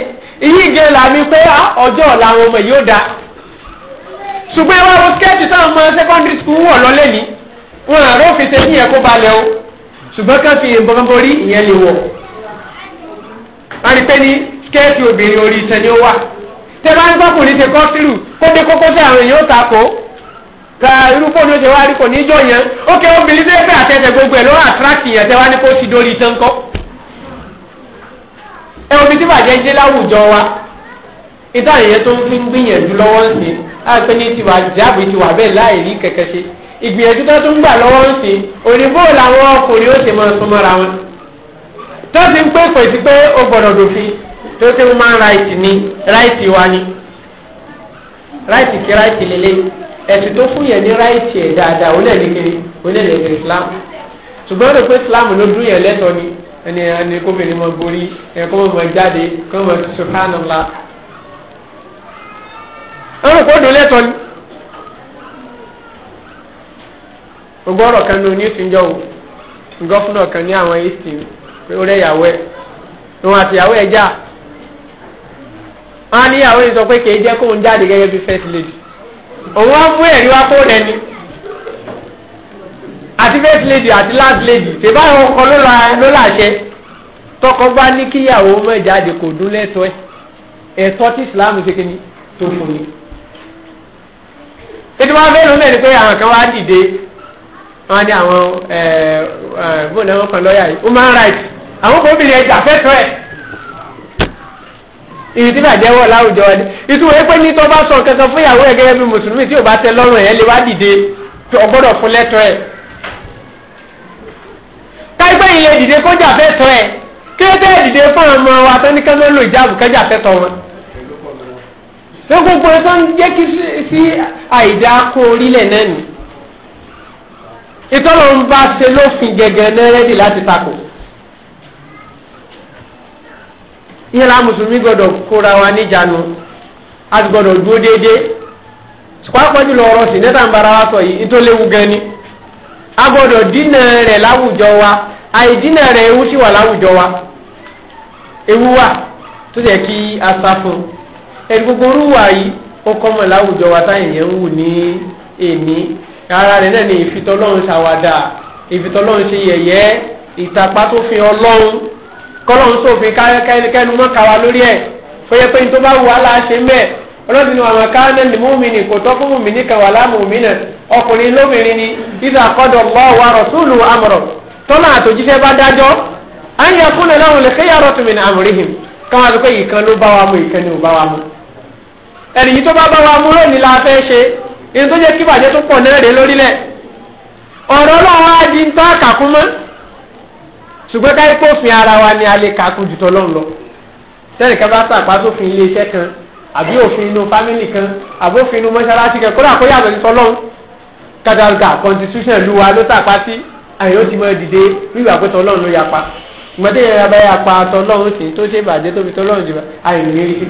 ìyí ìjẹ́ làmí pé ọjọ́ ọ̀la ọmọ yóò da ṣùgbọ́n ìwà àwọn skẹ́ẹ̀tì táwọn ọmọ sẹ́kọ́ndírì skul wọ̀ lọ́lẹ́ni wọn àrò ṣe ní ẹ̀kọ́ balẹ̀ o ṣùgbọ́n ká fi nǹkan borí ìyẹn lè wọ̀. a rí pé ní skẹ́ẹ̀tì obìnrin orí iṣẹ́ ni ó wà. tẹ bá ń gbọ́kùnrin ṣe kọ́sírù kó dé kókó sí àwọn èèyàn ta kó ka irúgbó ni ó ṣe wá rí kò ní jọ yẹn ó kẹ́ obìnrin tẹ́ fẹ́ àtẹ̀tẹ̀ gbogbo ẹ̀ ló àtúrákì yẹn tẹ́ wá ní kó ti dórí iṣẹ́ ńkọ́. ẹ omi tí bàjẹ́ jẹ́ láwùjọ wa ìtàn ìyẹn tó ń fi ń gbìyànjú lọ́wọ́ ń sìn á pé ní tiwa jáàbù tiwa bẹ́ẹ̀ láì rí kẹ̀kẹ́ ìgbìyànjú tó tún gbà lọ́wọ́ ń sìn òyìnbó làwọn ọkùnrin ó sì máa súnmọ́ra wọn tó ti ń pè pè sí pé ó gbọ́dọ̀ dòfin tó ti ń máa ń ráìtì ni ráìtì wa ni ráìtì kí ráìtì lélẹ̀ ẹ̀sìn tó fún yẹn ní ráìtì ẹ̀ dáadáa onílẹ̀kiri onílẹ̀kiri Islam ṣùgbọ́n rẹ̀ pé Islam ló dún yẹn lẹ́tọ̀ọ́ ni ẹni ẹni kóbìnrin mọ borí ẹni kó mọ jáde kó mọ sùkánù ńlá. ọ̀rùn kó dùn lẹ́tọ̀ọ́ ni. gbogbo ọ̀rọ̀ kan ní oníṣìíjọ́ o gọ́fúnà kan ní àwọn east pé ó rẹ̀ yàwó ẹ̀ òun àti yàwó ẹ̀ já wọn á ní yàwó yìí sọ pé kì í jẹ́ kóun jáde gẹ́gẹ́ bí first lady òun wá fún ẹ̀rí wá kó rẹ̀ ni àti first lady àti last lady tèbá àwọn ọkọ ló láṣẹ tọkọ bá ní kíyàwó mọ̀ jáde kò dún lẹ́tọ́ ẹ̀ ẹ̀tọ́ tí islam ṣe kíni tó fún mi. kí ni wọ́n fẹ́ lónìí pé àwọn kan wá dìde wọn ní àwọn bóun náà wọn kàn lọ́ọ̀yà yìí human rights àwọn kò bìnrin ẹja fẹ́tọ́ ẹ̀ ìrì tí bàjẹ́ wọ̀ láwùjọ ẹni ìtumọ̀ yẹn pé ní tó bá sọ kankan fún ìyàwó ẹ̀ gẹ́gẹ́ bí mùsùlùmí tí ò bá tẹ lọ́rùn ẹ̀ lè wá dìde ọgbọ́dọ̀ fún lẹ́tọ́ ẹ̀ káyipẹ́ yìí lè dìde kó jà fẹ́tọ́ ẹ̀ kí ló tẹ́ dìde fún ọmọ wa tó ní kẹ́mẹ́ lò ìjáàbù kẹ́jà fẹ́tọ́ wọn ṣé gbogbo ẹ̀ tó ń jẹ́ kí sí àìdá kó orílẹ̀ náà nìyí ìtọ́lọ̀ ń bá ṣe lófin gẹ́gẹ́ lẹ́rẹ́dì láti takò ìyẹn la mùsùlùmí gbọdọ̀ kóra wa níjànú a gbọdọ̀ dúró déédéé pàápàá jùlọ ọ̀rọ̀ sí nẹ́tà ń bára wa sọ yìí nítorí gan ni a gbọdọ̀ ewu sì wa ewu tó yẹ kí a sá fún ẹni gbogbo orúwà yìí ó láwùjọ wa yẹn ń wù ara rẹ̀ náà ni ìfitọ́lọ́run ṣàwádà ìfitọ́lọ́run ṣe yẹ̀yẹ́ ìtàpá tó fi ọlọ́run kọ́lọ́run sófin kẹ́nu mọ́ káwa lórí ẹ̀ fẹ́yẹ́ pé tó bá wù á láṣẹ mẹ́ ọlọ́dún àwọn káánẹ́ ní múmìnì kò tọ́ fún múmìnì kẹwàá lámùmínà ọkùnrin lóbìnrin ni dídà kọ́dọ̀ bọ́ wa rọ̀súùlù amọ̀rọ̀ tọ́lá àtòjíṣẹ́ bá dájọ́ á ń yakúnlẹ̀ láwọn lè kéyà rọ̀tùmínà àmúríhìn káwọn àti pé ìkan ló bá wa mú ìkan ni ò bá wa mú ẹ̀rìyí tó bá bá wa mú lónìí la fẹ́ ṣe ìyẹn tó jẹ́ kí bàjẹ́ tó pọ̀ náà lórílẹ̀ ọ̀rọ̀ ọlọ́run á di ntọ́ àkàkùn mọ́ ṣùgbọ́n káyé pófin ara wa ni a lè kàkùn jù tọ́lọ́run lọ sẹ́nìkan bá sàpá sófin iléeṣẹ́ kan àbí òfin inú fámìlì kan àbí òfin inú mọ́ṣáláṣí kan kódà kó yàtọ̀ sí tọ́lọ́run kàdàgà constitution lu wa ló sàpá sí àyè ó ti mọ dìde wíwà pé tọ́lọ́run ló yapa ìmọ̀tẹ́yẹ abẹ́yà pa tọ́lọ́run sí tó ṣe bàjẹ́ tóbi tọ́lọ́run jù àyè ní rí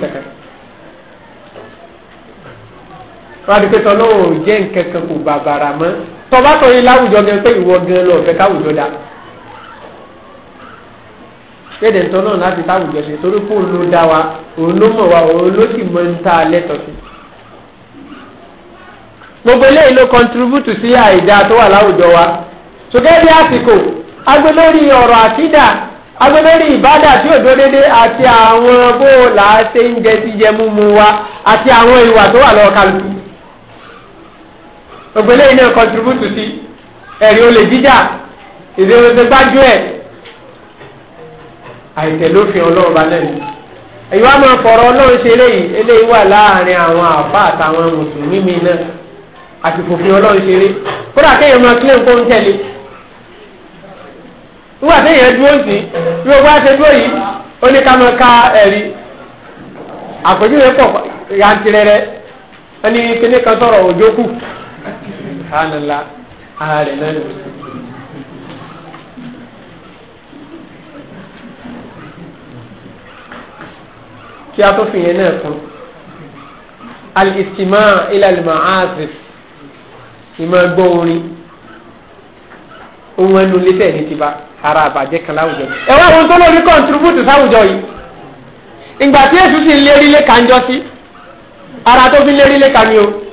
wọ́n á di pé tọ́lọ́ ò jẹ́ nǹkan kò bàbàrà mọ́ tọ́ba tó yẹ láwùjọ gan pé ìwọ gan lọ fẹ́ káwùjọ dá kéde ń tọ́nà láti táwùjọ ṣe torí ló dá wa òun ló mọ̀ wa òun tó wà láwùjọ wa sùgẹ́dì àsìkò ọ̀rọ̀ ìbádà tí ò àti àwọn bó làá ṣe ń jẹ sí wa àti àwọn ìwà tó wà gbogbo eléyìí náà kọntribútù sí ẹ̀rí olè jíjà ìdíwọ́sẹ̀ gbájú ẹ̀ àìtẹ̀lófin ọlọ́run bá lẹ́nu ẹ̀yọ́ àmọ́ fọ̀rọ̀ ọlọ́run ṣe eléyìí eléyìí wà láàrin àwọn àbá àtàwọn mùsùlùmí mi náà àti fòfin ọlọ́run ṣe eré kódà kéèyàn máa kílẹ̀ nǹkan ń tẹ̀lé nígbà téèyàn dúró sí bí o bá ṣe dúró yìí ó ní ká máa ka ẹ̀rí àpèjúwe pọ̀ yantirẹrẹ ẹni kíní kan sọ̀rọ̀ òjò kù hánilá ara rẹ̀ náà nìyí. kí a tó fi yẹn náà kún alìsìmá ìlàlìmọ̀ áàzìf ìmọ̀ gbọ́ orin ohun ẹnu létẹ̀ ní ti bá ara àbàjẹ́ kan láwùjọ ẹ wá ohun tó lórí kọ́ńtúrúbùtù sáwùjọ yìí ìgbà tí èsù sì ń lérí lé kanjọ sí ara tó fi lérí lé kan ni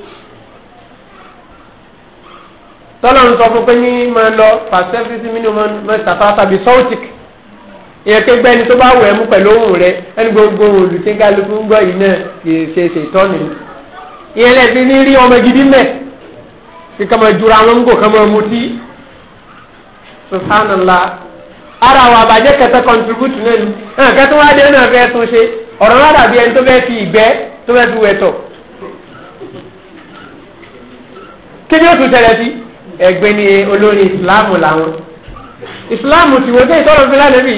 tọ́lọ́run sọ fún pé ní máa lọ pàṣẹ́físì mínú mọ́tàfàtà bíi sọ́ọ̀tìkì ìyẹn pé gbẹ́ni tó bá wẹ̀ mú pẹ̀lú ohùn rẹ ẹni gbogbo olùtẹ́kálukú ń gbọ́ yìí náà kì í ṣe ṣe ìtọ́ni ìyẹn lẹ́sí ní rí ọmọ gidi mẹ́ kí kàmá jura wọn ń gò kàmá mutí subhanallah ara àwọn àbàjẹ́ kẹta contribute náà ni ẹ̀ kẹta wá dé náà fẹ́ tún ṣe ọ̀rọ̀ náà dàbí ẹni tó fẹ́ fi ìgbẹ́ tó fẹ́ fi wẹ̀ tọ̀ kí ni ó tún tẹ̀lé sí ẹgbẹ́ ní olórí ìsìláàmù làwọn ìsìláàmù tí wọ́n dé ìtọ́rọ̀ fi lánàbì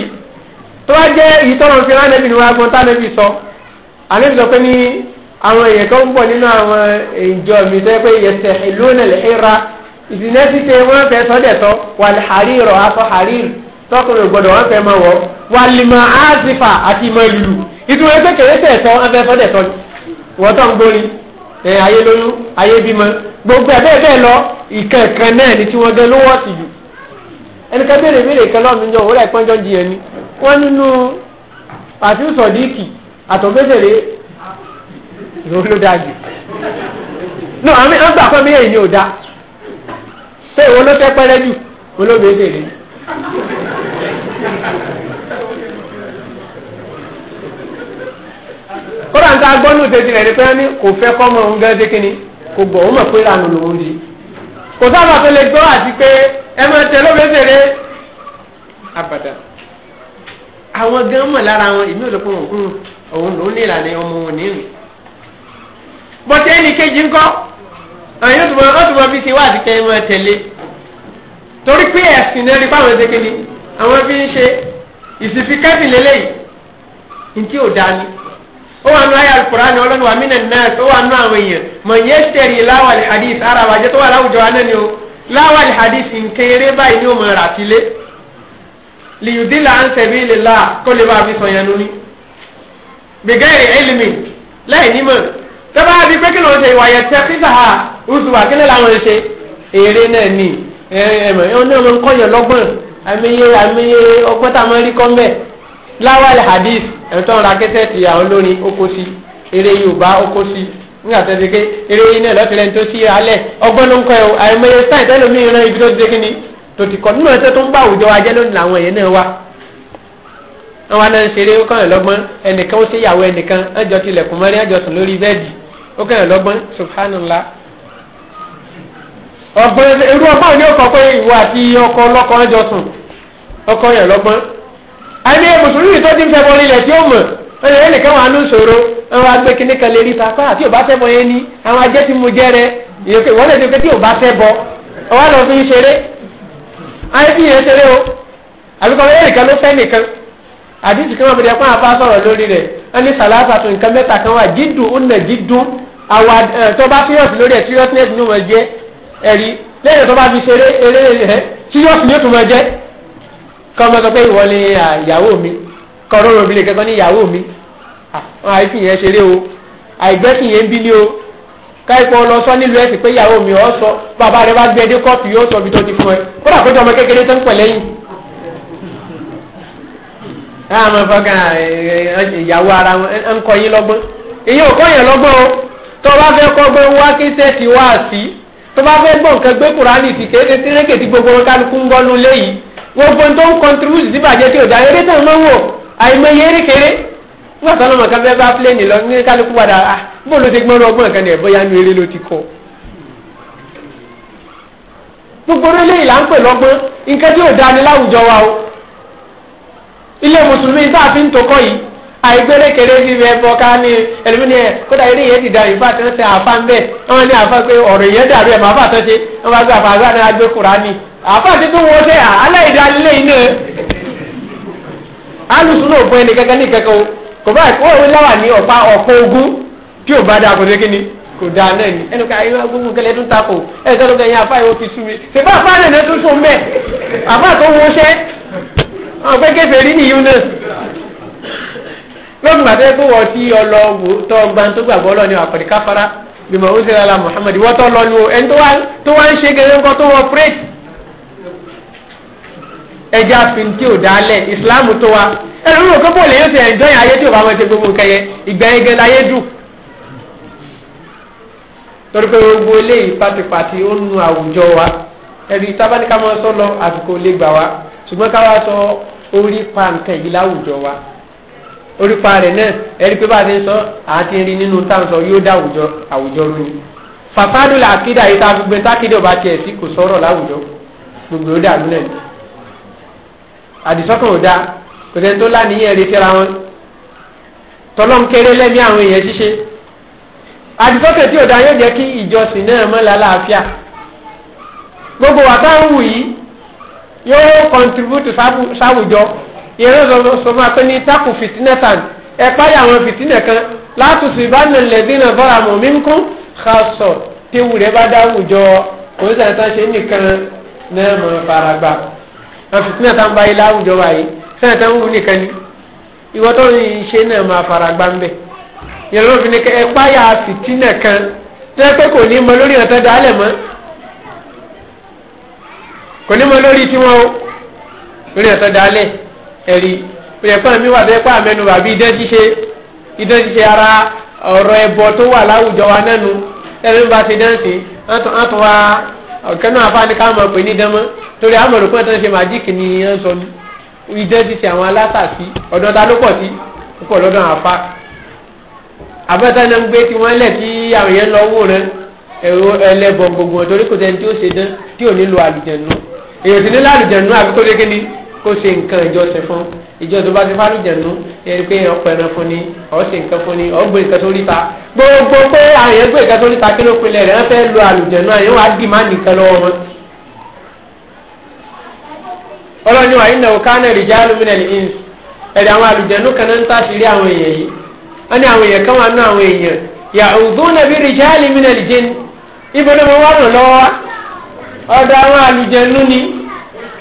tó wá jẹ́ ìtọ́rọ̀ fi lánàbì ni wọ́n agbọ́n tánàbì sọ ànábì sọ pé ní àwọn èèyàn kan pọ̀ nínú àwọn ìjọ mi tó yẹ pé yẹsẹ̀ ìlú nílẹ̀ ìra ìsìnẹ́sì tẹ wọ́n fẹ́ sọ́dẹ̀tọ́ wà ní àríìrọ̀ afọ àríìrì tọkùnrin ògbọ́dọ̀ wọn fẹ́ máa wọ̀ wà lìmọ̀ áàsìfà àti ìmọ̀ ìlú ìtumọ̀ ẹgbẹ́ kẹrẹ́tẹ̀ tọ́ wọn fẹ́ sọ́dẹ̀tọ́ wọ́n tọ́ ń gbórí ayé lóyún ayé gbogbo ẹ̀ bẹ́ẹ̀ bẹ́ẹ̀ lọ ìkẹ̀kẹ̀ náà ni tí wọ́n gẹ ló wọ́ọ̀sì jù ẹnìkan béèrè béèrè kan lọ́ọ̀mí jọ òwúrọ̀ ìpọ́njọ́ di ẹni wọ́n nínú àti sọ̀díìkì àtọ̀gbẹ́sẹ̀rẹ̀ ìròyìn ló dáa jù no àmì ọgbà fún mi èyí ni ò dáa ṣé ìwọ ló tẹ́ pẹ́rẹ́ jù olóbèédèrè kódà ń ta gbọ́nù tètè rẹ̀ ni pé kò fẹ́ kọ́ mọ òun gẹ́gẹ́ kínní kò gbọ̀ òun mọ̀ pé lànà lòun di kò sábà tó lè gbọ́ àti pé ẹ máa tẹ lóbẹ́sẹ̀rẹ́ abàdà àwọn gan mọ̀ lára wọn ìmí òdòpọ̀ òun òun ló ní ìlànà ọmọ òun nínú bọ́tẹ́ ẹnì kejì ńkọ́ ẹ̀yin ó tún mọ bí ti wá àti kẹ́ ẹ máa tẹ̀lé torí pé ẹ̀sìn náà rí fáwọn ẹ̀sẹ̀ kejì àwọn fi ń ṣe ìsìnfikẹ́sìn lélẹ́yìí ntí ò dání ó wà nù ayé alukurani ọlọ́nu wa mina nnaasi ó wà nù àwọn èèyàn mọ̀ nyẹ́ sẹ́rì láwàlì hadith ara wa jẹ́ tó wà láwùjọ wa nani o láwàlì hadith nkéré báyìí ni ó mọ̀ rà sílé lìyùdí là ń sẹ̀bi lè la kó lè bá a fi sọ̀yàn nínú bìgẹ́rì ẹlẹ́mì láì nímọ̀ tọ́ba àbí pé kí ló ń ṣe ìwà yẹn tẹ́ fífà ha ùsùwà kí lè làwọn ṣe èrè náà nì ẹ̀ẹ́mọ̀ ẹ̀ ọ́n náà ń láwàlì hadith ẹ̀tọ́ ra kẹ́sẹ̀ ti àwọn lónìí ó kó sí eré yorùbá ó kó sí nígbà tó ṣe ké eré yìí náà lọ́tìrẹ́ tó sí alẹ́ ọgbọ́n ló ń kọ́ ẹ̀ o àìmọye sáì tẹ́lẹ̀ mi ìran ibi tó ṣe kí ni tó ti kọ́ nínú ẹ̀sẹ̀ tó ń bá àwùjọ wa jẹ́ lónìí làwọn èèyàn náà wá. àwọn anáà ń ṣeré ó kàn lọ́gbọ́n ẹnìkan ó ṣe ìyàwó ẹnìkan ẹjọ́ tilẹ̀kùn mọ́rí ẹjọ́ sùn lórí bẹ́ẹ̀dì ó kàn lọ́gbọ́n subhanallah. ọ̀gbọ́n ni ó kọ pé ìwọ àti ọkọ ọlọ́kọ ẹjọ́ sùn ọkọ yẹn lọ́gbọ́n àní mùsùlùmí tó ti ń fẹ́ bọ́lí ilẹ̀ tí ó mọ̀ ẹ̀yẹ ẹnìkan wà ló sọ̀rọ̀ àwọn agbé kinní kan lè rí ta pé àti òbá fẹ́ bọ́ yẹn ni àwọn ajẹ́ ti mu jẹ́rẹ ìwọ́n lè ti pé tí òbá fẹ́ bọ́ ọwọ́ lọ fi ń ṣeré ayé fi yẹn ṣeré o àbíkọ́ ẹnìkan ló fẹ́ nìkan àdìsí kan wà bẹ̀rẹ̀ fún àfa sọ̀rọ̀ lórí rẹ̀ ẹni sàlásà tó nǹkan mẹ́ta kan wà jídù ọ̀nà jídù serious lórí ẹ̀ seriousness ni ó mọ̀ jẹ́ ẹ̀rí serious ni ó kọ́mọ sọ pé ìwọ ni ìyàwó mi kọ́rọ́ obìnrin kankan ní ìyàwó mi àwọn àìsí yẹn ṣeré o àìgbẹ́sìn yẹn ń bí ní o káìpọ̀ lọ sọ nílùú ẹ̀sìn pé ìyàwó mi ọ̀ sọ bàbá rẹ bá gbé ẹdẹ kọ́ọ̀tù yóò sọ ibi tó ti fún ẹ kódà kó jọ ọmọ kékeré tó ń pẹ̀ lẹ́yìn. láwọn ọmọ fọkàn ìyàwó ara ń kọ yín lọ́gbọ́n èyí ò kọ́ yẹn lọ́gbọ́n o tó o bá fẹ́ kọ́ gbé wá kí sẹ́ẹ̀tì wá sí tó bá fẹ́ gbọ́ gbé kùránì sí kéde sí gbogbo kálukú ń gbọ́ nulẹ̀ wọ́n fọ́n tó ń kọ́ntribútì sí bàjẹ́ tí òdà eré tàn máa ń wò àìmọye eré kéré wọ́n kàn lọ́mọ kan fẹ́ẹ́ bá pléènì lọ ní kálukú padà à ah, bó ló ti gbọ́n ọgbọ́n kan ní ẹ̀bọ́ eré ló ti kọ́. gbogbo orílẹ̀ yìí là ń pè lọ́gbọ́n nǹkan tí wa o ilé mùsùlùmí tá a fi ń tokọ́ yìí àìgbére kéré sí ibẹ̀ fọ́ ká ní ẹlòmínì ẹ̀ kódà eré yẹn ti da ìfà tó ń tẹ àfa ń bẹ̀ wọ́n ní àfa pé ọ̀rọ̀ yẹn ẹ̀ máa fà tó ṣe àfáàtì tó wọ́n sẹ́yà aláìdálé iná alùsùn náà fún ẹni kankan ní kankan o kò bá ẹ̀kọ́ òwe láwà ní ọ̀pá ọ̀pọ̀ ogun tí ò bá dáa kò sí kíni kò dáa náà ni ẹnu ká ayélujára gbogbo kẹlẹ tó ń takò ẹni tó ló kẹyìn afá yìí ó ti sú mi ṣèpá afá rẹ̀ náà tó sùn mẹ́ afá tó wọ́n sẹ́ àwọn pé kéfèé rí nìyí náà lóògùn gbàtẹ́ kó wọ́n ti ọlọ wò tọ́ gbantógbàgbọ́ lọ ní àkọ̀dé káfárá bímọ ó sì rà la Muhammad wọ́tọ́ lọ lu ẹni tó wá ń ṣe gẹ́gẹ́ ńkọ́ tó wọ́n pírẹ́tì ẹja fin tí ò dálẹ̀ ìsìláàmù tó wa ẹnu rò pé bóòlù yóò ti ẹ̀jọ́ yẹn ayé tí ò bá wọn ṣe gbogbo kẹyẹ ìgbà yẹn gẹ́gẹ́ láyé dùn. torí pé gbogbo eléyìí pátipàti ó nu àwùjọ wa ẹbí tábánikà máa sọ lọ àsìkò lè gbà wá ṣùgbọ́n ká wá sọ orí pa nǹkan yìí láwùjọ wa orí pa rẹ̀ náà ẹni pé bá a ti sọ àti rí nínú táǹsọ yóò dá àwùjọ rú ni fàfádùn làkídà yìí tá a gbogbo tákìdá ọba tiẹ̀ sí kò sọ̀rọ̀ láwùjọ gbogbo ó dàrú náà àdìsọ́kàn ò da kò sẹ́ni tó láníyàn rí síra wọn tọ́lọ́n kéré lẹ́mí àwọn èèyàn ṣíṣe àdìsọ́kàn tí ò dáa yóò jẹ́ kí ìjọsìn náà mọ́ lálàáfíà gbogbo wa táwọn wù yìí yóò kọntribútù sáwùjọ ìrìn sọ fún wa pé ní takù fìtínẹ́tàn ẹ páyà àwọn fìtínẹ̀ kan látùtù ìbánilẹ̀dínà bọ́ra mọ̀ mí ń kún xasọ̀ tí wùrẹ́ bá dáwùjọ òun sàn tán nìkan náà mọ̀ faragbá àfitínà tá ń bá yìí láwùjọ wa yìí sẹ́yìn tá ń wù nìkan ni ìwọ tó ń ṣe náà máa fara gbá ń bẹ̀ yẹn lọ́wọ́ fi ní kẹ́ ẹ páyà fìtínà kan tẹ́ pé kò ní mọ lórí ọ̀tẹ́ dálẹ̀ mọ́ kò ní mọ lórí tiwọn o lórí ọ̀tẹ́ dálẹ̀ ẹ̀rí ìrẹ̀pọ̀ mi wà bẹ́ẹ̀ pé àmẹ́nu àbí idẹ́ ṣíṣe ara ọ̀rọ̀ ẹ̀bọ tó wà láwùjọ wa nánu ẹ̀rí ń bá ṣe dáǹsì á tún wá ọ̀kan náà afáàní ká máa pè ní dánmọ́ torí àwọn olùkọ́ tó ń ṣe màjíìkì ni wọ́n sọ ìdẹ́ ti ṣe àwọn alásàtì ọ̀dọ́ ta ló pọ̀ sí púpọ̀ lọ́dọ̀ àwọn afá abẹ́tà náà ń gbé tí wọ́n lẹ̀ tí àwọn yẹn lọ wò rẹ ẹ̀rọ ẹlẹ́bọ̀n gbogbo torí kò sẹ́ni tí ó ṣe dán tí ò ní lo àlùjẹ̀nu èyàn ti ní lálùjẹ̀nu àbíkó kó ṣe nǹkan ìjọsìn fún ìjọsìn bá ti fárí jẹ̀nu ẹni pé ọ̀pọ̀ ẹran fún ni ọ̀ ṣe nǹkan fún ni ọ̀ gbé nǹkan sórí ta gbogbo pé àwọn èèyàn gbé nǹkan sórí ta kí ló pinlẹ̀ rẹ̀ wọ́n fẹ́ lo àlùjẹ̀nu àyẹ̀wò àdì má nìkan lọ́wọ́ wọn. ọlọ́ni wa iná òkà náà rìjà alumina ins ẹ̀rẹ̀ àwọn àlùjẹ̀nu kan náà ń tà sí rí àwọn èèyàn yìí wọ́n ní àwọn èèyàn kan wà nú àwọn èèyàn yàhùdúnà bí rìjà alumina jẹ́ni ibo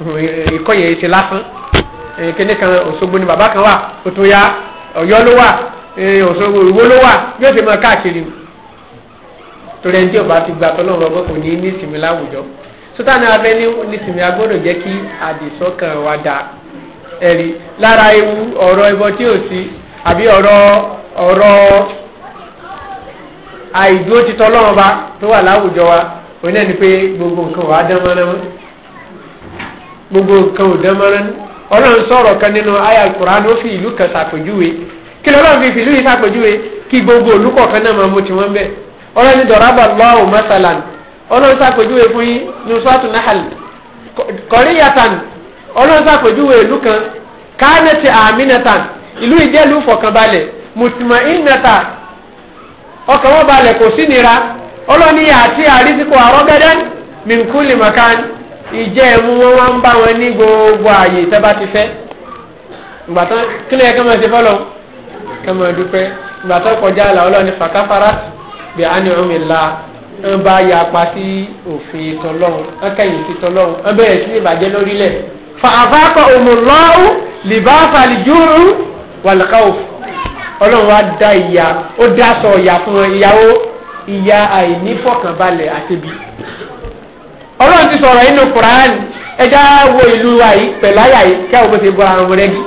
ìkọ́ yẹn ti lásán kíní kan Òṣogbo ni bàbá kan wà òtún ya Ọ̀yọ́ ló wà Òṣogbo Ìwó ló wà o ti mọ káàkiri torí ẹni tí ti gba kò ní ní ìsinmi láwùjọ ní ìsinmi agbọ́dọ̀ jẹ́ kí wa dà ewu ọ̀rọ̀ ẹbọ tí o sí àbí ọ̀rọ̀ ọ̀rọ̀ àìdúró ti tọ́lọ́run ọba tó wà láwùjọ wa òun náà ni gbogbo nǹkan wà á dán gbogbo nǹkan ò dánmọ́rán ọlọ́run sọ̀rọ̀ kan nínú àyà ìkùrán ó fi ìlú kan ṣàpèjúwe kí lọ́lọ́run fi ìlú yìí ṣàpèjúwe kí gbogbo ìlú kọ̀ọ̀kan náà máa mú tiwọn bẹ́ẹ̀ ọlọ́run dọ̀rábà lọ́wọ́ mọ́sálàn ọlọ́run ṣàpèjúwe fún yín ní sọ́ọ̀tún náhàl kọ́ríyàtàn ọlọ́run ṣàpèjúwe ìlú kan kánẹ́tì àmínàtàn ìlú ìjẹ́lu fọ̀kànbalẹ̀ mùtùmọ̀ínàtà ọkàn wọn balẹ̀ kò sí nira ìjẹ́ ẹ̀mú wọn wá ń bá wọn ní gbogbo ààyè tẹ́bá ti fẹ́ ìgbàtán kí ni ẹ kẹ́ máa ti fọ́lọ́ kẹ́ máa dúpẹ́ ìgbàtán kọjá àlà ọlọ́ni fàkàfàrà bí àánì ọmọ ìlà ń bá ya pa sí òfin tọlọ́run ń kẹ́yìn sí tọlọ́run ń bẹ̀rẹ̀ sí ìbàjẹ́ lórílẹ̀ fa àbákọ̀ òmùlọ́rù lìbáfà lìjúrù wàlùkàwò ọlọ́run wa dá ìyá ó dá sọ ìyá fún wọn ìyàwó ìyá àìnífọ̀kànbalẹ̀ àtibí ọlọ́run ti sọ̀rọ̀ inú quran ẹja wo ìlú wa yìí pẹ̀lú àyà yìí kí àwọn bó ṣe bọ́ra wọn rẹ́gí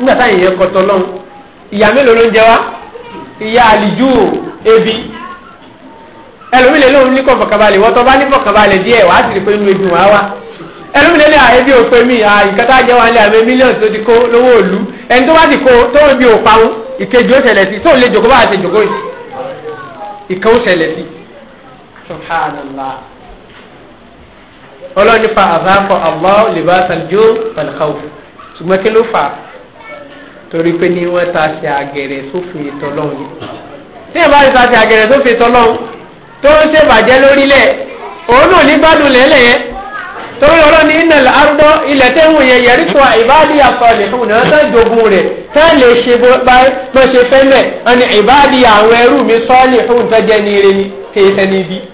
nígbà táyà yẹn kọ́tọ́ lọ́hùn ìyá mélòó ló ń jẹ wá ìyá àlìjú ebi ẹlòmí lè lóun ní kọ́ fọkàbalẹ̀ wọ́tọ́ bá ní fọkàbalẹ̀ díẹ̀ wàá sì rí pé inú ebi wọn á wá ẹlòmí lè lè à ebi òpè mi à ìkátá jẹ́ wa lé àmì mílíọ̀nù tó ti kó lówó òlu ẹni tó bá ti kó tó ń bi òpamọ́ ìkejì ó ṣẹlẹ̀ sí tó lè jòkó bá àti jòkó ìkan ó ṣẹlẹ̀ sí subhanallah ọlọ́ni fa àzáfọ̀ allah libasa jó falkaw ṣùgbọ́n kí ló fà torí pé ní wọ́n ta ṣe àgẹ̀rẹ̀ sófin ìtọ́lọ́hún ni tí ẹ bá ti ta ṣe àgẹ̀rẹ̀ sófin ìtọ́lọ́hún tó ń ṣe bàjẹ́ lórílẹ̀ òun náà ní gbádùn lẹ́lẹ̀ yẹn torí ọlọ́ni iná àrùdọ́ ilẹ̀ tẹ́ ń yẹ yẹrí tó ìbáàdì àkọọ́lẹ̀ fún ìnáwó tán jogun rẹ̀ tẹ́ lè ṣe bá ṣe fẹ́ mẹ́ ẹni ìbáàdì àwọn ẹrú mi sọ́ọ́lì fún ìtọ́jẹ́ ní ire ni kì sẹ́ni bíi.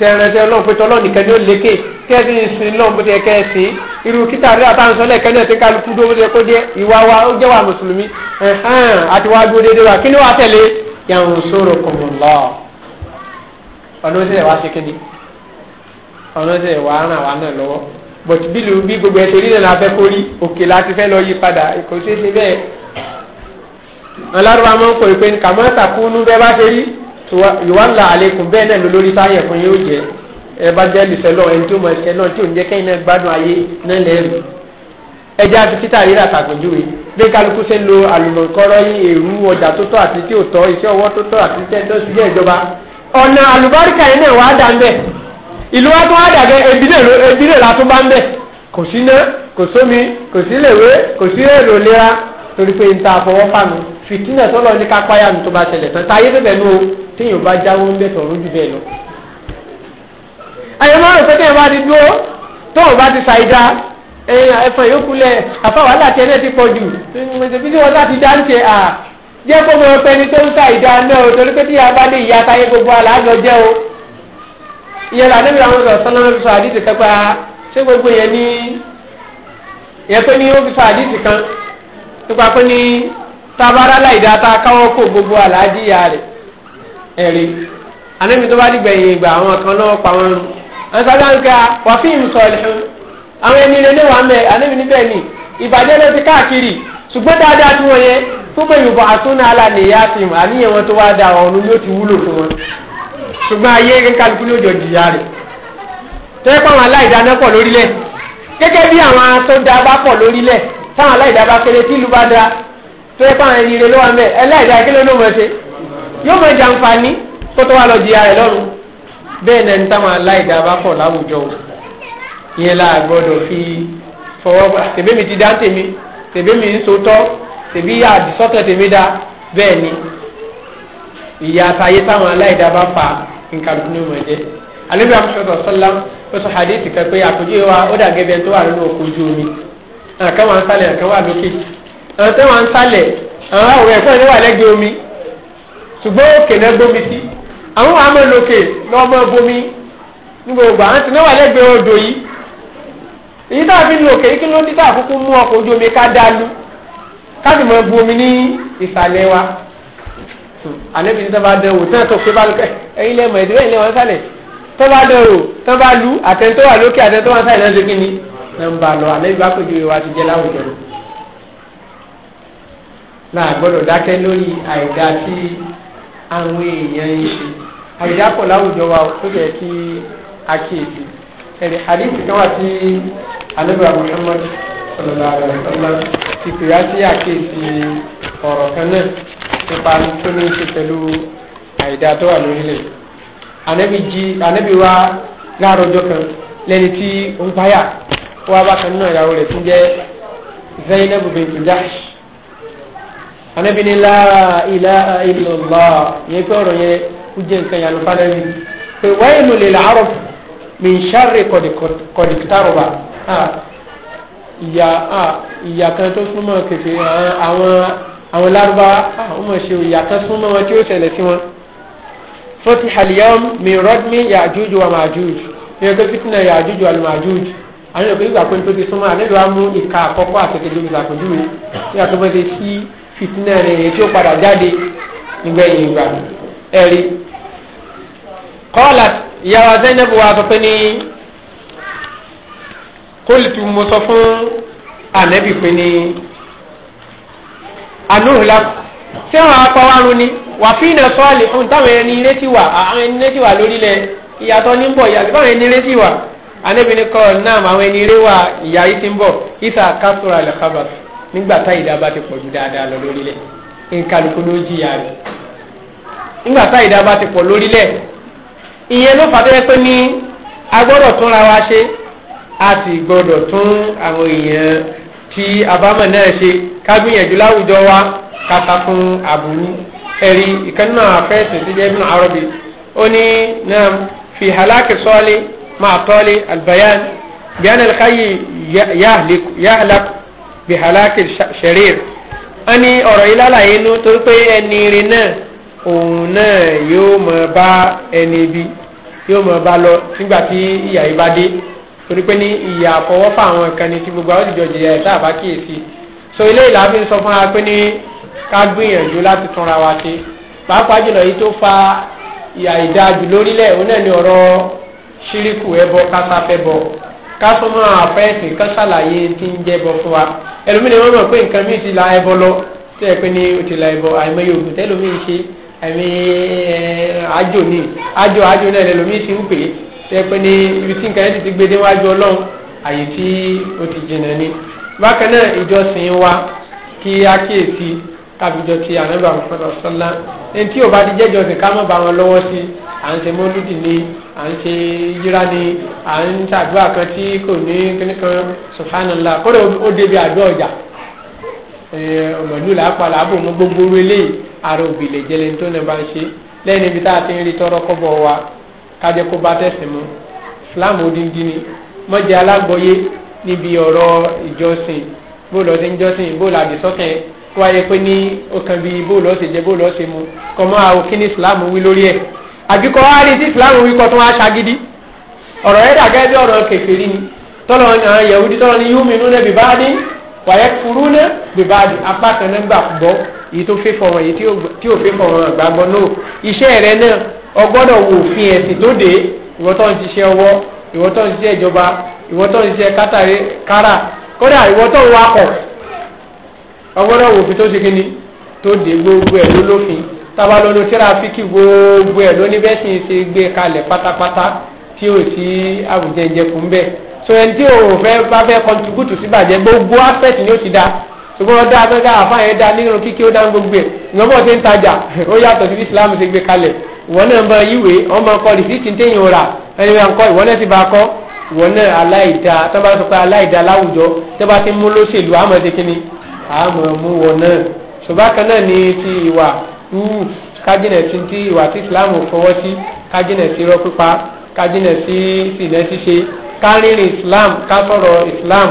tẹ̀rẹ̀tẹ̀ ọlọ́run pé tọ́lọ́ nìkan ni ó lékè kẹ́ẹ̀sì ìsìn náà bó ti yẹ kẹ́ẹ̀sì irú kíta rí àtàǹsọ lẹ́ẹ̀kẹ́ náà ti kálukú dó bó ti yẹ kó jẹ́ ìwà wa ó jẹ́ wà mùsùlùmí ẹ̀hán àti wàá dúró déédéé wa kí ni wàá tẹ̀lé yàrá sóró kùnú lọ. ọ̀nà òsè wa ṣe kéde ọ̀nà òsè wa ràn wá náà lọ́wọ́ but bílù bí gbogbo ẹ̀ torí náà la fẹ́ kórí òkè láti fẹ́ lọ yí padà kò ṣeé ṣe bẹ́ẹ̀. ọlọ́run wa máa ń pè é ìwàlà àlékún bẹ́ẹ̀ náà lórí táyẹ̀ fún yóò jẹ́ ẹ bá jẹ́ lùfẹ́ lọ ẹni tí ó mọ ẹsẹ̀ náà tí ò ń jẹ́ kẹ́yìn náà gbádùn ayé náà lẹ́rù ẹja fi rírà tàgbọ̀júwe bí kálukú ṣe ń lo àlùmọ̀kọ́rọ́ yín èrú ọjà tó tọ́ àti tí ò tọ́ iṣẹ́ ọwọ́ tó tọ́ àti iṣẹ́ tó ṣiṣẹ́ ìjọba ọ̀nà àlùbáríkà yẹn náà wàá dà ń bẹ̀ ìlú wa tó wàá dà bẹ́ ebi náà la tó bá ń bẹ̀ kò sí ná kò sómi kò sí lèwe kò sí èrò ìlera torí pé n ta àfọwọ́ fàánù fìtínà tọ́lọ́ ní kápáyà mi tó bá ṣẹlẹ̀ tán táyé bẹ̀bẹ̀ ló téèyàn bá jáwọ́ ń bẹ̀tọ̀ lójú bẹ́ẹ̀ lọ. àyẹ̀mọ́ rẹ̀ pẹ́tẹ́ bá ti dúró tó o bá ti ṣàìdá ẹ̀fọn yòókù lẹ̀ àfàwálà tiẹ̀ náà ti pọ̀ jù bí wọ́n láti dá ń tẹ̀ à jẹ́ kó mọ pẹ́ni tó ń ṣàìdá náà o torí pé tí a bá dé ìyá táyé gbogbo àlàájọ jẹ́ o. ìyẹn là níbi àwọn ọ̀sán náà sọ àdìsí kẹpa ṣé gbogbo yẹn ní yẹn pé ní ó fi sọ àdìsí kan nípa pé ní tabara la ìdáta káwọ́ kó gbogbo aláàjì ìyá rẹ̀ ẹ̀rí anábì tó bá dìgbà yìí ìgbà àwọn kan náà pa wọn rún àwọn sábà ń ká wàfíì ń sọ ẹ̀hún àwọn ẹni rẹ̀ níwàá mẹ́ anábì níbẹ̀ ni ìbàjẹ́ ló ti káàkiri ṣùgbọ́n dáadáa tí wọ́n yẹ tó bẹ̀ yorùbá àtúnà alàlẹ́yà ti mọ̀ àníyàn wọn tó wá da ọ̀run ló ti wúlò fún wọn ṣùgbọ́n ayé kálukú ló jọ jìyà rẹ̀ tó yẹ pàwọn aláìdáná pọ̀ lórílẹ̀ gẹ́gẹ́ bí àwọn tó da bá pọ̀ lórílẹ̀ táwọn aláìdá bá kéré tí ìlú bá da tó yẹ fáwọn ẹni rẹ ló wà mẹ ẹlẹ́ẹ̀dá kí ló ló mọ̀ ṣe yóò mọ̀ jàǹfààní kó tó wà lọ jìyà rẹ̀ lọ́rùn bẹ́ẹ̀ náà ní táwọn aláìdá bá pọ̀ láwùjọ yẹn la gbọ́dọ̀ fi fọwọ́ gbà tèmi mi ti dá tèmi tèmi mi ń sotọ́ tèmi àdìsọ́tọ̀ tèmi dá bẹ́ẹ̀ ni ìyá àtàyé táwọn aláìdá bá fa nǹkan tó ní mọ̀ jẹ́ alẹ́ bí wàá sọ̀rọ̀ sọ́lá ó àwọn tó wọn ń sálẹ̀ àwọn àwọ̀ ẹ̀fọ́ ìlú wà lẹ́gbẹ̀ẹ́ omi ṣùgbọ́n òkè náà gbómi sí àwọn wà mọ̀ lókè lọ́mọ bomi ní gbogbo àwọn tí náà wà lẹ́gbẹ̀ẹ́ odò yìí èyí tá a fi ń lo òkè kí ló ń dí tá mú ọkọ̀ ojú omi ká dálu ká sì mọ̀ bomi ní ìsàlẹ̀ wa àlẹ́bí tí tọ́ba dẹ̀wò tí wọ́n tó pé bá lókè eh, ẹ̀yin lẹ́mọ̀ ẹ̀dínwó ẹ̀yin lẹ́wọ̀n sálẹ̀ tọ́ba dẹ̀wò tọ́ba lu àtẹ̀ntọ́ wà lókè àtẹ̀ntọ́ wà sálẹ̀ náà ṣe kí ẹ̀ ń bà lọ àlẹ́bí bá pèjú wa ti jẹ́ láwùjọ náà gbọ́dọ̀ dákẹ́ lórí àìdá tí àwọn èèyàn ń ṣe àìdá pọ̀ láwùjọ wa tó yẹ kí a kéèké ẹ̀rì àdéhùn kan wà tí alẹ́bàá Muhammad sọlọ́lá àgbàlá ti pè á sí àkéèké ọ̀rọ̀ kan náà nípa tó ní ṣe pẹ̀lú àìdá tó wà lórílẹ̀ ànábì jí ànábì wa láàárọ̀ ọjọ́ kan lẹ́ni tí ó ń payà wọ́n abákan náà ìyàwó rẹ̀ tún jẹ́ Zainab bintu Jahsh anabi ni la ilaha illallah yẹ kí ọ̀rọ̀ yẹ kú jẹ nǹkan yàrá fún anabi pé wáyé ló lè làárọ min sharri kọdìkítàrọba ìyá ìyá kan tó súnmọ́ kẹfẹ àwọn àwọn lárúbá àwọn ọmọ ṣe ìyá kan súnmọ́ wọn tí ó ṣẹlẹ̀ sí wọn fọti haliyam min rọdmi yàjújù wa màjújù yẹ kó fitinà yàjújù wa màjújù àwọn èèyàn kò yígbà pé nítorí súnmọ́ àlejò á mú ìka àkọ́kọ́ àtẹkẹjọ ìgbà pẹ̀lú yàtọ̀ bá ti sí fìtínà ni èyí tí ó padà jáde nígbẹ̀yìn ìgbà ẹ̀rí. kọ́lá ìyàwó Zainab wa sọ pé ní kóòtù mo sọ fún ànẹ́bì pé ní anúhùlá tí wọn apá wa run ni wà fínà sọ́ọ̀lì ohun táwọn ẹni létí wà àwọn ẹni létí wà lórílẹ̀ ìyàtọ̀ ní bọ̀ ìyàtọ̀ táwọn ẹni létí wà ànẹ́bì ní kọ́ọ̀lù náà àwọn ẹni rẹwà ìyá yìí ti ń bọ̀ ìta kásùrà lẹ́kábàtì nígbà táyì dábàá ti pọ̀jù dáadáa lọ lórílẹ̀ nkàlùkù ló jìyà rẹ̀ nígbà táyì dábàá ti pọ̀ lórílẹ̀ ìyẹn ló fà tẹ́lẹ̀ pé ní a gbọ́dọ̀ tún ra wa ṣe a sì gbọ́dọ̀ tún àwọn èèyàn tí àbámọ̀ náà ṣe ká gbìyànjú láwùjọ wa kàtà fún àbúrú ẹ̀rí ìkànnà àfẹ́sẹ̀ tó jẹ́ ibùnà àrọ́bì ó ní náà fi halaki sọ́ọ́lì máa tọ́lé albayan bí a nà lè ká yìí yáhàlákù bihalaki sharir wọ́n ní ọ̀rọ̀ yìí lálàyé inú torí pé ẹni irin náà òun náà yóò mọ̀ bá ẹni ibi yóò mọ̀ bá lọ nígbà tí ìyà yìí bá dé torí pé ní ìyà àfọwọ́fà àwọn nǹkan ni tí gbogbo àwọn òjìjọ jìyà ẹ̀ sáà kíyèsí so ilé ìlàbí sọ fún wa pé ní ká gbìyànjú láti túnra wa ṣe pàápàá jùlọ yìí tó fa ìyà ìdájù lórílẹ̀ òun náà ni ọ̀rọ̀ ṣíríkù ẹbọ kásáfẹ́ bọ kásọmọ àfẹsẹ kásàlàyé tí ń jẹbọ fún wa ẹlòmíì lè rọrùn pé nǹkan míì ti la ẹbọ lọ tẹ pé ní o ti la ẹbọ àìmọ̀ yorùbá tẹlómi ń ṣe àmì àjò ní àjò àjò náà lẹlòmíì ti ń pè é tẹ pé ní ibi tí nǹkan yẹn ti gbé déwájú Ọlọ́run àyè tí o ti jìnnà ni bákan náà ìjọsìn wa kí á kíyèsí tàbíjọ ti ànábàá mọ̀fọ́tà sọ́lá ẹni tí ò bá ti jẹ́jọ́ sí ká mọ̀ bá wọn lọ́wọ́ sí à à ń ṣe yíra ni à ń ṣàdúrà kan tí kò ní kíní kan subhanallah kódà ó débi àdúrà ọjà ọmọlú làápàlà àbò mú gbogbo wẹlé ara òbí lè jẹlẹ tó ní bá ń ṣe lẹ́yìn ibi tá a ti ń rí tọrọ kọ́bọ̀ wa kájẹ́ kó bá tẹ̀sìn mu fúlàmù odindi ni mọ̀jẹ̀ alágbọ̀yé níbi ọ̀rọ̀ ìjọsìn bóòlù ọtí ń jọsìn bóòlù àdìsọ́kẹ̀ wáyé pé ní ọkàn bíi bóòlù ọtí jẹ bóòlù ọtí mu kọ́mọ́ àwọn kíní fúlàmù wí lórí ẹ̀ àbíkọ́ wá rí tí islam wíkọ́ tó wá ṣagídí ọ̀rọ̀ yẹn dàgẹ́ bí ọ̀rọ̀ kẹfìrí ni tọ́lọ̀ àwọn yahudi tọ́lọ̀ ni yúmi nínú bíbá ní wàyẹ kúrú ní bíbá ní apá kan náà gbà gbọ́ èyí tó fẹ́ fọ̀rọ̀ èyí tí ò fẹ́ fọ̀rọ̀ àgbàgbọ́ náà iṣẹ́ rẹ náà ọgbọ́dọ̀ wo òfin ẹ̀sìn tó dé ìwọ tó ń ṣiṣẹ́ ọwọ́ ìwọ tó ń ṣiṣẹ́ ìjọba ìwọ ń ṣiṣẹ́ kátàkárà kódà ìwọ tó wakọ̀ ọgbọ́dọ̀ wo òfin tó ṣe kíni tó dé gbogbo ẹ̀ lólófin tabalolo tirafiki gbogbo ẹ lóní bẹ́ẹ̀ sì ṣe gbé kalẹ̀ pátápátá tí ò sí àwùjẹjẹ fún bẹ́ẹ̀ so ẹni tí o fẹ́ bá fẹ́ kọntribútù sí bàjẹ́ gbogbo aspect ni ó ti da ṣùgbọ́n ọdá afẹ́gá àfáàyàn dá nínú kíkí ó dáhùn gbogbo ẹ̀ ìwọ́n bọ̀ ṣe ń tajà ó yàtọ̀ sí islam ṣe gbé kalẹ̀ ìwọ́n náà ń bọ ìwé wọ́n máa ń kọ́ rìsíìtì téèyàn rà ẹni máa ń kọ́ ìwọ́n náà ti bá a kọ́ ìwọ́n náà aláìda tó bá sọ pé aláìda láwùjọ tó bá ti mú lóṣèlú àmọ́ ṣe kíni àmọ́ mú wọn náà ṣùgbọ́n kan náà ni ti ìwà Hmm, kájínà sí ti ìwà tí islam fọwọ́ sí kájínà sí irọ́ pípa kájínà sí ìsìnlẹ̀ ṣíṣe kárìnrìn islam ká sọ̀rọ̀ islam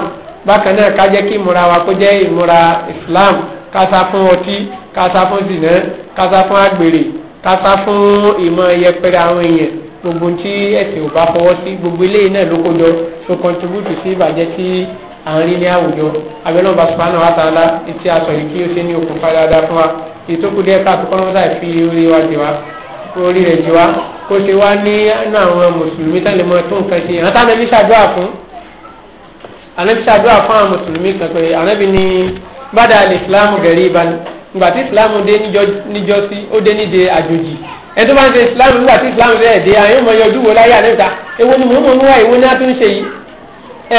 bákan náà ká jẹ́ kí ìmúra wa kó jẹ́ ìmúra islam ká sá fún ọtí ká sá fún zìnà ká sá fún àgbèrè ká sá fún ìmọ̀ yẹpẹrẹ àwọn èèyàn gbogbo tí ẹ̀sìn ò bá fọwọ́ sí gbogbo eléyìí náà ló kójọ tó kọ́ntribútù sí ìbàjẹ́ tí à ń rí ní àwùjọ abẹ́lẹ́ ọba sùpánà wa etí aṣọ kí ó ṣe ní okùnfà dáadáa fún wa ìtókù díẹ̀ káàtó kọ́nọ́mọ́tà fi orí wa jì wá orí rẹ̀ jì wá kó ṣe wá ní inú àwọn mùsùlùmí tá lè mọ tó nǹkan ṣe àwọn táwọn ẹbí ṣàdúrà fún ànábi ṣàdúrà fún àwọn mùsùlùmí kan pé ànábi ní bàdà àlè ìsìlámù gẹ̀rẹ́ ìbáni ìgbà tí ìsìlámù dé níjọ sí ó dé níde àjòjì ẹni tó bá ń ṣe ìsìlámù nígbà tí ìsìlámù bẹ́ẹ̀ dé àwọn ọmọ yọjú wo láyé ànábi ta èwo ni mò ń mọ̀ ń wá èwo ni a tún ṣe yìí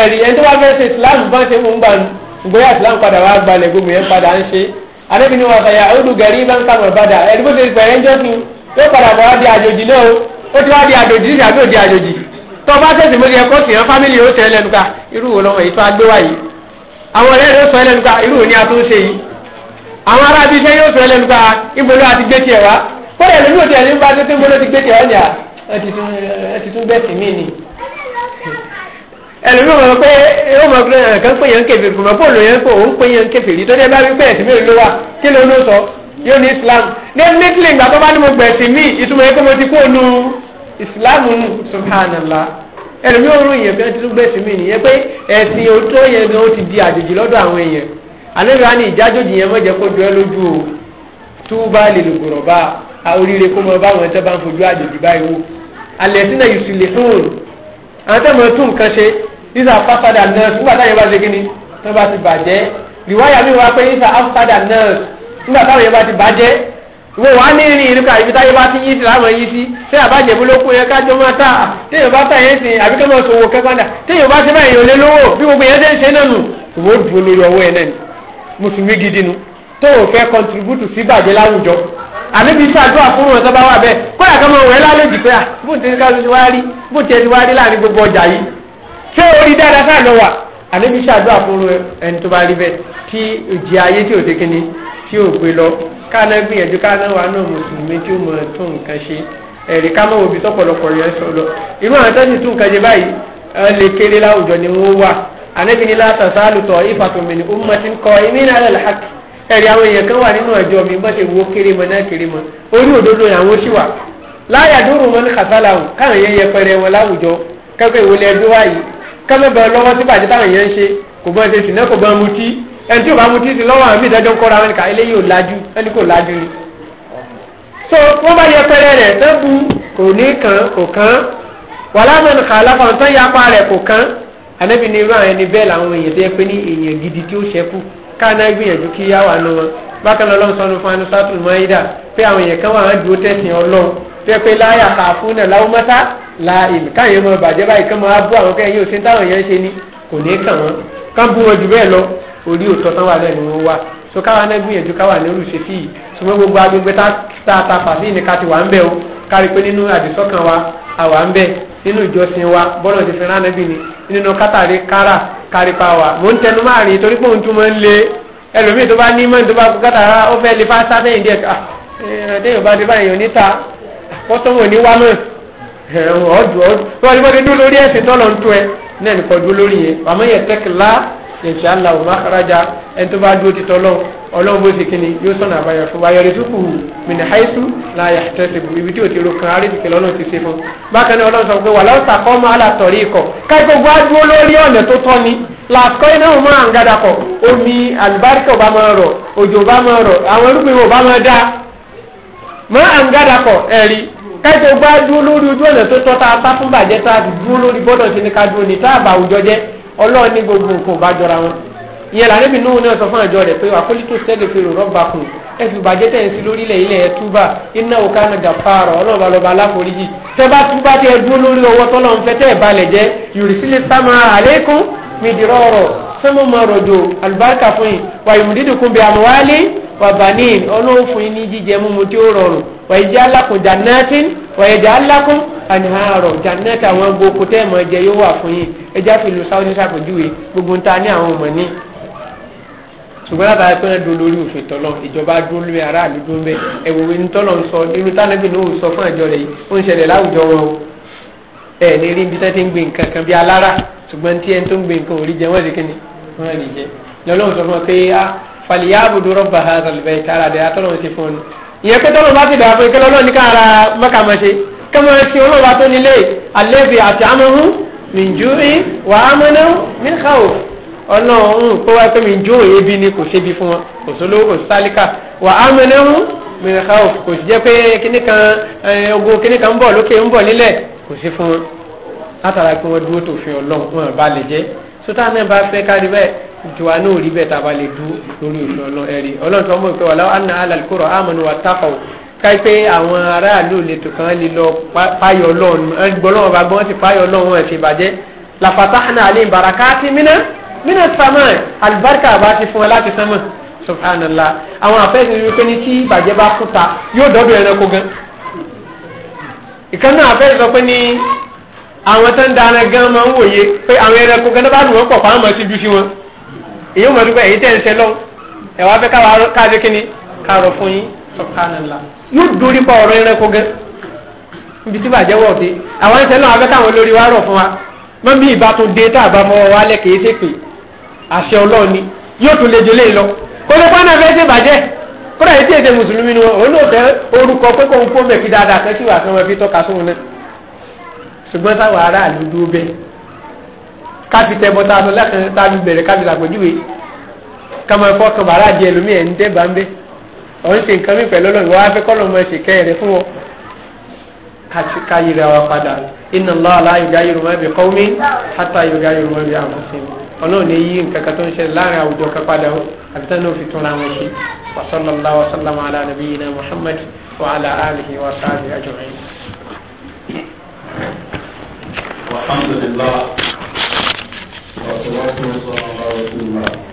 ẹ̀rí ẹni tó bá fẹ́ ṣe ìsìlámù bá ń ṣe mò ń gbà ń gbóyà ìsìlámù padà wá gbalẹ̀ gbogbo yẹn padà ń ṣe arábìnrin wa sàyà ọdún gẹ̀rí bá ń kàmọ̀ bàdà ẹ̀dúgbò ti pẹ̀rẹ́ ń jọ́sìn yóò padà bọ̀ wá di àjòjì náà o ó ti wá di àjòjì ní àbí òdi àjòjì tó o bá tẹ̀sí mo ti ẹ̀kọ́ sí ẹ̀rọ fámìlì ó tẹ̀ ẹ́ lẹ́nu ká irú wo lọ́mọ ìtọ́ agbéwá yìí àwọn ọ̀rẹ́ rẹ̀ sọ ẹlẹ́nu ká irú wo ni a tún ṣe yìí àwọn ará bíi iṣẹ́ yóò sọ ẹlẹ́nu ká ìbolo àti gbé tiẹ̀ wá kó lè lóyún òtí ẹ̀ ní bá tẹ́tẹ́ ìbolo ti gbé tiẹ̀ wá ní à ẹ ti tún bẹ́ẹ̀ sí mí ni ẹlòmí ò mọ̀ pé ó mọ̀ pé ẹ̀kan pé yẹn ń kẹfì kò mọ̀ pé òun yẹn pé òun pé yẹn ń kẹfì rí tó dé bá wí pé ẹ̀sìn mélòó ló wà kí ló ló sọ yóò ní islam ní nítorí ìgbà tó bá ní mo gbẹ̀sìn mí ìtumọ̀ yẹn pé mo ti kó nu islam subhanallah ẹlòmí ò rún yẹn pé ti tún gbẹ̀sìn mí nìyẹn pé ẹ̀sìn òótọ́ yẹn gan ó ti di àjèjì lọ́dọ̀ àwọn èèyàn àlejò á ní ìjájòjì yẹn mọ̀jẹ̀ kó jọ ẹ lójú o túbà lè lògbòrò bá oríire kó mọ báwọn tẹ́ bá ń fojú àjèjì báyìí wò alẹ́ sínú yusuf lè fún òun àwọn tẹ́ mọ̀ tún nǹkan ṣe isa afasada nurse nígbà táyẹ̀ bá ṣe kí ni tó bá ti bàjẹ́ rìwáyà mi wá pé isa afasada nurse nígbà táyẹ̀ bá ti bàjẹ́ wo wá ní ìrìn ìrìn ká ibi táyé bá ti yí sí láwọn yí sí ṣé àbájẹ̀bú ló kún yẹn kájọ máa tà téèyàn bá tà yẹn sìn àbí kẹ́mọ̀ sòwò kẹ́kọ̀ọ́dà téèyàn bá ti bá èèyàn lé lówó bí gbogbo yẹn ṣe ń ṣe náà nù ìwọ dúró lórí ọwọ́ yẹn náà ni mùsùlùmí gidi nu tó o fẹ́ kọntribútù sí bàjẹ́ láwùjọ àlébi iṣẹ́ àdúrà fún wọn sábà wà bẹ́ẹ̀ kóyà kan mọ̀ wẹ́ lálejì pé à ah, bóun ti wá rí láàrin gbogbo ọjà yìí ṣé orí dáadáa sáà lọ wà àlébi ṣàdúrà fún ẹni tó bá rí bẹ́ẹ̀ kí ìjì ayé tí ò dé kíní tí ò gbé lọ káná gbìyànjú káná wà náà mùsùlùmí tí ó mọ tó nǹkan ṣe ẹ̀rí ká mọ̀ òbí tọ́pọ̀lọpọ̀ yẹn sọ lọ irú àwọn tó ti tún nǹkan ṣe báyìí lè kéré láwùjọ ni wọ́n wà àlébi ní látà sálùtọ̀ ìfàtòmìnì ummatin kọ ìmí náà lẹ́la hàkì ẹ̀rí àwọn èèyàn kan náà láyà dúró mọ́ kàtàlà káwọn yẹn yẹpẹrẹ wọn láwùjọ kẹ́kọ̀ọ́ ìwọlẹ̀ ẹgbẹ́ wáyìí kama bẹ̀rẹ̀ lọ́wọ́ tí bàjẹ́ táwọn èèyàn ń ṣe kò bá ṣe ṣìnà kò bá mutí ẹni tí ò bá mutí sí lọ́wọ́ àmì ìdájọ́ ń kọ́ra wọn nìkan eléyìí lajú ẹni kò lajú ni. so wọ́n bá yẹ pẹ́rẹ́ rẹ̀ tẹ́bù kò ní kan kò kan wàhálà mẹ́nu kàlá fún tán yapa rẹ̀ kò kan ànábì ni irú àwọn ẹni bẹ́ẹ̀ làwọn èèyàn tó yẹ pé ní èèyàn gidi tí ó ṣẹ́kù káàná gbìyànjú kí yá wà nù wọn bákan náà lọ́n sọnù fún anusátùmọ̀ ayídà tẹ́pẹ́ láyà kà fún náà láwùmọ́tá láàyè káyọ̀ mọ́ bàjẹ́ báyìí kán máa bú àwọn kẹ́yìn òsín táwọn èèyàn ṣe ni kò ní kàn wọ́n kán bú wọn jù bẹ́ẹ̀ lọ orí òtọ́ tán wà lẹ́nu wọn wá so káwa náà gbìyànjú káwa ní olùṣe sí yìí gbogbo agbègbè tá a ta fàṣí ni ká ti wà ń bẹ̀ o kárí pé nínú àdìsọ́kàn wa àwa ń bẹ̀ nínú ìjọsìn wa bọ́lá ti fi ránà ni nínú kátàrí kára kárí pa wa mò ń tẹnu máa rìn torí pé òun tún máa ń le ẹlòmíì tó bá ní mọ́ ní tó bá kú kátàrá ó fẹ́ lè bá sábẹ́ ìdí ẹ̀ka ẹ̀ẹ́dẹ́yìn bá dé báyìí oníta kọ́sọ́mù ò ní wá mọ́ ẹ̀hún ọ̀dù ọ̀dù tó wọ́n ti dúró lórí ẹ̀sìn tọ́lọ̀ ń tó ẹ náà nìkan dúró lórí yẹn àmọ́ yẹn tẹ́kìlá ìṣẹ́ àlà òun àkàràjà ẹni tó bá dúró ti tọ́lọ̀ ọlọ́run bó ti kíni yóò sọ̀nà àbáyọ fún wa yọrí túkù mìnà àìsù láyà tẹ́sìbù ibi tí ò ti ro kan àríṣìkè lọ́nà ti ṣe fún un bákan náà ọlọ́run sọ pé wà lọ́sà kọ́ mọ́ àlàtọ̀rí ikọ̀ ká gbogbo adúró lórí ọ̀nà tó tọ́ ni làkọ́ iná òun máa ń gada kọ̀ omi àlùbáríkà ò bá máa rọ̀ òjò ò bá máa rọ̀ àwọn irúgbìn ò bá máa dá máa ń gada kọ̀ ẹ̀rí kájọ bá dúró lórí ojú ọ̀nà tó tọ́ tá a sá fún bàjẹ́ tá a sì dúró lórí bọ́dọ̀ sí ni ká dúró ní tá a bá àwùjọ jẹ́ ọlọ́run ní gbogbo nǹkan ò bá jọra wọn. ìyẹn lànà ìbínú òun náà sọ fún àjọ rẹ̀ pé àkólí tó sẹ́gẹ̀ fèrò rọ́bà kù ẹ fi bàjẹ́ tẹ̀ ń sí lórílẹ̀ ilẹ̀ ẹ túbà iná òkà náà gàfàrọ̀ ọlọ́ọ̀bà lọ́ba aláforíjì tẹ́ bá túbà tẹ́ dúró lórí ọwọ́ tọ́lọ́run sọmọ máa rọ̀jò àlùbáríkà fún yín wà ìmùdídìkún bí àmúwálé wà bàní ọlọ́run fún yín ní jíjẹ mímu tí ó rọrùn wà ìjà alákùn jànátì wà ìjà alákùn àníhàrọ̀ jànátì àwọn gbogbo tẹ́ ẹ̀ mọ̀ jẹ yóò wà fún yín ẹjá fi lu sáwọn oníṣàpèjúwe gbogbo ń ta ní àwọn ọmọ ní ṣùgbọ́n látara pé wọ́n dúró lórí òfin tọ́lọ́ ìjọba dúró lórí aráàlú dúró bẹ́ẹ̀ ẹ̀wò ìwé ní tọ́lọ́ ń sọ irú tánẹ́bì ní òun sọ fún àjọ rẹ̀ yìí ó ń ṣẹlẹ̀ láwùjọ wọn o ẹ̀ ní ń gbé nǹkan kan bí alára ṣùgbọ́n tí ẹni tó ń gbé nǹkan òrí jẹ wọ́n ṣe kíni wọ́n rí jẹ lọ́lọ́run sọ fún ọ pé a fàlìyàbùdó rọ́bà àtàlùbẹ̀ ìtara dẹ̀ atọ́lọ́run ṣe fún ọ ìyẹn pé tọ́lọ́ bá ti dà fún ìkẹ́lọ́ lọ́ọ̀ni kára mọ́kà máa ṣe kẹ́mọ́ ṣe olóòwà tó nílé àlẹ́bí àti amọ̀hún mìjúrí wà á mọ́ná mílíkàwò ọlọ́run kó wá pé mìjú èébí ni kò ṣe bí fún wọn kò sólówó kò sálíkà wà á mọ́ná mílíkàwò kò sì jẹ́ pé kíníkan ogun kíníkan ń bọ̀ lókè ń bọ̀ nílẹ̀ kò sí fún wọn látara pé wọ́n dúró tòfin ọlọ́run wọn bá lè jẹ́ sótá náà bá fẹ́ kárí bẹ́ẹ̀ tiwa náà ò rí bẹ́ẹ̀ tá a bá lè dú lórí òfin ọlọ́run ẹ̀rí ọlọ́run tó mọ̀ pé wàlá àná alàlùkọ́rọ̀ àmọ́nù wà tákọ̀ káyí pé àwọn aráàlú lẹ́tọ̀ kan lè lọ páyọ̀ ọlọ́run gbọ́lọ́wọ́n bá gbọ́n ti páyọ̀ ọlọ́run ẹ̀ ṣe bàjẹ́ lafatahna alayhim barakati mina mina sama alibarika bá ti fún wa láti sánmọ̀ subhanallah àwọn afẹ́sìn ìkànnì afẹ́sìn sọ pé ní àwọn tó ń dáná gan máa ń wòye pé àwọn ẹranko gan bá dùn wọn pọ̀ fáwọn ọmọ ti ju sí wọn èyí mọ̀ dúpẹ́ èyí tẹ̀ ń sẹ́lọ̀ ẹ̀ wá fẹ́ káwa káàdé kínní káàrọ̀ fún yín subhanallah yóò dorí pa ọ̀rọ̀ ẹranko gan ibi tí bàjẹ́ wọ̀ dé àwọn sẹ́lọ̀ wọn fẹ́ káwọn olórí wa rọ̀ fún wa mọ́ bí ìbá tún dé tá a bá mọ́ wa lẹ́ kìí ṣe pé àṣẹ ọlọ́ọ̀ni yóò tún lè délé lọ kó ṣùgbọ́n táwọn aráàlú dúró bẹ́ẹ̀ káfi tẹ bọ́tà aṣọ lẹ́kàn tábí bẹ̀rẹ̀ káfi làpèjúwe kámọ fọkàn bàrà díẹ̀ lómi ẹ̀ ń dẹ́gbà ń bẹ́ ọ̀hún ṣe nǹkan mi pẹ̀lú ọlọ́run wọ́n á fẹ́ kọ́lọ́ mọ ṣe kẹ́yìn rẹ fún wọn káyìí rẹ wá padà inna Allah la yughayyiru ma bi qawmin hatta yughayyiru ma bi anfusihim ọlọ́run ní yí nǹkan kan tó ń ṣe láàrin àwùjọ والحمد لله والصلاة والسلام على رسول الله